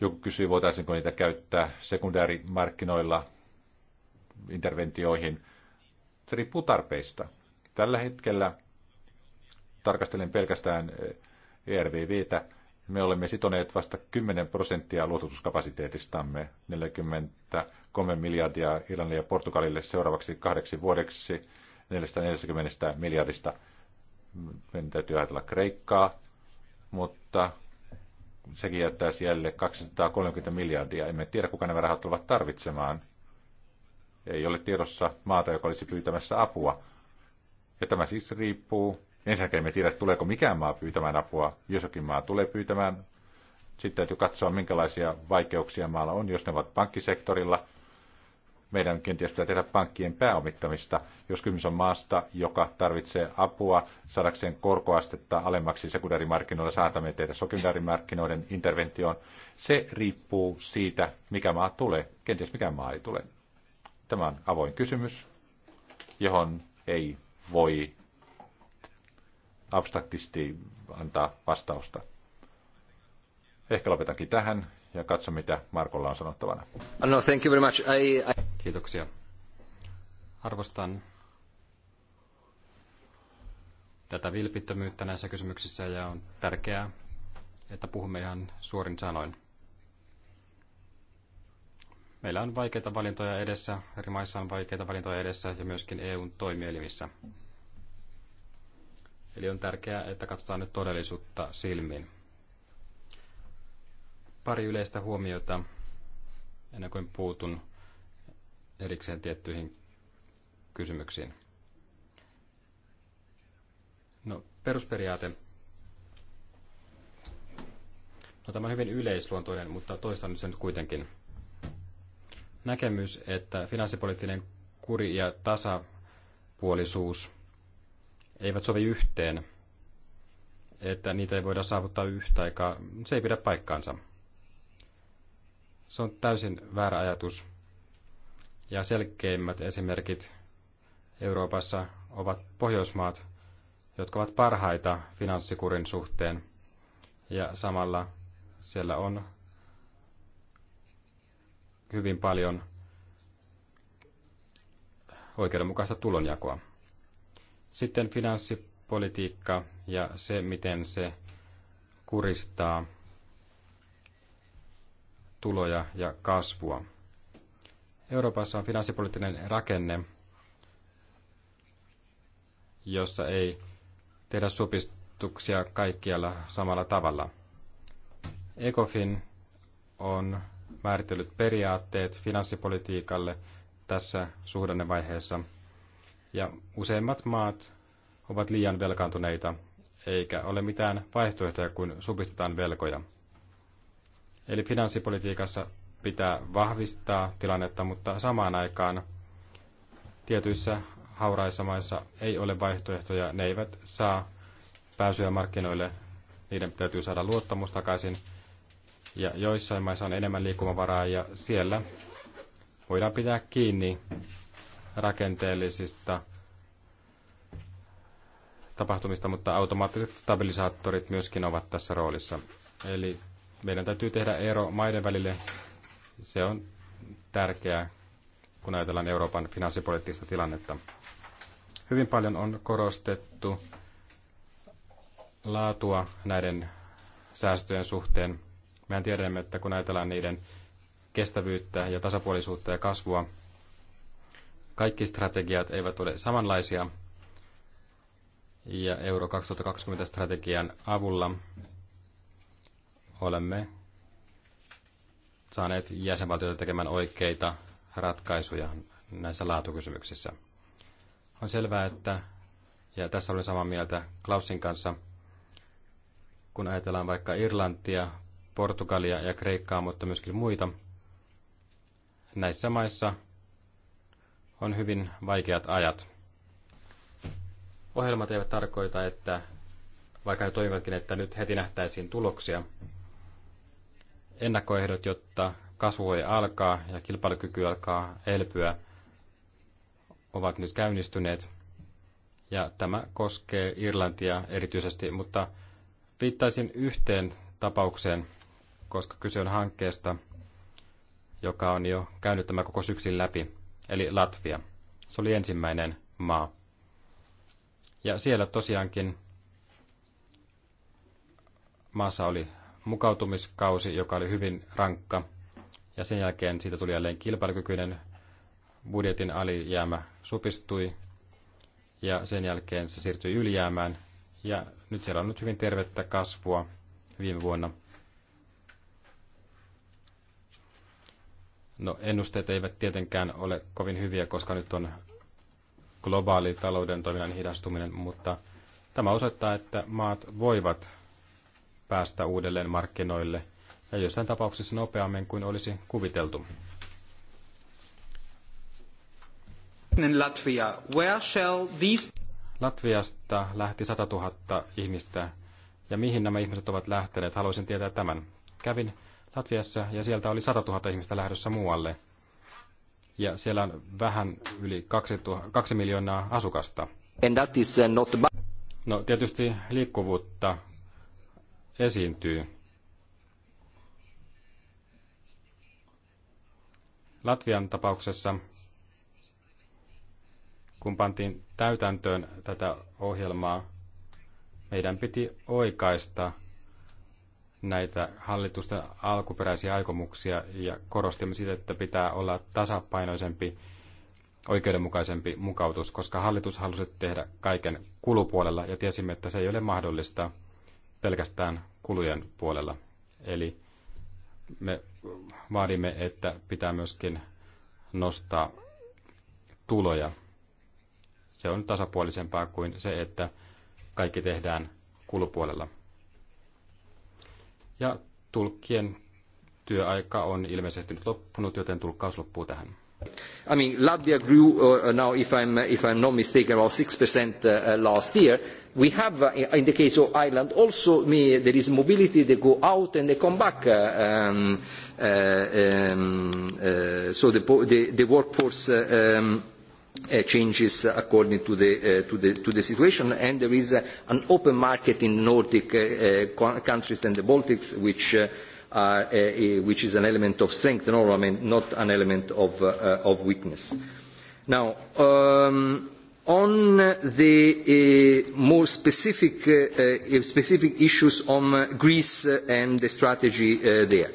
S3: joku kysyi, voitaisiinko niitä käyttää sekundäärimarkkinoilla interventioihin. Se riippuu tarpeista. Tällä hetkellä tarkastelen pelkästään ERVVtä. Eh, e Me olemme sitoneet vasta 10 prosenttia luototuskapasiteetistamme, 43 miljardia Irlannille ja Portugalille seuraavaksi kahdeksi vuodeksi, 440 miljardista. Meidän täytyy ajatella Kreikkaa, mutta sekin jättäisi jälleen 230 miljardia. Emme tiedä, kuka nämä rahat tulevat tarvitsemaan. Ei ole tiedossa maata, joka olisi pyytämässä apua. Ja tämä siis riippuu. Ensinnäkin emme tiedä, tuleeko mikään maa pyytämään apua. jokin maa tulee pyytämään. Sitten täytyy katsoa, minkälaisia vaikeuksia maalla on, jos ne ovat pankkisektorilla – meidän kenties pitää tehdä pankkien pääomittamista, jos kysymys on maasta, joka tarvitsee apua saadakseen korkoastetta alemmaksi sekundäärimarkkinoilla, saatamme tehdä sekundäärimarkkinoiden interventioon. Se riippuu siitä, mikä maa tulee. Kenties mikä maa ei tule. Tämä on avoin kysymys, johon ei voi abstraktisti antaa vastausta. Ehkä lopetankin tähän ja katso, mitä Markolla on sanottavana. No, thank you very much. I, I... Kiitoksia. Arvostan
S2: tätä vilpittömyyttä näissä kysymyksissä ja on tärkeää, että puhumme ihan suorin sanoin. Meillä on vaikeita valintoja edessä, eri maissa on vaikeita valintoja edessä ja myöskin EUn toimielimissä. Eli on tärkeää, että katsotaan nyt todellisuutta silmiin pari yleistä huomiota ennen kuin puutun erikseen tiettyihin kysymyksiin. No, perusperiaate. No, tämä on hyvin yleisluontoinen, mutta toistan sen nyt kuitenkin. Näkemys, että finanssipoliittinen kuri ja tasapuolisuus eivät sovi yhteen, että niitä ei voida saavuttaa yhtä aikaa, se ei pidä paikkaansa – se on täysin väärä ajatus. Ja selkeimmät esimerkit Euroopassa ovat Pohjoismaat, jotka ovat parhaita finanssikurin suhteen. Ja samalla siellä on hyvin paljon oikeudenmukaista tulonjakoa. Sitten finanssipolitiikka ja se, miten se kuristaa tuloja ja kasvua. Euroopassa on finanssipoliittinen rakenne, jossa ei tehdä supistuksia kaikkialla samalla tavalla. ECOFIN on määritellyt periaatteet finanssipolitiikalle tässä suhdannevaiheessa, ja useimmat maat ovat liian velkaantuneita, eikä ole mitään vaihtoehtoja, kuin supistetaan velkoja. Eli finanssipolitiikassa pitää vahvistaa tilannetta, mutta samaan aikaan tietyissä hauraissa maissa ei ole vaihtoehtoja. Ne eivät saa pääsyä markkinoille. Niiden täytyy saada luottamus takaisin. Ja joissain maissa on enemmän liikkumavaraa ja siellä voidaan pitää kiinni rakenteellisista tapahtumista, mutta automaattiset stabilisaattorit myöskin ovat tässä roolissa. Eli meidän täytyy tehdä ero maiden välille. Se on tärkeää, kun ajatellaan Euroopan finanssipoliittista tilannetta. Hyvin paljon on korostettu laatua näiden säästöjen suhteen. Mehän tiedämme, että kun ajatellaan niiden kestävyyttä ja tasapuolisuutta ja kasvua, kaikki strategiat eivät ole samanlaisia. Ja Euro 2020-strategian avulla olemme saaneet jäsenvaltioita tekemään oikeita ratkaisuja näissä laatukysymyksissä. On selvää, että, ja tässä olen samaa mieltä Klausin kanssa, kun ajatellaan vaikka Irlantia, Portugalia ja Kreikkaa, mutta myöskin muita, näissä maissa on hyvin vaikeat ajat. Ohjelmat eivät tarkoita, että vaikka ne toimivatkin, että nyt heti nähtäisiin tuloksia, ennakkoehdot, jotta kasvu ei alkaa ja kilpailukyky alkaa elpyä, ovat nyt käynnistyneet. Ja tämä koskee Irlantia erityisesti, mutta viittaisin yhteen tapaukseen, koska kyse on hankkeesta, joka on jo käynyt tämä koko syksyn läpi, eli Latvia. Se oli ensimmäinen maa. Ja siellä tosiaankin maassa oli mukautumiskausi, joka oli hyvin rankka, ja sen jälkeen siitä tuli jälleen kilpailukykyinen budjetin alijäämä supistui, ja sen jälkeen se siirtyi ylijäämään, ja nyt siellä on nyt hyvin tervettä kasvua viime vuonna. No ennusteet eivät tietenkään ole kovin hyviä, koska nyt on globaali talouden toiminnan hidastuminen, mutta tämä osoittaa, että maat voivat päästä uudelleen markkinoille ja jossain tapauksessa nopeammin kuin olisi kuviteltu. Latvia. Where shall these... Latviasta lähti 100 000 ihmistä ja mihin nämä ihmiset ovat lähteneet, haluaisin tietää tämän. Kävin Latviassa ja sieltä oli 100 000 ihmistä lähdössä muualle. Ja siellä on vähän yli 2, 2 miljoonaa asukasta. And that is uh, not... No tietysti liikkuvuutta esiintyy. Latvian tapauksessa, kun pantiin täytäntöön tätä ohjelmaa, meidän piti oikaista näitä hallitusten alkuperäisiä aikomuksia ja korostimme sitä, että pitää olla tasapainoisempi, oikeudenmukaisempi mukautus, koska hallitus halusi tehdä kaiken kulupuolella ja tiesimme, että se ei ole mahdollista – pelkästään kulujen puolella. Eli me vaadimme, että pitää myöskin nostaa tuloja. Se on tasapuolisempaa kuin se, että kaikki tehdään kulupuolella. Ja tulkkien työaika on ilmeisesti nyt loppunut, joten tulkkaus loppuu tähän.
S5: I mean, Latvia grew uh, now, if I'm, uh, if I'm not mistaken, about 6% uh, uh, last year. We have, uh, in the case of Ireland, also me, there is mobility. They go out and they come back. Um, um, so the, the, the workforce um, Uh, changes according to the, uh, to, the, to the situation. and There is uh, an open market in Nordic countries and the Baltics, which Uh, which is an element of strength, not an element of, uh, uh, weakness. Now, um, on the more specific, issues on Greece and the strategy there.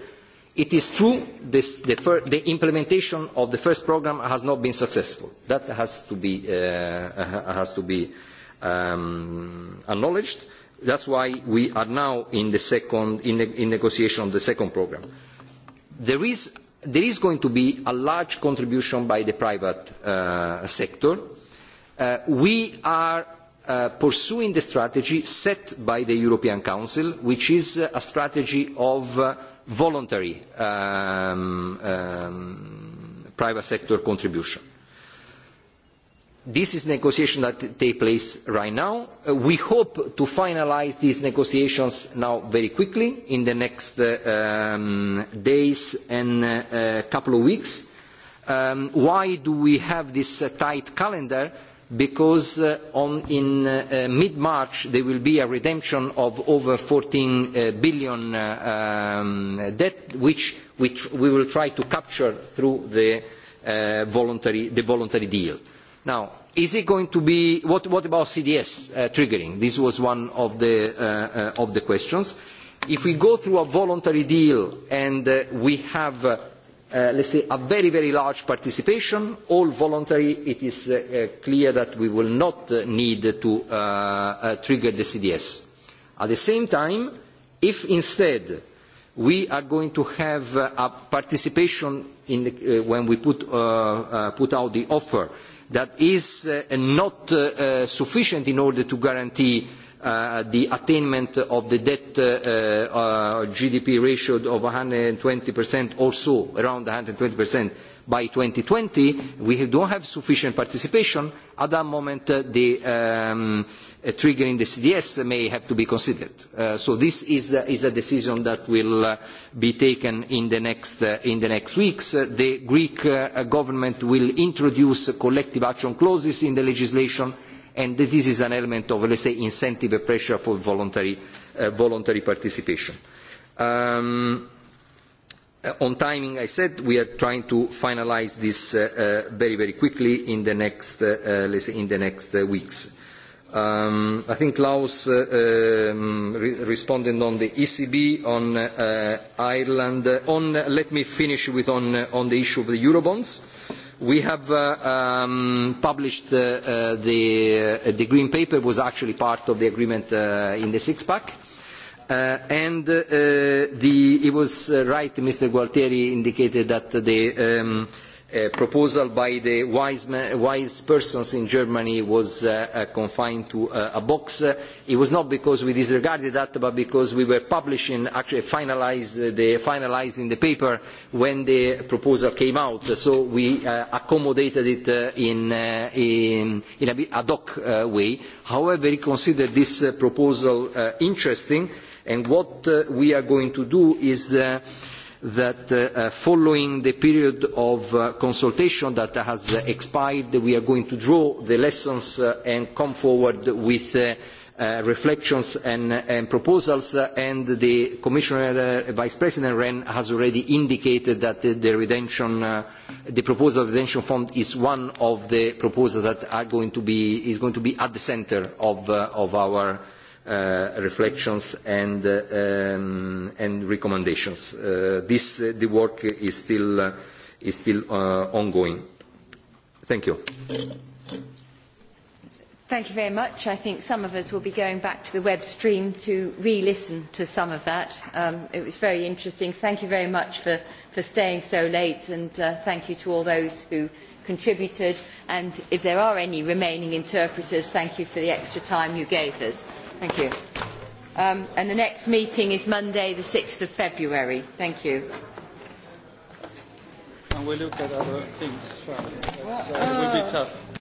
S5: It is true that the, implementation of the first programme has not been successful. That has to be, um, acknowledged. That's why we are now in the negotiation on the second program. There is going to be a large contribution by the private uh, sector. Uh, we are uh, pursuing the strategy set by the European Council, which is a strategy of voluntary um, um, private sector contribution this is negotiation that take place right now. Uh, we hope to finalise these negotiations now very quickly in the next uh, um, days and uh, uh, couple of weeks. Um, why do we have this uh, tight calendar? Because uh, on, in uh, mid-March there will be a redemption of over 14 billion um, debt, which, which, we will try to capture through the, voluntary, the voluntary deal. Now, is it going to be what, about CDS uh, triggering? This was one of the, uh, uh, of the questions. If we go through a voluntary deal and we have, let's say, a very, very large participation, all voluntary, it is clear that we will not need to trigger the CDS. At the same time, if instead we are going to have a participation in the, when we put, uh, uh, put out the offer, uh, that is uh, not uh, uh, sufficient in order to guarantee Uh, the attainment of the debt uh, uh, GDP ratio of 120% or so, around 120% by 2020, we don't have sufficient participation. At that moment, the um, Uh, triggering the CDS may have to be considered. Uh, so this is, uh, is a decision that will uh, be taken in the next, uh, in the next weeks. Uh, the Greek uh, government will introduce collective action clauses in the legislation and this is an element of, let's say, incentive pressure for voluntary, uh, voluntary participation. Um, uh, on timing, I said we are trying to finalise this uh, uh, very, very quickly in the next, uh, uh, let's say, in the next uh, weeks. Um, I think Klaus uh, um, re responded on the ECB, on uh, Ireland. Uh, on, uh, let me finish with on, uh, on the issue of the Eurobonds. We have uh, um, published the, the green paper was actually part of the agreement in the six-pack. Uh, and uh, the, it was uh, right, Mr. Gualtieri indicated that the, um, proposal by the wise, wise persons in Germany was uh, uh, confined to uh, a box. Uh, it was not because we disregarded that, but because we were publishing, actually finalized, uh, the, finalized the paper when the proposal came out. So we uh, accommodated it uh, in, uh, in, in a bit ad hoc uh, way. However, we consider this uh, proposal uh, interesting, and what uh, we are going to do is uh, that uh, uh, following the period of uh, consultation that has expired, we are going to draw the lessons and come forward with reflections and, proposals. and the Commissioner Vice President Rehn has already indicated that the, redemption, the proposal of the redemption fund is one of the proposals that are going to be, is going to be at the centre of our Uh, reflections and, uh, um, and recommendations. Uh, this, uh, the work is still, uh, is still uh, ongoing. Thank you.
S1: Thank you very much. I think some of us will be going back to the web stream to re-listen to some of that. Um, it was very interesting. Thank you very much for, for staying so late and uh, thank you to all those who contributed and if there are any remaining interpreters, thank you for the extra time you gave us. Thank you. Um, and the next meeting is Monday, the 6th of February. Thank you. And we look at other things. Well, uh, It will be uh, tough.